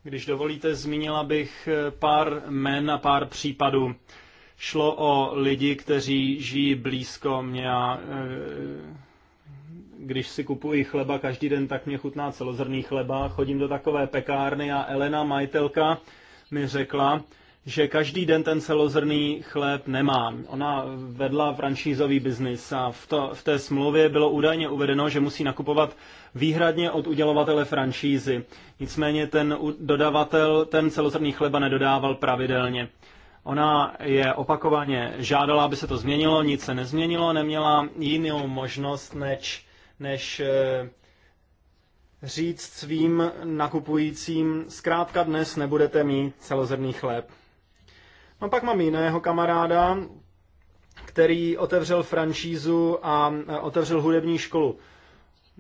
když dovolíte, zmínila bych eh, pár men a pár případů. Šlo o lidi, kteří žijí blízko mě a eh, když si kupuji chleba každý den, tak mě chutná celozrný chleba. Chodím do takové pekárny a Elena, majitelka, mi řekla, že každý den ten celozrný chléb nemám. Ona vedla franšízový biznis a v, to, v té smlouvě bylo údajně uvedeno, že musí nakupovat výhradně od udělovatele franšízy. Nicméně ten dodavatel ten celozrný chleba nedodával pravidelně. Ona je opakovaně žádala, aby se to změnilo, nic se nezměnilo, neměla jinou možnost, než než eh, říct svým nakupujícím, zkrátka dnes nebudete mít celozrný chléb. No pak mám jiného kamaráda, který otevřel franšízu a eh, otevřel hudební školu.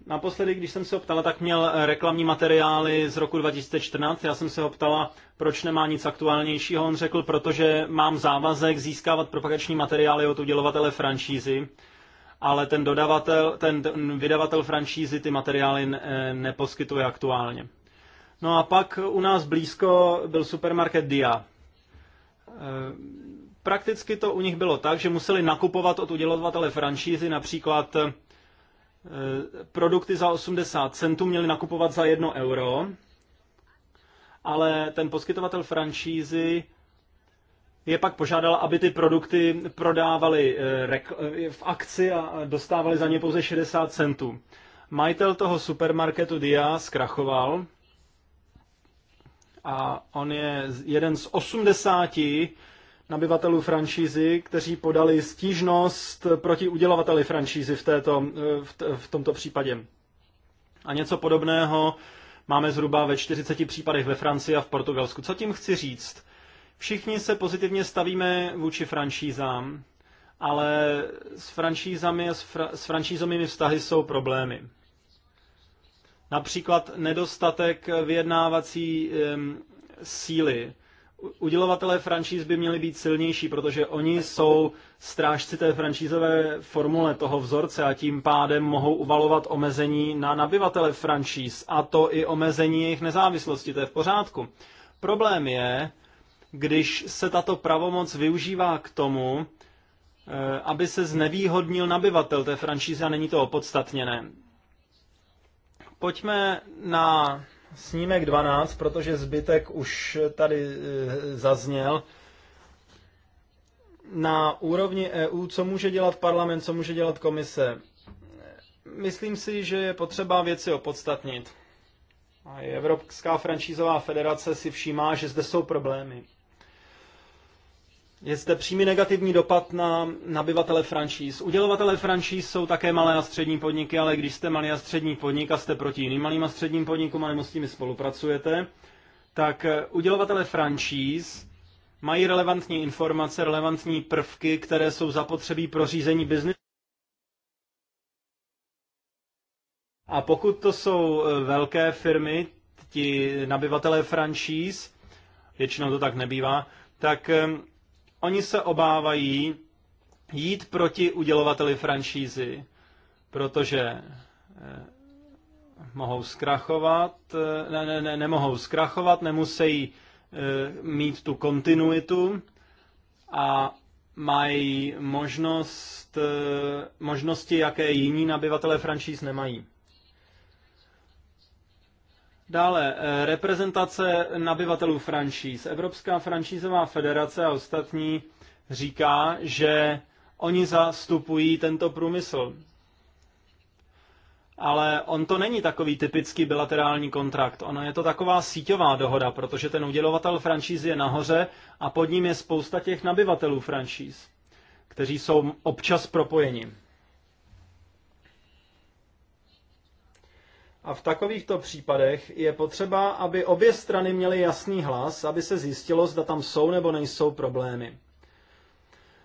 Naposledy, když jsem se ho ptala, tak měl eh, reklamní materiály z roku 2014. Já jsem se ho ptala, proč nemá nic aktuálnějšího. On řekl, protože mám závazek získávat propagační materiály od udělovatele franšízy ale ten dodavatel, ten, vydavatel franšízy ty materiály neposkytuje aktuálně. No a pak u nás blízko byl supermarket Dia. E, prakticky to u nich bylo tak, že museli nakupovat od udělovatele franšízy například e, produkty za 80 centů měli nakupovat za 1 euro, ale ten poskytovatel franšízy je pak požádala, aby ty produkty prodávali eh, eh, v akci a dostávali za ně pouze 60 centů. Majitel toho supermarketu Dia zkrachoval a on je jeden z 80 nabyvatelů franšízy, kteří podali stížnost proti udělovateli franšízy v, této, eh, v, t, v tomto případě. A něco podobného máme zhruba ve 40 případech ve Francii a v Portugalsku. Co tím chci říct? Všichni se pozitivně stavíme vůči franšízám, ale s franšízami a s, fra- s franšízovými vztahy jsou problémy. Například nedostatek vyjednávací um, síly. Udělovatelé franšíz by měli být silnější, protože oni jsou strážci té franšízové formule toho vzorce a tím pádem mohou uvalovat omezení na nabyvatele franšíz a to i omezení jejich nezávislosti, to je v pořádku. Problém je, když se tato pravomoc využívá k tomu, eh, aby se znevýhodnil nabyvatel té franšízy a není to opodstatněné. Pojďme na snímek 12, protože zbytek už tady eh, zazněl. Na úrovni EU, co může dělat parlament, co může dělat komise? Myslím si, že je potřeba věci opodstatnit. A Evropská franšízová federace si všímá, že zde jsou problémy. Je zde přímý negativní dopad na nabyvatele franšíz. Udělovatele franšíz jsou také malé a střední podniky, ale když jste malý a střední podnik a jste proti jiným malým a středním podnikům a nebo s nimi spolupracujete, tak eh, udělovatele franšíz mají relevantní informace, relevantní prvky, které jsou zapotřebí pro řízení biznesu. A pokud to jsou eh, velké firmy, ti nabyvatelé franšíz, většinou to tak nebývá, tak eh, Oni se obávají jít proti udělovateli franšízy, protože eh, mohou zkrachovat, eh, ne, ne, ne, nemohou zkrachovat, nemusí eh, mít tu kontinuitu a mají možnost, možnosti, jaké jiní nabyvatelé franšíz nemají. Dále, eh, reprezentace nabyvatelů franšíz. Evropská franšízová federace a ostatní říká, že oni zastupují tento průmysl. Ale on to není takový typický bilaterální kontrakt. Ono je to taková síťová dohoda, protože ten udělovatel franšízy je nahoře a pod ním je spousta těch nabyvatelů franšíz, kteří jsou občas propojeni. A v takovýchto případech je potřeba, aby obě strany měly jasný hlas, aby se zjistilo, zda tam jsou nebo nejsou problémy.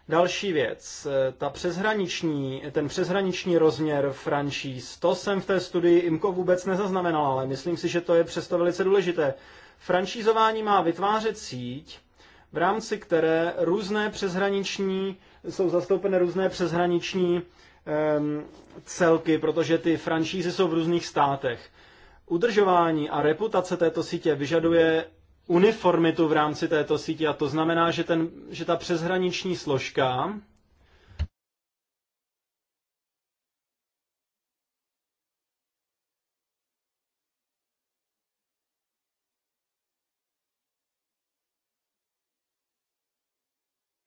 Další věc, ta přeshraniční, ten přeshraniční rozměr franšíz, to jsem v té studii IMCO vůbec nezaznamenal, ale myslím si, že to je přesto velice důležité. Franšízování má vytvářet síť, v rámci které různé přeshraniční, jsou zastoupeny různé přeshraniční Ehm, celky, protože ty franšízy jsou v různých státech. Udržování a reputace této sítě vyžaduje uniformitu v rámci této sítě a to znamená, že, ten, že ta přeshraniční složka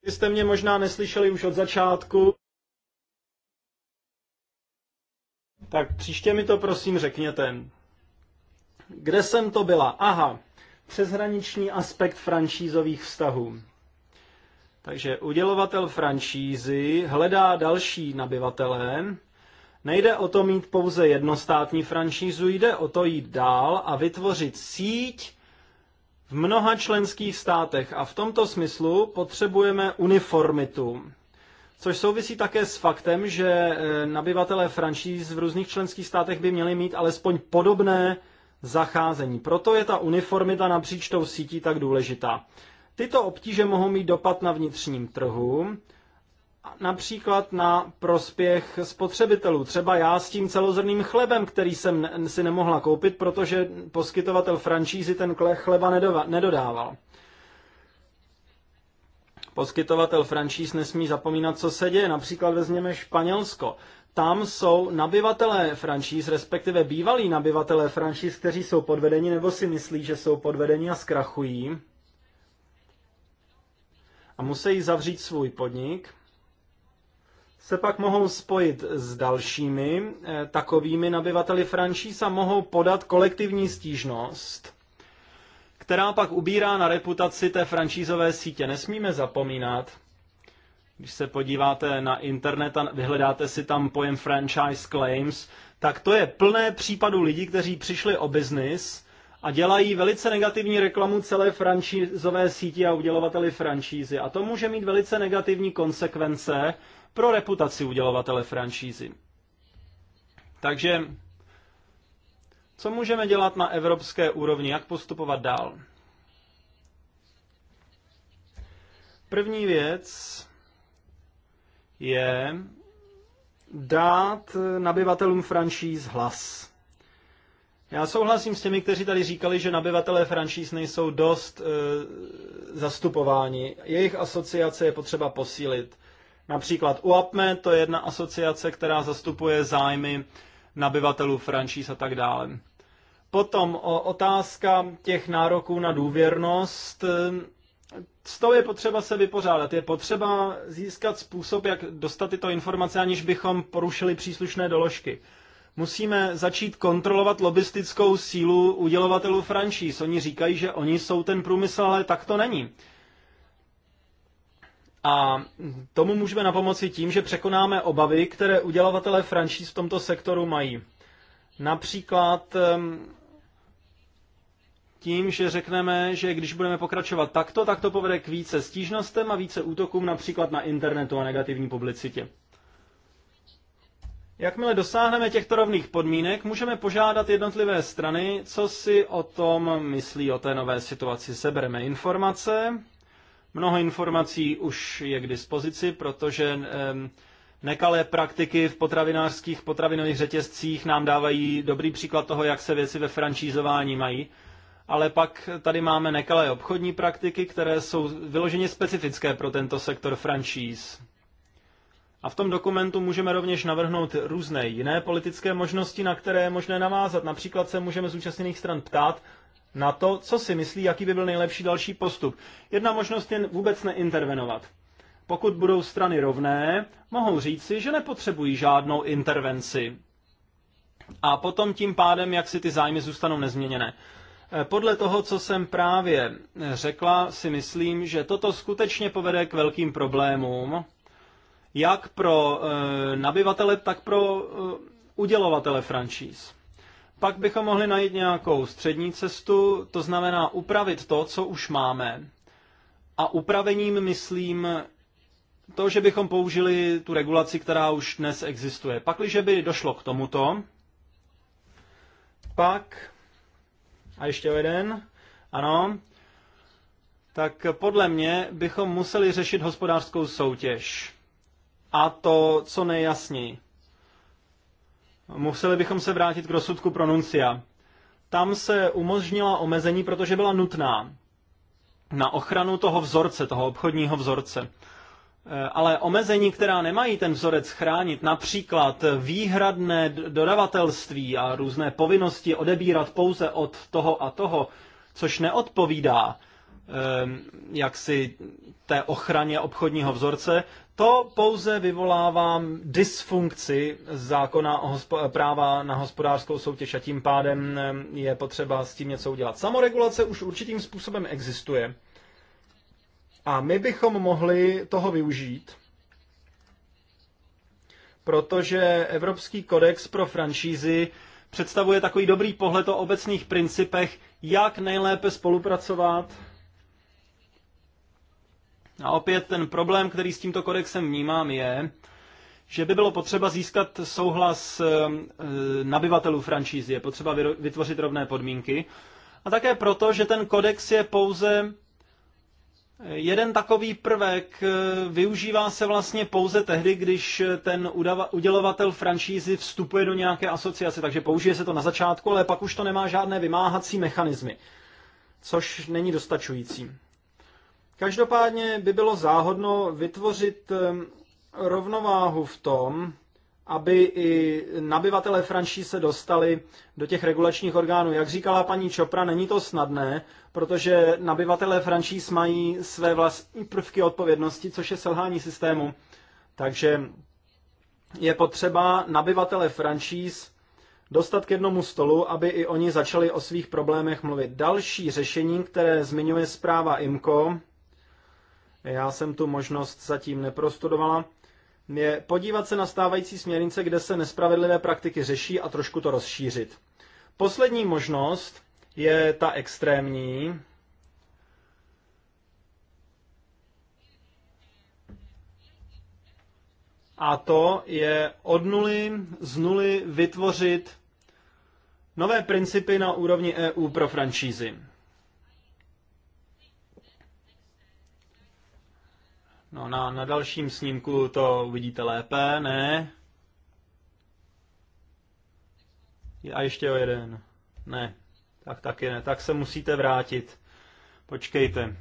jste mě možná neslyšeli už od začátku. Tak příště mi to prosím řekněte. Kde jsem to byla? Aha, přeshraniční aspekt franšízových vztahů. Takže udělovatel franšízy hledá další nabyvatele. Nejde o to mít pouze jednostátní franšízu, jde o to jít dál a vytvořit síť v mnoha členských státech. A v tomto smyslu potřebujeme uniformitu. Což souvisí také s faktem, že e, nabyvatelé franšíz v různých členských státech by měli mít alespoň podobné zacházení. Proto je ta uniformita napříč tou sítí tak důležitá. Tyto obtíže mohou mít dopad na vnitřním trhu, například na prospěch spotřebitelů. Třeba já s tím celozrným chlebem, který jsem si nemohla koupit, protože poskytovatel franšízy ten chleba nedodával. Poskytovatel franšíz nesmí zapomínat, co se děje. Například vezměme Španělsko. Tam jsou nabyvatelé franšíz, respektive bývalí nabyvatelé franšíz, kteří jsou podvedeni nebo si myslí, že jsou podvedeni a zkrachují. A musí zavřít svůj podnik, se pak mohou spojit s dalšími eh, takovými nabyvateli franšíz a mohou podat kolektivní stížnost která pak ubírá na reputaci té franšízové sítě. Nesmíme zapomínat, když se podíváte na internet a vyhledáte si tam pojem franchise claims, tak to je plné případů lidí, kteří přišli o biznis a dělají velice negativní reklamu celé franšízové síti a udělovateli franšízy. A to může mít velice negativní konsekvence pro reputaci udělovatele franšízy. Takže co můžeme dělat na evropské úrovni? Jak postupovat dál? První věc je dát nabyvatelům franšíz hlas. Já souhlasím s těmi, kteří tady říkali, že nabyvatelé franšíz nejsou dost e, zastupováni. Jejich asociace je potřeba posílit. Například UAPME, to je jedna asociace, která zastupuje zájmy nabyvatelů franšíz a tak dále. Potom o otázka těch nároků na důvěrnost. S tou je potřeba se vypořádat. Je potřeba získat způsob, jak dostat tyto informace, aniž bychom porušili příslušné doložky. Musíme začít kontrolovat lobistickou sílu udělovatelů franšíz. Oni říkají, že oni jsou ten průmysl, ale tak to není. A tomu můžeme na pomoci tím, že překonáme obavy, které udělovatelé franšíz v tomto sektoru mají. Například tím, že řekneme, že když budeme pokračovat takto, tak to povede k více stížnostem a více útokům například na internetu a negativní publicitě. Jakmile dosáhneme těchto rovných podmínek, můžeme požádat jednotlivé strany, co si o tom myslí o té nové situaci. Sebereme informace. Mnoho informací už je k dispozici, protože nekalé praktiky v potravinářských potravinových řetězcích nám dávají dobrý příklad toho, jak se věci ve francízování mají ale pak tady máme nekalé obchodní praktiky, které jsou vyloženě specifické pro tento sektor franšíz. A v tom dokumentu můžeme rovněž navrhnout různé jiné politické možnosti, na které je možné navázat. Například se můžeme účastněných stran ptát na to, co si myslí, jaký by byl nejlepší další postup. Jedna možnost je vůbec neintervenovat. Pokud budou strany rovné, mohou říci, že nepotřebují žádnou intervenci. A potom tím pádem, jak si ty zájmy zůstanou nezměněné. Podle toho, co jsem právě řekla, si myslím, že toto skutečně povede k velkým problémům, jak pro eh, nabyvatele, tak pro eh, udělovatele franšíz. Pak bychom mohli najít nějakou střední cestu, to znamená upravit to, co už máme. A upravením myslím to, že bychom použili tu regulaci, která už dnes existuje. Pakliže by došlo k tomuto, pak a ještě jeden. Ano. Tak podle mě bychom museli řešit hospodářskou soutěž. A to co nejjasněji. Museli bychom se vrátit k rozsudku pronuncia. Tam se umožnila omezení, protože byla nutná na ochranu toho vzorce, toho obchodního vzorce. Eh, ale omezení, která nemají ten vzorec chránit, například výhradné dodavatelství a různé povinnosti odebírat pouze od toho a toho, což neodpovídá ehm, jaksi té ochraně obchodního vzorce, to pouze vyvolává dysfunkci zákona o práva na hospodářskou soutěž a tím pádem ehm, je potřeba s tím něco udělat. Samoregulace už určitým způsobem existuje a my bychom mohli toho využít, protože Evropský kodex pro franšízy představuje takový dobrý pohled o obecných principech, jak nejlépe spolupracovat. A opět ten problém, který s tímto kodexem vnímám, je, že by bylo potřeba získat souhlas eh, nabyvatelů franšízy, je potřeba vytvořit rovné podmínky. A také proto, že ten kodex je pouze Jeden takový prvek eh, využívá se vlastně pouze tehdy, když eh, ten udělovatel franšízy vstupuje do nějaké asociace, takže použije se to na začátku, ale pak už to nemá žádné vymáhací mechanismy, což není dostačující. Každopádně by bylo záhodno vytvořit eh, rovnováhu v tom, aby i nabyvatele franší se dostali do těch regulačních orgánů. Jak říkala paní Čopra, není to snadné, protože nabyvatele franší mají své vlastní prvky odpovědnosti, což je selhání systému. Takže je potřeba nabyvatele franšíz dostat k jednomu stolu, aby i oni začali o svých problémech mluvit. Další řešení, které zmiňuje zpráva IMCO, já jsem tu možnost zatím neprostudovala, je podívat se na stávající směrnice, kde se nespravedlivé praktiky řeší a trošku to rozšířit. Poslední možnost je ta extrémní. A to je od nuly, z nuly vytvořit nové principy na úrovni EU pro franšízy. No na, na dalším snímku to uvidíte lépe, ne? A ještě o jeden. Ne, tak taky ne. Tak se musíte vrátit. Počkejte.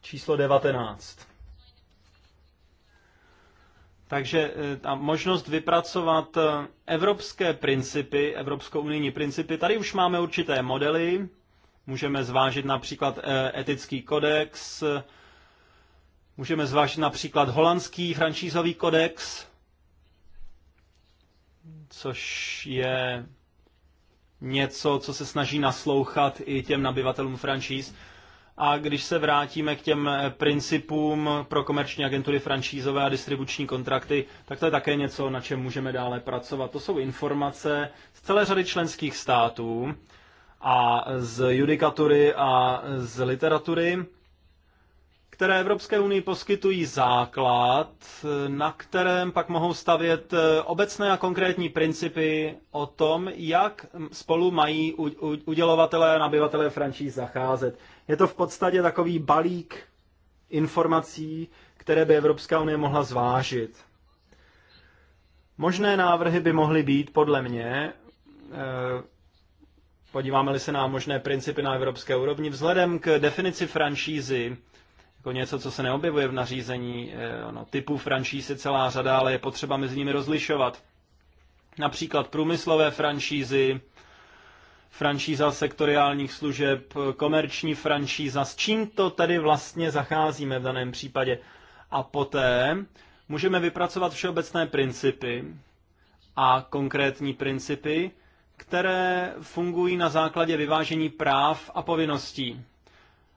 Číslo 19. Takže ta eh, možnost vypracovat eh, evropské principy, evropskou unijní principy, tady už máme určité modely, Můžeme zvážit například eh, etický kodex, můžeme zvážit například holandský franšízový kodex, což je něco, co se snaží naslouchat i těm nabyvatelům franšíz. A když se vrátíme k těm eh, principům pro komerční agentury franšízové a distribuční kontrakty, tak to je také něco, na čem můžeme dále pracovat. To jsou informace z celé řady členských států, a z judikatury a z literatury, které Evropské unii poskytují základ, na kterém pak mohou stavět eh, obecné a konkrétní principy o tom, jak spolu mají udělovatelé a nabyvatelé franšíz zacházet. Je to v podstatě takový balík informací, které by Evropská unie mohla zvážit. Možné návrhy by mohly být podle mě eh, Podíváme-li se na možné principy na evropské úrovni, vzhledem k definici franšízy, jako něco, co se neobjevuje v nařízení, eh, no, typů franšíz celá řada, ale je potřeba mezi nimi rozlišovat. Například průmyslové franšízy, franšíza sektoriálních služeb, komerční franšíza, s čím to tady vlastně zacházíme v daném případě. A poté můžeme vypracovat všeobecné principy a konkrétní principy, které fungují na základě vyvážení práv a povinností.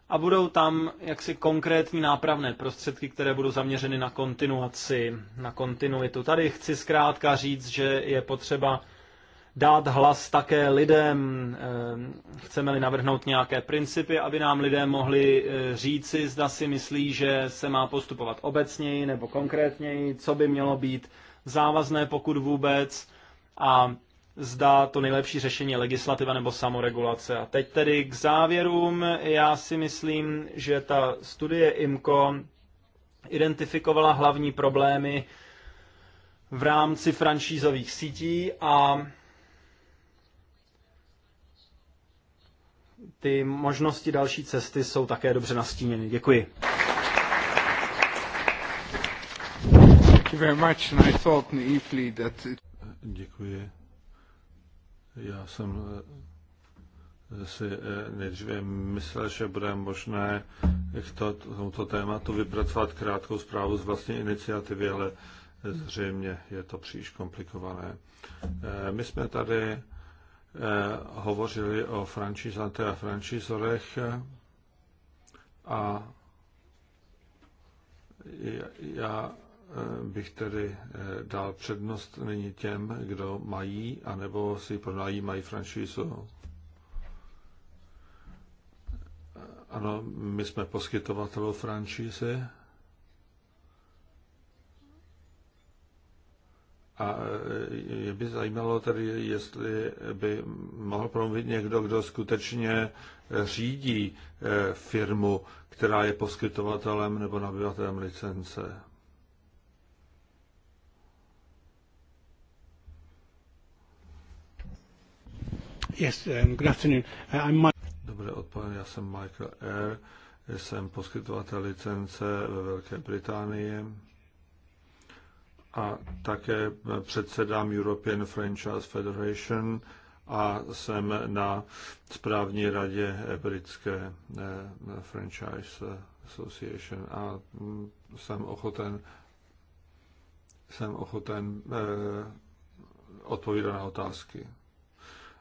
A budou tam jaksi konkrétní nápravné prostředky, které budou zaměřeny na kontinuaci, na kontinuitu. Tady chci zkrátka říct, že je potřeba dát hlas také lidem, eh, chceme-li navrhnout nějaké principy, aby nám lidé mohli eh, říci, zda si myslí, že se má postupovat obecněji nebo konkrétněji, co by mělo být závazné, pokud vůbec, a zda to nejlepší řešení je legislativa nebo samoregulace. A teď tedy k závěrům. Já si myslím, že ta studie IMCO identifikovala hlavní problémy v rámci franšízových sítí a ty možnosti další cesty jsou také dobře nastíněny. Děkuji. Děkuji. Já jsem eh, si eh, nejdříve myslel, že bude možné k tomuto tématu vypracovat krátkou zprávu z vlastní iniciativy, ale zřejmě je to příliš komplikované. Eh, my jsme tady hovořili o franšizante a franšizorech a já Eh, bych tedy eh, dal přednost nyní těm, kdo mají, anebo si pronajímají franšízu. Eh, ano, my jsme poskytovatelů franšízy. A je by zajímalo tedy, jestli by mohl promluvit někdo, kdo skutečně řídí firmu, která je poskytovatelem nebo nabývatelem licence. Yes, um, good afternoon. Uh, I'm Dobré odpoledne, já jsem Michael Air, jsem poskytovatel licence ve Velké Británii a také předsedám European Franchise Federation a jsem na správní radě britské eh, Franchise Association a mm, jsem ochoten jsem ochoten eh, odpovídat na otázky.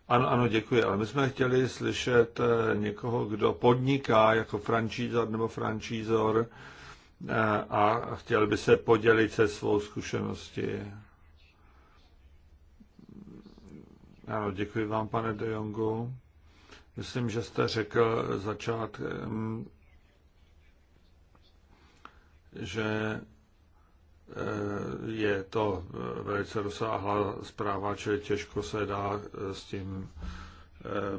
Ano, ano, děkuji, ale my jsme chtěli slyšet eh, někoho, kdo podniká jako franšízor nebo franšízor eh, a chtěl by se podělit se svou zkušeností. Ano, děkuji vám, pane De Jongu. Myslím, že jste řekl začátkem, že Eh, je to eh, velice rozsáhlá zpráva, čili těžko se dá eh, s tím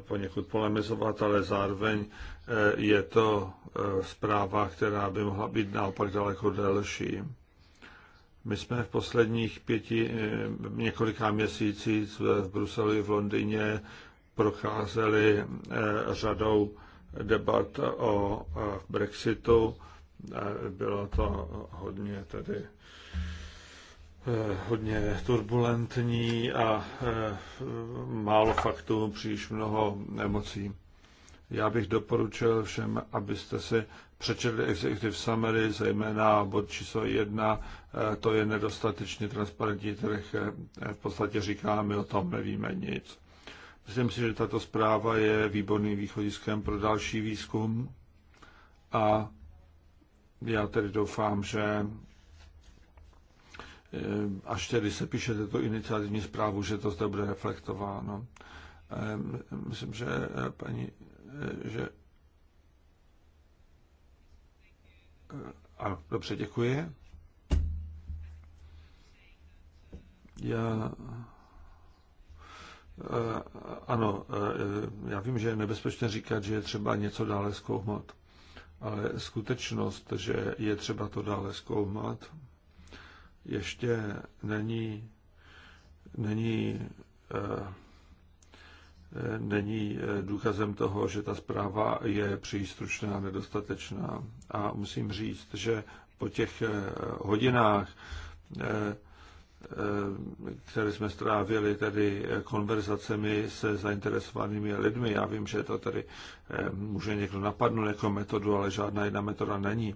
poněkud polemizovat, ale zároveň je to zpráva, která by mohla být naopak daleko delší. My jsme v posledních pěti, několika měsících v Bruselu v Londýně procházeli řadou debat o Brexitu. Bylo to hodně tedy Eh, hodně turbulentní a eh, málo faktů, příliš mnoho emocí. Já bych doporučil všem, abyste si přečetli Executive Summary, zejména bod číslo jedna, eh, to je nedostatečně transparentní trh, v podstatě říká, my o tom nevíme nic. Myslím si, že tato zpráva je výborným východiskem pro další výzkum a já tedy doufám, že Eh, až tedy se píšete tu iniciativní zprávu, že to zde bude reflektováno. Eh, myslím, že eh, paní, že ano, dobře, děkuji. Já ano, já vím, že je nebezpečné říkat, že je třeba něco dále zkoumat, ale skutečnost, že je třeba to dále zkoumat, ještě není, není, eh, eh, není eh, důkazem toho, že ta zpráva je přístručná, nedostatečná. A musím říct, že po těch hodinách, které jsme strávili tady konverzacemi se zainteresovanými lidmi. Já vím, že to tady může někdo napadnout jako metodu, ale žádná jiná metoda není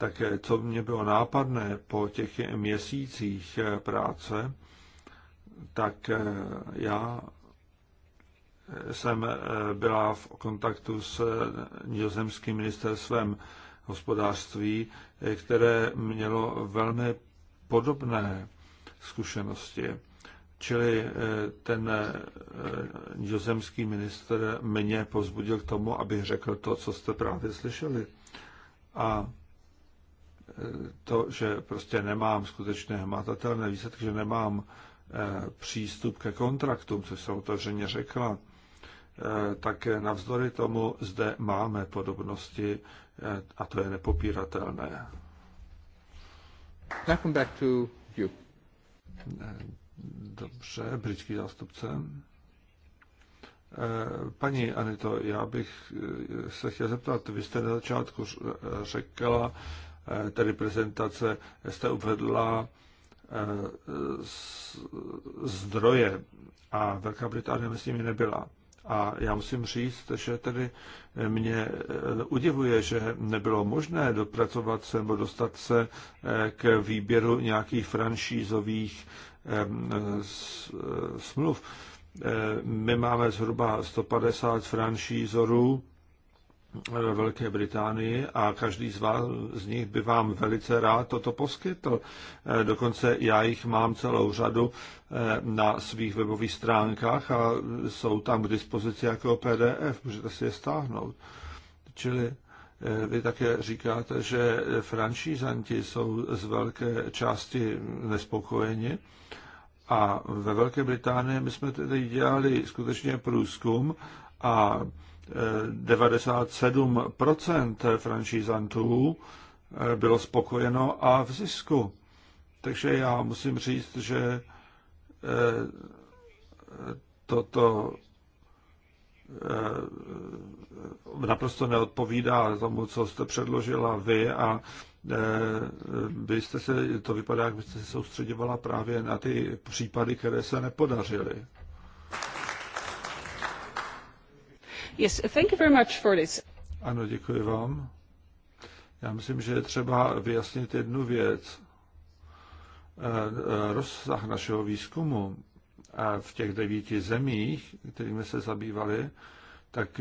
tak co mě bylo nápadné po těch měsících práce, tak eh, já jsem eh, byla v kontaktu s eh, nizozemským ministerstvem hospodářství, které mělo velmi podobné zkušenosti. Čili ten nizozemský minister mě pozbudil k tomu, abych řekl to, co jste právě slyšeli. A to, že prostě nemám skutečné hmatatelné výsledky, že nemám eh, přístup ke kontraktům, což jsem otevřeně řekla, eh, tak navzdory tomu zde máme podobnosti eh, a to je nepopíratelné. back to you. Dobře, britský zástupce. Paní Anito, já bych se chtěl zeptat, vy jste na začátku řekla, Eh, té prezentace, jste uvedla eh, zdroje a Velká Británie mezi nimi nebyla. A já musím říct, že tedy eh, mě udivuje, že nebylo možné dopracovat se nebo dostat se k výběru nějakých franšízových smluv. My máme zhruba 150 franšízorů ve eh, Velké Británii a každý z vás z nich by vám velice rád toto poskytl. Eh, dokonce já jich mám celou řadu eh, na svých webových stránkách a jsou tam k dispozici jako PDF, můžete si je stáhnout. Čili vy také říkáte, že franšízanti jsou z velké části nespokojeni. A ve Velké Británii my jsme tedy dělali skutečně průzkum a 97% franšízantů eh, bylo spokojeno a v zisku. Takže já musím říct, že eh, toto eh, naprosto neodpovídá tomu, co jste předložila vy a vy jste se, to vypadá, jak byste se soustředovala právě na ty případy, které se nepodařily. Yes, thank you very much for this. Ano, děkuji vám. Já myslím, že je třeba vyjasnit jednu věc. Eh, eh, rozsah našeho výzkumu eh, v těch devíti zemích, kterými se zabývali, tak,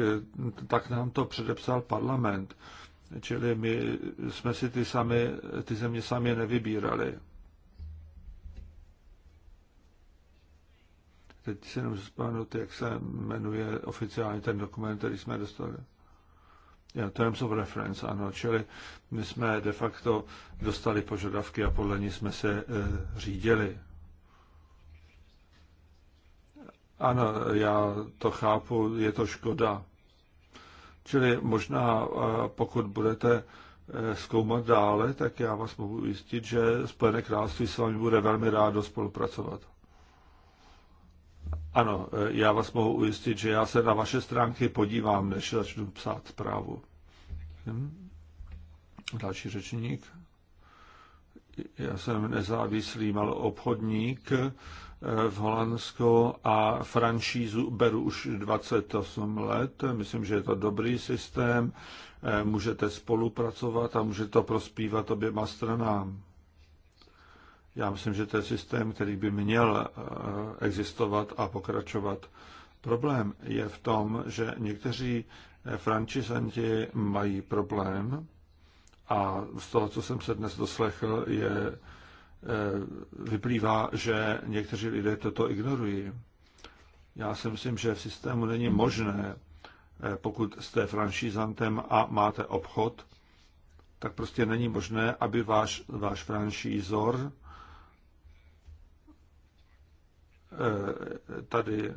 tak nám to předepsal parlament. Čili my jsme si ty, sami, ty země sami nevybírali. teď si jenom vzpomenout, jak se jmenuje oficiálně ten dokument, který jsme dostali. Yeah, terms of reference, ano, čili my jsme de facto dostali požadavky a podle ní jsme se e, řídili. Ano, já to chápu, je to škoda. Čili možná, eh, pokud budete eh, zkoumat dále, tak já vás mohu ujistit, že Spojené království s vámi bude velmi rádo spolupracovat. Ano, eh, já vás mohu ujistit, že já se na vaše stránky podívám, než začnu psát zprávu. Hm? Další řečník. Já jsem nezávislý malý obchodník eh, v Holandsku a franšízu beru už 28 let. Myslím, že je to dobrý systém. Eh, můžete spolupracovat a může to prospívat oběma stranám. Já myslím, že to je systém, který by měl eh, existovat a pokračovat. Problém je v tom, že někteří eh, francisanti mají problém a z toho, co jsem se dnes doslechl, je, eh, vyplývá, že někteří lidé toto ignorují. Já si myslím, že v systému není možné, pokud jste franšízantem a máte obchod, tak prostě není možné, aby váš, váš franšízor Eh, tady eh,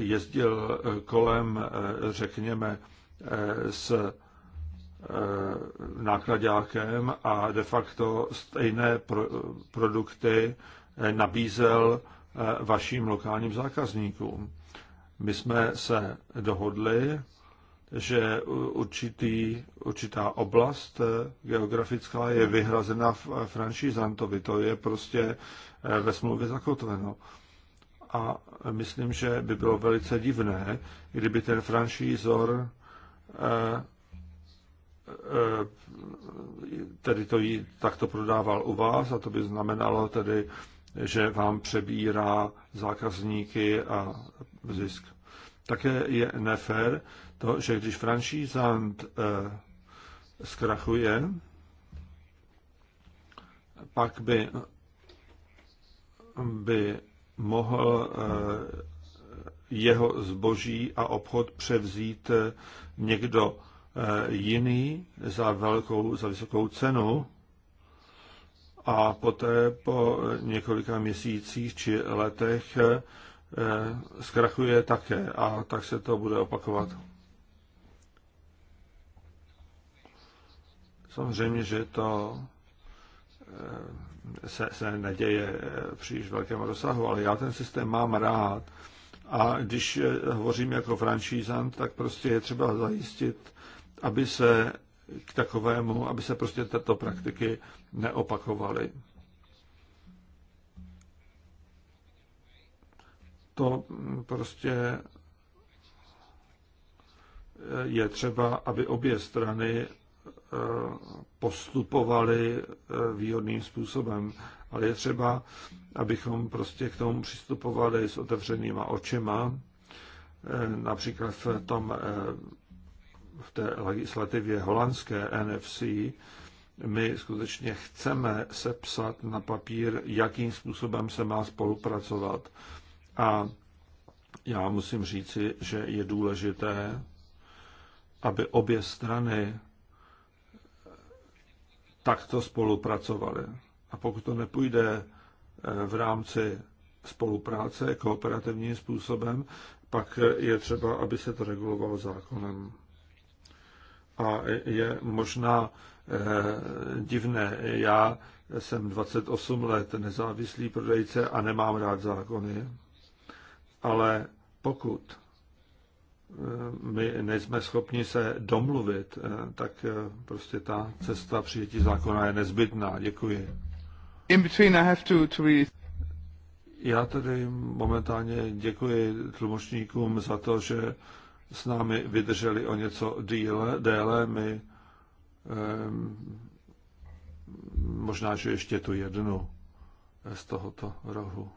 jezdil eh, kolem, řekněme, s nákladákem a de facto stejné produkty nabízel vašim lokálním zákazníkům. My jsme se dohodli, že určitý, určitá oblast geografická je vyhrazena franšízantovi. To je prostě ve smlouvě zakotveno. A myslím, že by bylo velice divné, kdyby ten franšízor eh, eh, tedy to jí takto prodával u vás a to by znamenalo tedy, že vám přebírá zákazníky a zisk. Také je nefér to, že když franšízant eh, zkrachuje, pak by by mohl eh, jeho zboží a obchod převzít eh, někdo eh, jiný za velkou, za vysokou cenu a poté po několika měsících či letech zkrachuje také a tak se to bude opakovat. Samozřejmě, že to se, se neděje příliš velkém rozsahu, ale já ten systém mám rád. A když eh, hovořím jako franšízant, tak prostě je třeba zajistit, aby se k takovému, aby se prostě tato praktiky neopakovaly. To prostě eh, je třeba, aby obě strany Eh, postupovali eh, výhodným způsobem. Ale je třeba, abychom prostě k tomu přistupovali s otevřenýma očima, eh, například v, tom, v té legislativě holandské NFC, my skutečně chceme sepsat na papír, jakým způsobem se má spolupracovat. A já musím říci, že je důležité, aby obě strany takto spolupracovali. A pokud to nepůjde eh, v rámci spolupráce kooperativním způsobem, pak eh, je třeba, aby se to regulovalo zákonem. A je možná eh, divné, já jsem 28 let nezávislý prodejce a nemám rád zákony, ale pokud my nejsme schopni se domluvit, eh, tak eh, prostě ta cesta přijetí zákona je nezbytná. Děkuji. In between I have to, to read. Já tedy momentálně děkuji tlumočníkům za to, že s námi vydrželi o něco díle, déle. My um, možná, že ještě tu jednu z tohoto rohu.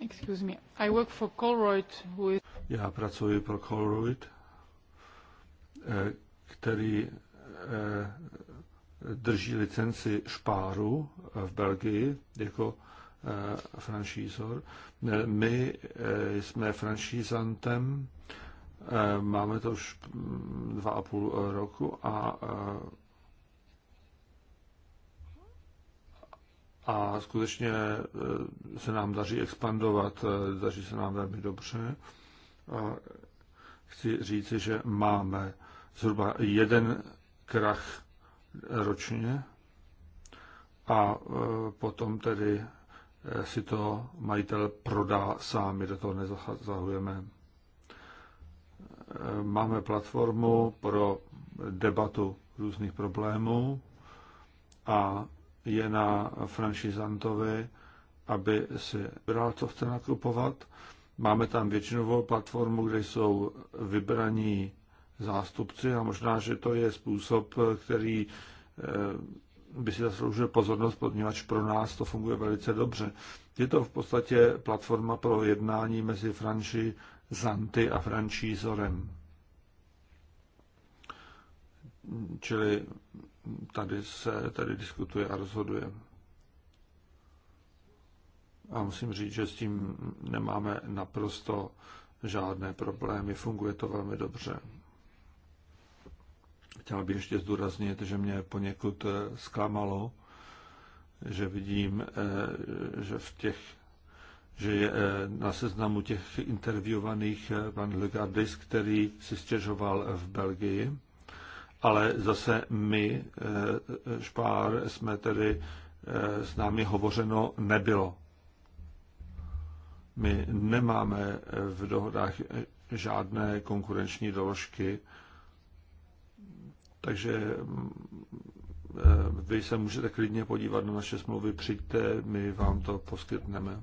Excuse me. I work for Colroyd, with... Já pracuji pro Colroyd, eh, který eh, drží licenci špáru eh, v Belgii jako franšízor. My jsme franšízantem, máme to už mm, dva a půl roku a a skutečně e, se nám daří expandovat, e, daří se nám velmi dobře. A chci říci, že máme zhruba jeden krach ročně a e, potom tedy si to majitel prodá sám, my do toho nezahujeme. Máme platformu pro debatu různých problémů a je na franšizantovi, aby si vybral, co chce nakupovat. Máme tam většinovou platformu, kde jsou vybraní zástupci a možná, že to je způsob, který eh, by si zasloužil pozornost, poněvadž pro nás to funguje velice dobře. Je to v podstatě platforma pro jednání mezi franšizanty a franšízorem. Čili tady se tady diskutuje a rozhoduje. A musím říct, že s tím nemáme naprosto žádné problémy, funguje to velmi dobře. Chtěl bych ještě zdůraznit, že mě poněkud eh, zklamalo, že vidím, eh, že v těch že je eh, na seznamu těch intervjuovaných pan Legardis, který si stěžoval v Belgii, ale zase my, eh, eh, Špár, jsme tedy eh, s námi hovořeno nebylo. My nemáme v dohodách žádné konkurenční doložky, takže mm, vy se můžete klidně podívat na naše smlouvy, přijďte, my vám to poskytneme.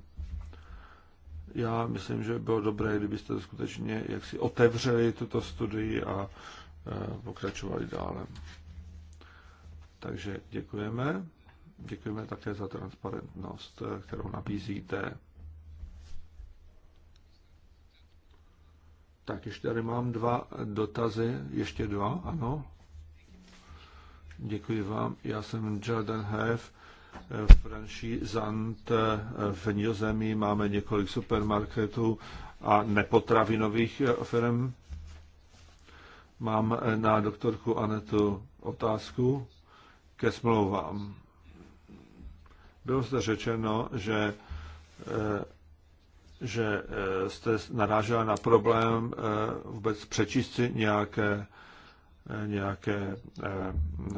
Já myslím, že by bylo dobré, kdybyste skutečně jaksi otevřeli tuto studii a Eh, pokračovali dále. Takže děkujeme. Děkujeme také za transparentnost, eh, kterou nabízíte. Tak ještě tady mám dva dotazy, ještě dva, ano. Děkuji vám. Já jsem Jordan Hef, eh, franšizant v Nizozemí. Máme několik supermarketů a nepotravinových firm. Mám eh, na doktorku Anetu otázku ke smlouvám. Bylo zde řečeno, že, eh, že eh, jste narážela na problém vůbec přečíst si nějaké, nějaké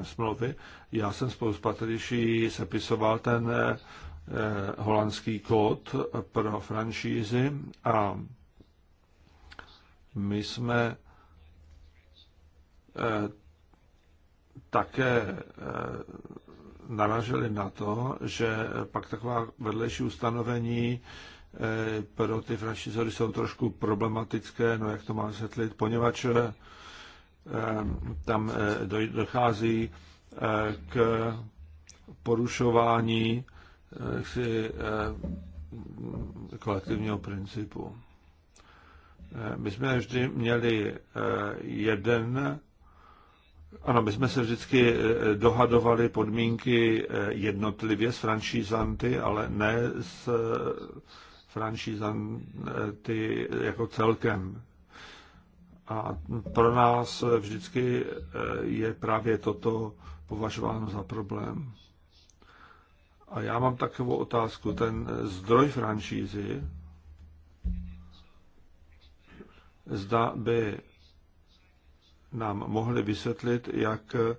smlouvy. Já jsem spolu s Patriší sepisoval ten holandský kód pro franšízy a my jsme Eh, také eh, naraželi na to, že pak taková vedlejší ustanovení eh, pro ty franšizory jsou trošku problematické, no jak to mám vysvětlit, poněvadž tam dochází k porušování jaksi, kolektivního principu. My jsme vždy měli jeden ano, my jsme se vždycky eh, dohadovali podmínky eh, jednotlivě s franšízanty, ale ne s eh, franšízanty jako celkem. A pro nás vždycky je právě toto považováno za problém. A já mám takovou otázku. Ten zdroj franšízy, zda by nám mohli vysvětlit, jak eh,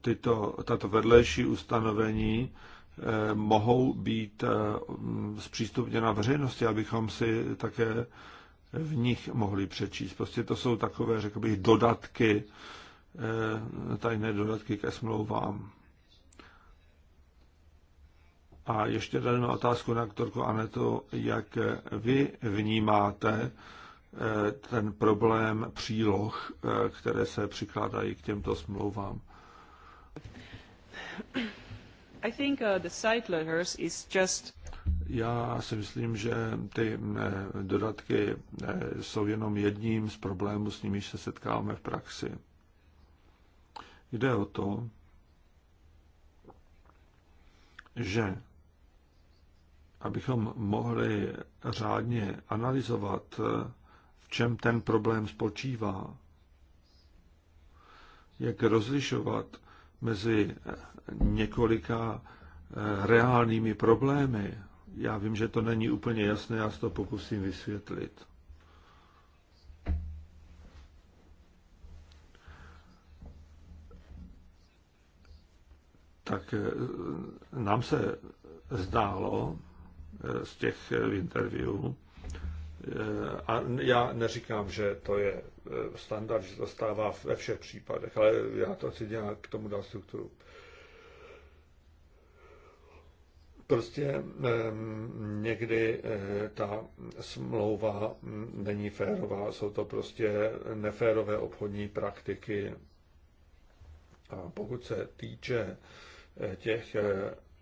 tyto, tato vedlejší ustanovení eh, mohou být eh, zpřístupněna veřejnosti, abychom si také v nich mohli přečíst. Prostě to jsou takové, řekl bych, dodatky, tajné dodatky ke smlouvám. A ještě jednu otázku na doktorku Anetu, jak vy vnímáte Eh, ten problém příloh, eh, které se přikládají k těmto smlouvám. I think uh, the side letters is just já si myslím, že ty eh, dodatky jsou jenom jedním z problémů, s nimiž se setkáváme v praxi. Jde o to, že abychom mohli řádně analyzovat čem ten problém spočívá. Jak rozlišovat mezi několika eh, reálnými problémy. Já vím, že to není úplně jasné, já to pokusím vysvětlit. Tak eh, nám se zdálo eh, z těch interviewů, Eh, a já neříkám, že to je eh, standard, že to stává ve všech případech, ale já to chci nějak k tomu dal strukturu. Prostě ehm, někdy eh, ta smlouva hm, není férová, jsou to prostě neférové obchodní praktiky. A pokud se týče těch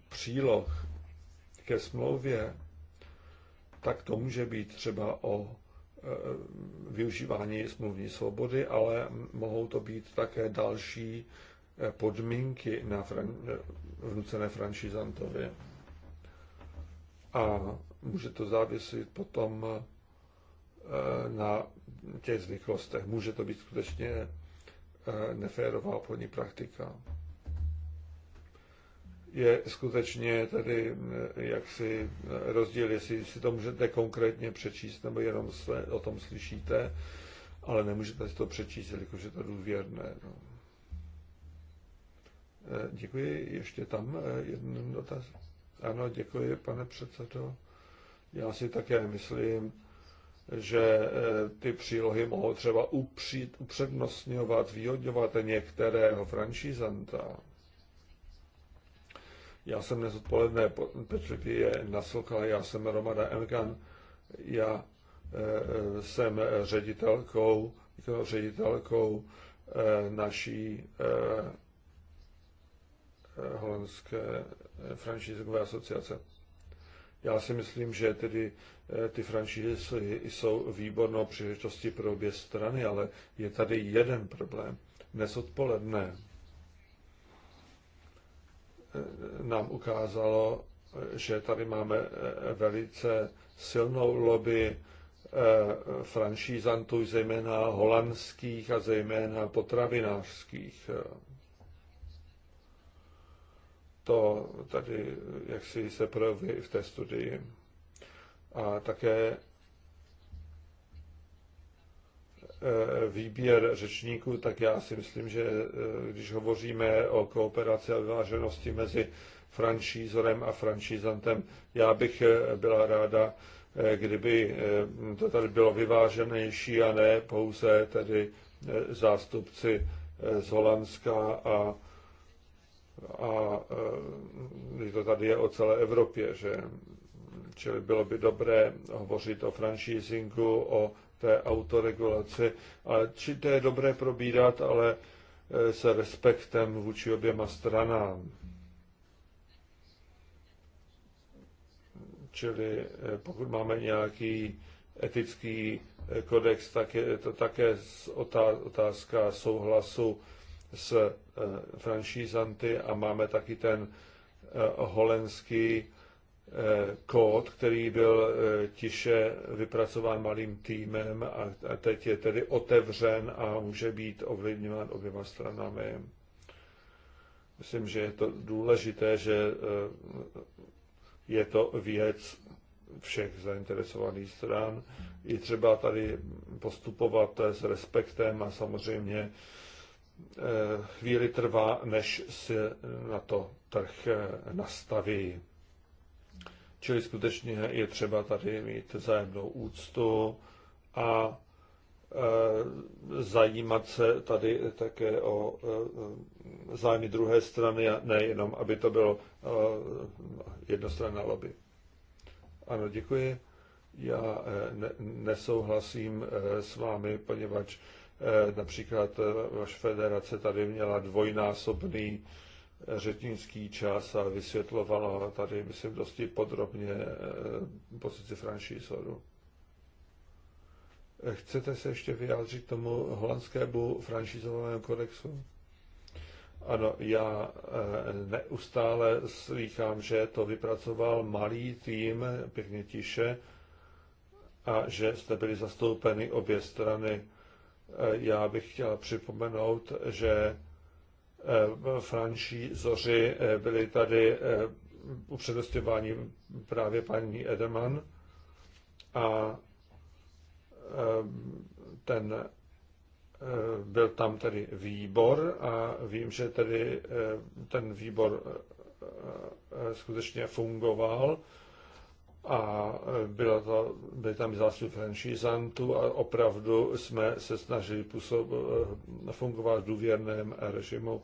příloh ke smlouvě, tak to může být třeba o e, využívání smluvní svobody, ale mohou to být také další e, podmínky na fran- vnucené franšizantovi. A může to záviset potom e, na těch zvyklostech. Může to být skutečně neférová obchodní praktika je skutečně tedy mm, jaksi eh, rozdíl, jestli si to můžete konkrétně přečíst, nebo jenom se o tom slyšíte, ale nemůžete si to přečíst, jelikož je to důvěrné. No. Eh, děkuji. Ještě tam eh, jeden dotaz. Ano, děkuji, pane předsedo. Já si také myslím, že ty přílohy mohou třeba upřít, upřednostňovat, výhodňovat některého franšízanta já jsem dnes odpoledne pečlivě naslouchal, já jsem Romana Emkan, já e, e, jsem ředitelkou, ředitelkou e, naší holandské franšízové asociace. Já si myslím, že tedy ty franšízy jsou výbornou příležitostí pro obě strany, ale je tady jeden problém. Dnes odpoledne nám ukázalo, že tady máme eh, velice silnou lobby eh, franšízantů, zejména holandských a zejména potravinářských. To tady, jak si se i v té studii. A také Eh, výběr řečníků, tak já si myslím, že eh, když hovoříme o kooperaci a vyváženosti mezi franšízorem a franšízantem, já bych eh, byla ráda, kdyby to tady bylo vyváženější a ne pouze tedy zástupci z Holandska a, a to tady je o celé Evropě, že Čili bylo by dobré hovořit o franchisingu o té autoregulaci. A či to je dobré probírat, ale e, se respektem vůči oběma stranám. Čili e, pokud máme nějaký etický e, kodex, tak je to také otázka souhlasu s franšízanty a máme taky ten holandský Eh, kód, který byl eh, tiše vypracován malým týmem a teď je tedy otevřen a může být ovlivňován oběma stranami. Myslím, že je to důležité, že eh, je to věc všech zainteresovaných stran. Je třeba tady postupovat s respektem a samozřejmě chvíli trvá, než si na to trh nastaví. Čili skutečně je třeba tady mít vzájemnou úctu a e, zajímat se tady také o e, zájmy druhé strany a nejenom, aby to bylo e, jednostranná lobby. Ano, děkuji. Já nesouhlasím s vámi, poněvadž například vaše federace tady měla dvojnásobný řečnický čas a vysvětlovala tady, myslím, dosti podrobně eh, pozici franšízoru. Eh, chcete se ještě vyjádřit tomu holandskému franšízovému kodexu? Ano, já eh, neustále slýchám, že to vypracoval malý tým, pěkně tiše, a že jste byli zastoupeny obě strany. Já bych chtěla připomenout, že Eh, franšízoři eh, byli tady eh, upřednostňováni právě paní Edelman a ten byl tam tedy výbor a vím, že tedy ten výbor skutečně fungoval a e, byla to, byly tam zástupci franšízantů a opravdu jsme se snažili působ, e, fungovat v důvěrném režimu.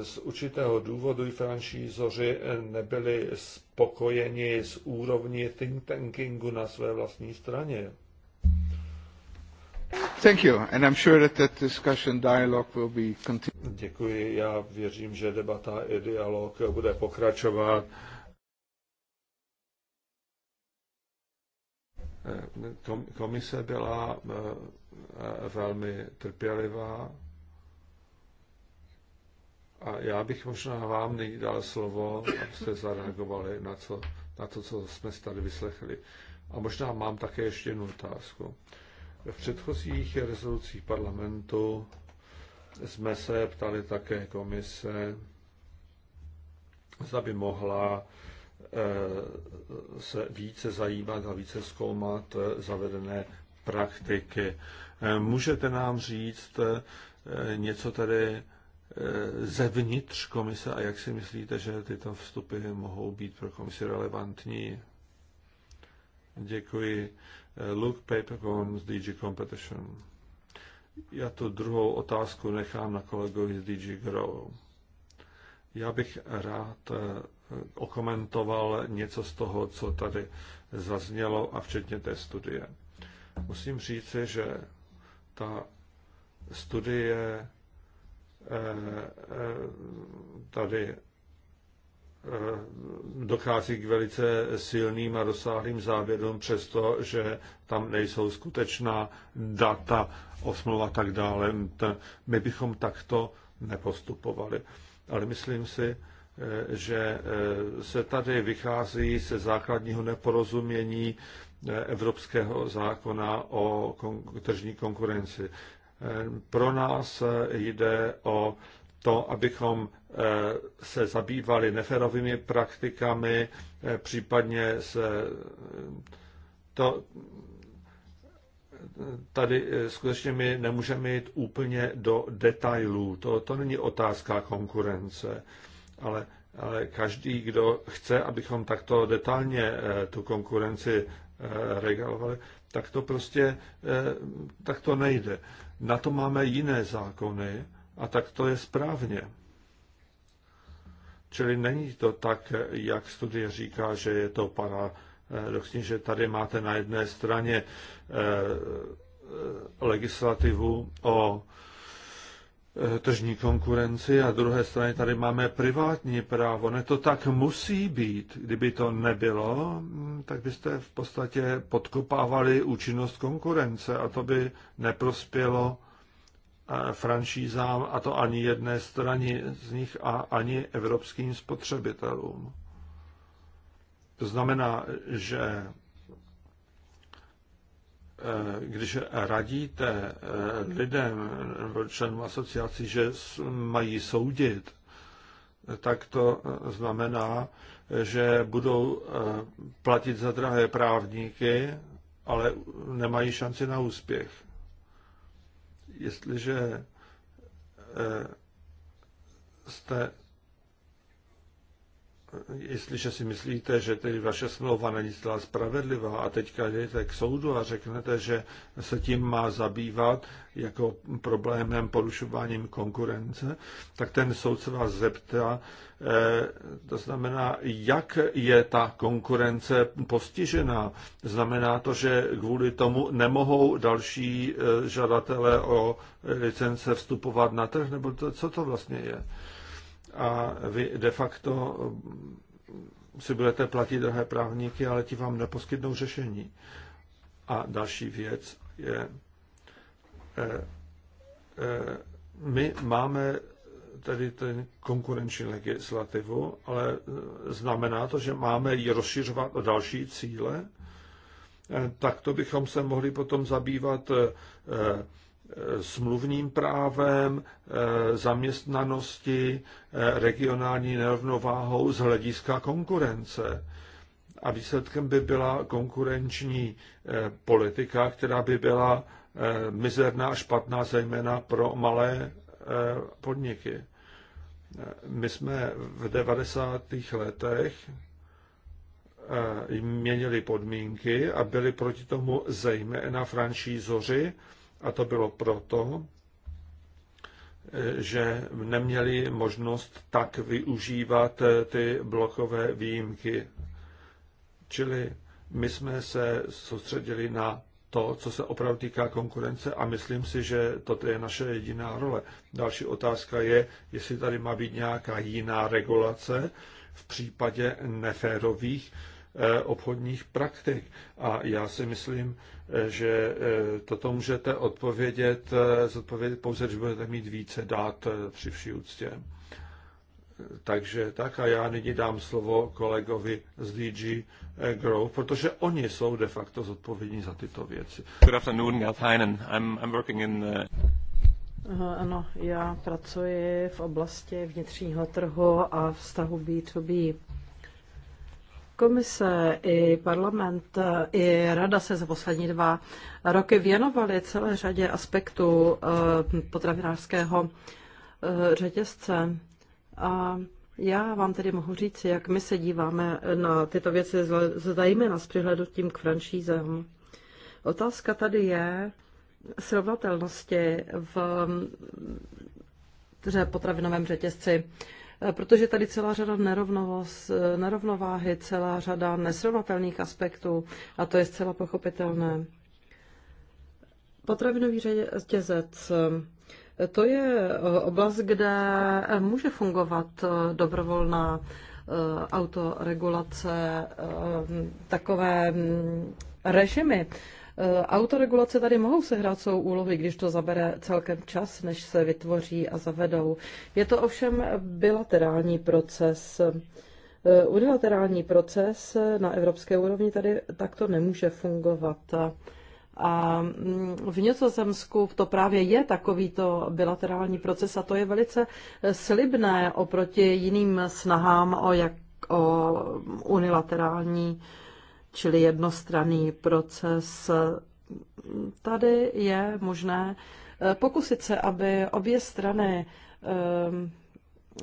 E, z určitého důvodu i franšízoři nebyli spokojeni s úrovní think tankingu na své vlastní straně. Thank you, and I'm sure that that discussion dialogue will be continued. Děkuji, já věřím, že debata i dialog bude pokračovat. Komise byla eh, velmi trpělivá a já bych možná vám nyní dal slovo, abyste zareagovali na, co, na to, co jsme si tady vyslechli. A možná mám také ještě jednu otázku. V předchozích rezolucích parlamentu jsme se ptali také komise, zda by mohla Eh, se více zajímat a více zkoumat eh, zavedené praktiky. Eh, můžete nám říct něco tedy zevnitř komise a jak si myslíte, že tyto vstupy mohou být pro komisi relevantní? Děkuji. Luke Papercorn z DG Competition. Já tu druhou otázku nechám na kolegovi z DG Grow. Já bych rád okomentoval něco z toho, co tady zaznělo a včetně té studie. Musím říci, že ta studie eh, tady eh, dochází k velice silným a rozsáhlým závěrům, přestože tam nejsou skutečná data osmluva a tak dále. My bychom takto nepostupovali. Ale myslím si, Eh, že eh, se tady vychází ze základního neporozumění eh, evropského zákona o tržní konkurenci. Pro nás jde o to, abychom se zabývali neferovými praktikami, případně se to, tady skutečně my nemůžeme jít úplně do detailů. To, to není otázka konkurence ale, ale každý, kdo chce, abychom takto detailně eh, tu konkurenci eh, regalovali, tak to prostě eh, tak to nejde. Na to máme jiné zákony a tak to je správně. Čili není to tak, jak studie říká, že je to paradoxní, že tady máte na jedné straně legislativu o Eh, tržní konkurenci a druhé straně tady máme privátní právo. Ne, to tak musí být. Kdyby to nebylo, mm, tak byste v podstatě podkopávali účinnost konkurence a to by neprospělo eh, franšízám a to ani jedné straně z nich a ani evropským spotřebitelům. To znamená, že Eh, když radíte eh, lidem nebo členům asociací, že mají soudit, tak to eh, znamená, že budou platit za drahé právníky, ale nemají šanci na úspěch. Jestliže jste jestliže si myslíte, že tedy vaše smlouva není zcela spravedlivá a teďka jdete k soudu a řeknete, že se tím má zabývat jako problémem porušováním konkurence, tak ten soud se vás zeptá, eh, to znamená, jak je ta konkurence postižená. Znamená to, že kvůli tomu nemohou další eh, žadatelé o licence vstupovat na trh, nebo to, co to vlastně je? a vy de facto eh, si budete platit drahé právníky, ale ti vám neposkytnou řešení. A další věc je, eh, eh, my máme tedy ten konkurenční legislativu, ale znamená to, že máme ji rozšiřovat o další cíle, tak to bychom se mohli potom zabývat smluvním právem, eh, zaměstnanosti, eh, regionální nerovnováhou z hlediska konkurence. A výsledkem by byla konkurenční eh, politika, která by byla mizerná a špatná, zejména pro malé podniky. My jsme v 90. letech měnili podmínky a byli proti tomu zejména franšízoři, a to bylo proto, že neměli možnost tak využívat ty blokové výjimky. Čili my jsme se soustředili na to, co se opravdu týká konkurence a myslím si, že toto je naše jediná role. Další otázka je, jestli tady má být nějaká jiná regulace v případě neférových Eh, obchodních praktik. A já si myslím, eh, že eh, toto můžete odpovědět, zodpovědět pouze, když budete mít více dát při vší úctě. Takže tak a já nyní dám slovo kolegovi z DG Growth, protože oni jsou de facto zodpovědní za tyto věci. Good afternoon, Gert Heinen. I'm, I'm working in the... Ano, já pracuji v oblasti vnitřního trhu a vztahu B2B. Komise i parlament i rada se za poslední dva roky věnovaly celé řadě aspektů eh, potravinářského eh, řetězce. A já vám tedy mohu říct, jak my se díváme na tyto věci, zejména s přihlednutím k franšízem. Otázka tady je srovnatelnosti v eh, potravinovém řetězci protože tady celá řada nerovnováhy, celá řada nesrovnatelných aspektů a to je zcela pochopitelné. Potravinový řetězec. To je oblast, kde může fungovat dobrovolná eh, autoregulace, eh, takové mm, režimy Eh, autoregulace tady mohou sehrát svou úlovy, když to zabere celkem čas, než se vytvoří a zavedou. Je to ovšem bilaterální proces. Eh, unilaterální proces na evropské úrovni tady takto nemůže fungovat. A mm, v Nizozemsku to právě je takovýto bilaterální proces a to je velice eh, slibné oproti jiným snahám o, jak, o unilaterální čili jednostranný proces. Tady je možné eh, pokusit se, aby obě strany eh,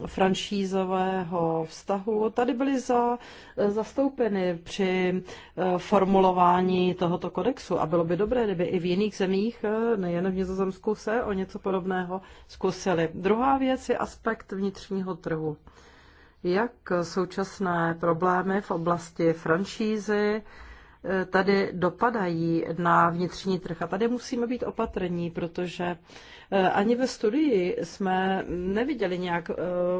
franšízového vztahu tady byly za, eh, zastoupeny při formulování tohoto kodexu a bylo by dobré, kdyby i v jiných zemích, nejen v Nizozemsku, se o něco podobného zkusili. Druhá věc je aspekt vnitřního trhu jak současné problémy v oblasti franšízy eh, tady dopadají na vnitřní trh. A tady musíme být opatrní, protože eh, ani ve studii jsme neviděli nějak eh,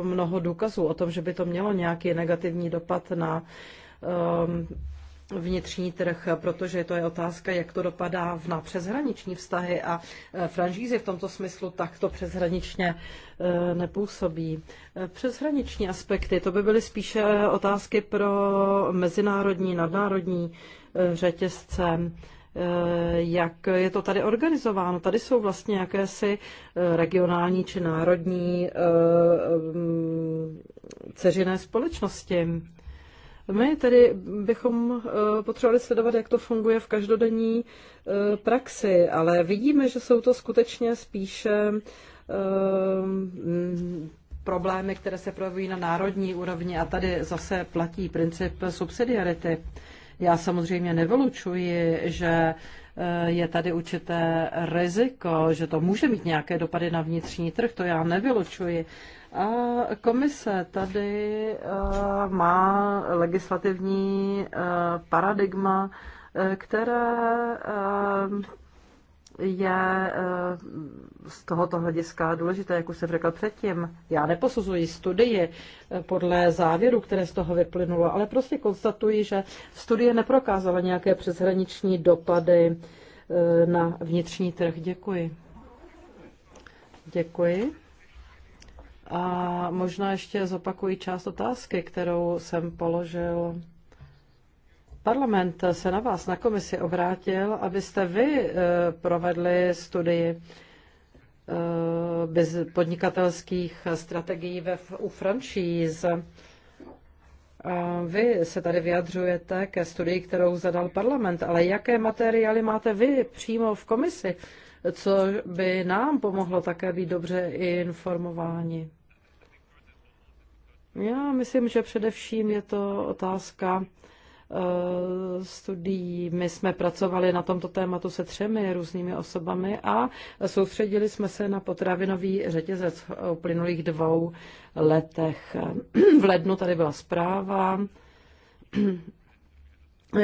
mnoho důkazů o tom, že by to mělo nějaký negativní dopad na vnitřní trh, protože to je otázka, jak to dopadá na přeshraniční vztahy a e, franšízy v tomto smyslu takto přeshraničně e, nepůsobí. E, přeshraniční aspekty, to by byly spíše otázky pro mezinárodní, nadnárodní řetězce jak je to tady organizováno. Tady jsou vlastně jakési regionální či národní ceřiné společnosti. My tedy bychom eh, potřebovali sledovat, jak to funguje v každodenní eh, praxi, ale vidíme, že jsou to skutečně spíše eh, problémy, které se projevují na národní úrovni a tady zase platí princip subsidiarity. Já samozřejmě nevylučuji, že je tady určité riziko, že to může mít nějaké dopady na vnitřní trh, to já nevylučuji, komise tady eh, má legislativní eh, paradigma, eh, které je z tohoto hlediska důležité, jak už jsem řekla předtím. Já neposuzuji studii podle závěru, které z toho vyplynulo, ale prostě konstatuji, že studie neprokázala nějaké přeshraniční dopady na vnitřní trh. Děkuji. Děkuji. A možná ještě zopakuji část otázky, kterou jsem položil. Parlament se na vás, na komisi obrátil, abyste vy eh, provedli studii eh, bez podnikatelských strategií ve, u franchise. Vy se tady vyjadřujete ke studii, kterou zadal parlament, ale jaké materiály máte vy přímo v komisi, co by nám pomohlo také být dobře informováni? Já myslím, že především je to otázka eh, studií. My jsme pracovali na tomto tématu se třemi různými osobami a soustředili jsme se na potravinový řetězec v uplynulých dvou letech. V lednu tady byla zpráva,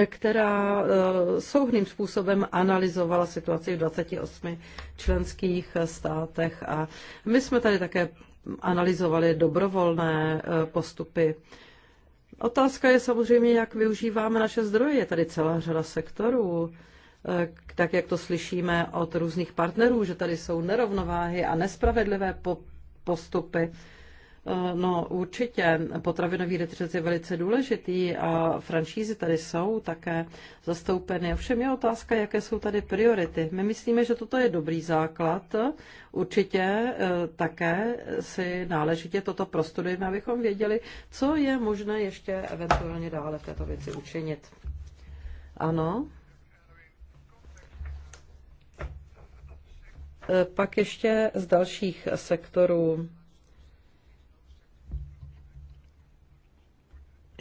která eh, souhným způsobem analyzovala situaci v 28 členských státech. A my jsme tady také analyzovali dobrovolné eh, postupy. Otázka je samozřejmě, jak využíváme naše zdroje. Je tady celá řada sektorů, eh, tak jak to slyšíme od různých partnerů, že tady jsou nerovnováhy a nespravedlivé postupy. Eh, no určitě, potravinový retřez je velice důležitý a franšízy tady jsou také zastoupeny. Ovšem je otázka, jaké jsou tady priority. My myslíme, že toto je dobrý základ. Určitě eh, také si náležitě toto prostudujeme, abychom věděli, co je možné ještě eventuálně dále v této věci učinit. Ano. Eh, pak ještě z dalších sektorů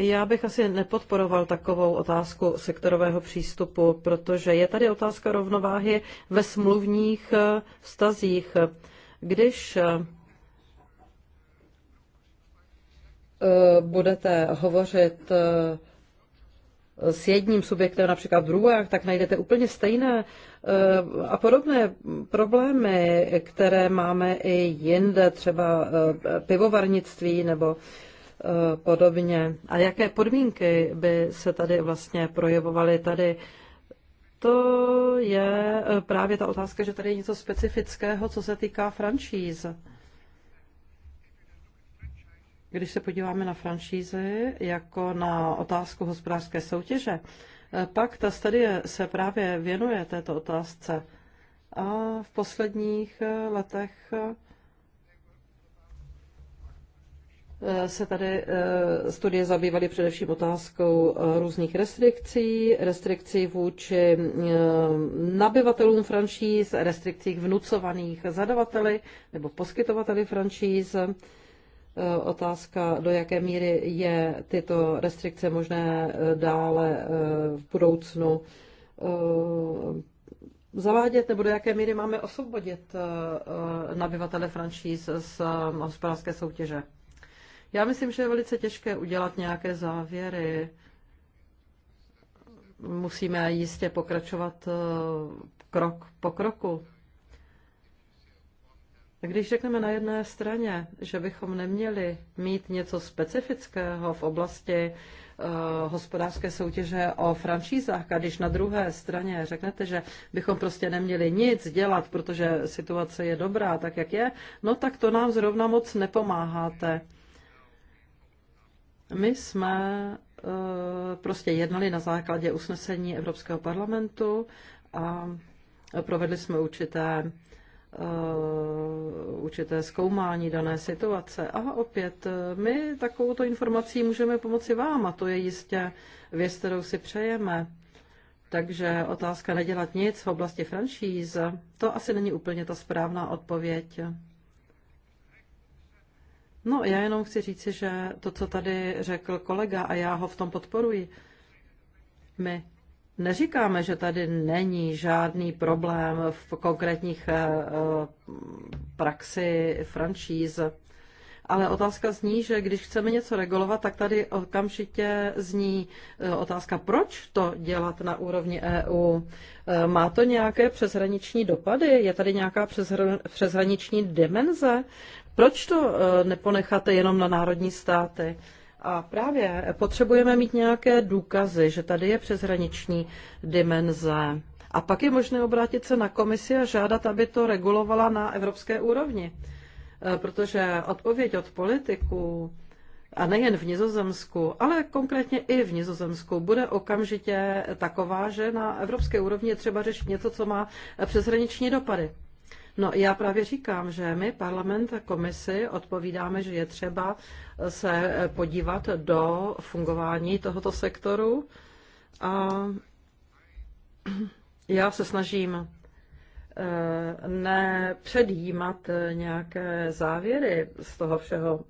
Já bych asi nepodporoval takovou otázku sektorového přístupu, protože je tady otázka rovnováhy ve smluvních eh, vztazích. Když eh, eh, budete hovořit s jedním subjektem, například v tak najdete úplně stejné a podobné problémy, které máme i jinde, třeba pivovarnictví nebo Eh, podobně. A jaké podmínky by se tady vlastně projevovaly tady? To je eh, právě ta otázka, že tady je něco specifického, co se týká franšíz. Když se podíváme na franšízy jako na otázku hospodářské soutěže, eh, pak ta studie se právě věnuje této otázce. A v posledních letech Eh, se tady eh, studie zabývaly především otázkou eh, různých restrikcí, restrikcí vůči nabyvatelům franšíz, restrikcí vnucovaných zadavateli nebo poskytovateli franšíz. Otázka, do jaké míry je tyto restrikce možné dále v budoucnu zavádět, nebo do jaké míry máme osvobodit nabyvatele franšíz z hospodářské soutěže. Já myslím, že je velice těžké udělat nějaké závěry. Musíme jistě pokračovat eh, krok po kroku. Když řekneme na jedné straně, že bychom neměli mít něco specifického v oblasti eh, hospodářské soutěže o franšízách. A když na druhé straně řeknete, že bychom prostě neměli nic dělat, protože situace je dobrá, tak jak je, no tak to nám zrovna moc nepomáháte. My jsme eh, prostě jednali na základě usnesení Evropského parlamentu a provedli jsme určité, eh, určité zkoumání dané situace. A opět, eh, my takovouto informací můžeme pomoci vám a to je jistě věc, kterou si přejeme. Takže otázka nedělat nic v oblasti franšíz, to asi není úplně ta správná odpověď. No, já jenom chci říci, že to, co tady řekl kolega, a já ho v tom podporuji, my neříkáme, že tady není žádný problém v konkrétních eh, eh, praxi franšíz, ale otázka zní, že když chceme něco regulovat, tak tady okamžitě zní eh, otázka, proč to dělat na úrovni EU. Má to nějaké přeshraniční dopady? Je tady nějaká přeshraniční dimenze? Proč to eh, neponecháte jenom na národní státy? A právě potřebujeme mít nějaké důkazy, že tady je přeshraniční dimenze. A pak je možné obrátit se na komisi a žádat, aby to regulovala na evropské úrovni. Eh, protože odpověď od politiků, a nejen v Nizozemsku, ale konkrétně i v Nizozemsku, bude okamžitě taková, že na evropské úrovni je třeba řešit něco, co má přeshraniční dopady. No já právě říkám, že my, parlament a komisi, odpovídáme, že je třeba se podívat do fungování tohoto sektoru a já se snažím eh, nepředjímat nějaké závěry z toho všeho,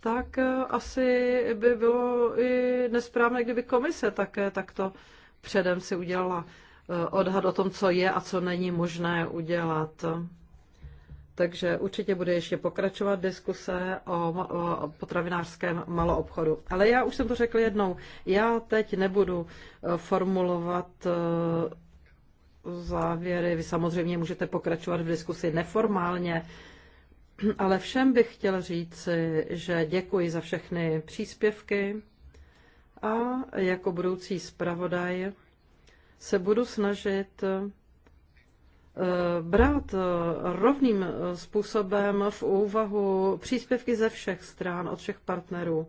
tak eh, asi by bylo i nesprávné, kdyby komise také takto předem si udělala Eh, odhad o tom, co je a co není možné udělat. Takže určitě bude ještě pokračovat diskuse o, potravinářském maloobchodu. Ale já už jsem to řekl jednou. Já teď nebudu eh, formulovat eh, závěry. Vy samozřejmě můžete pokračovat v diskusi neformálně, ale všem bych chtěl říci, že děkuji za všechny příspěvky a jako budoucí zpravodaj se budu snažit eh, brát eh, rovným eh, způsobem v úvahu příspěvky ze všech stran, od všech partnerů.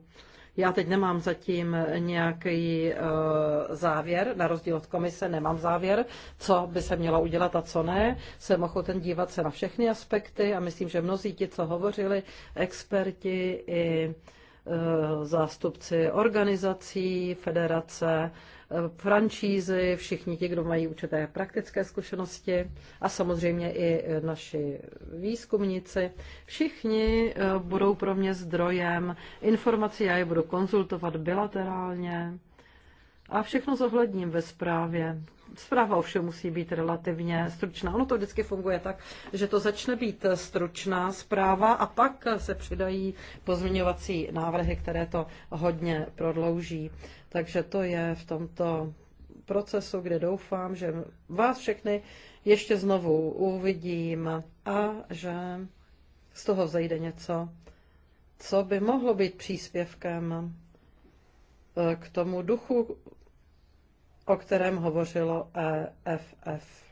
Já teď nemám zatím nějaký závěr, na rozdíl od komise nemám závěr, co by se mělo udělat a co ne. Jsem ochoten dívat se na všechny aspekty a myslím, že mnozí ti, co hovořili, experti i zástupci organizací, federace, franšízy, všichni ti, kdo mají určité praktické zkušenosti a samozřejmě i naši výzkumníci. Všichni eh, budou pro mě zdrojem informací, já je budu konzultovat bilaterálně a všechno zohledním ve zprávě. Zpráva ovšem musí být relativně stručná. Ono to vždycky funguje tak, že to začne být stručná zpráva a pak se přidají pozměňovací návrhy, které to hodně prodlouží. Takže to je v tomto procesu, kde doufám, že vás všechny ještě znovu uvidím a že z toho vzejde něco, co by mohlo být příspěvkem eh, k tomu duchu, o kterém hovořilo EFF.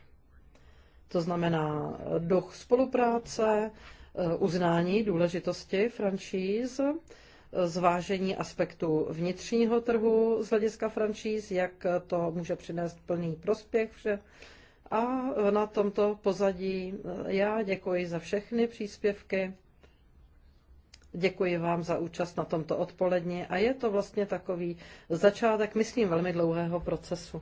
To znamená duch spolupráce, eh, uznání důležitosti franšíz, zvážení aspektu vnitřního trhu z hlediska franšíz, jak to může přinést plný prospěch vše. A na tomto pozadí já děkuji za všechny příspěvky. Děkuji vám za účast na tomto odpoledni a je to vlastně takový začátek, myslím, velmi dlouhého procesu.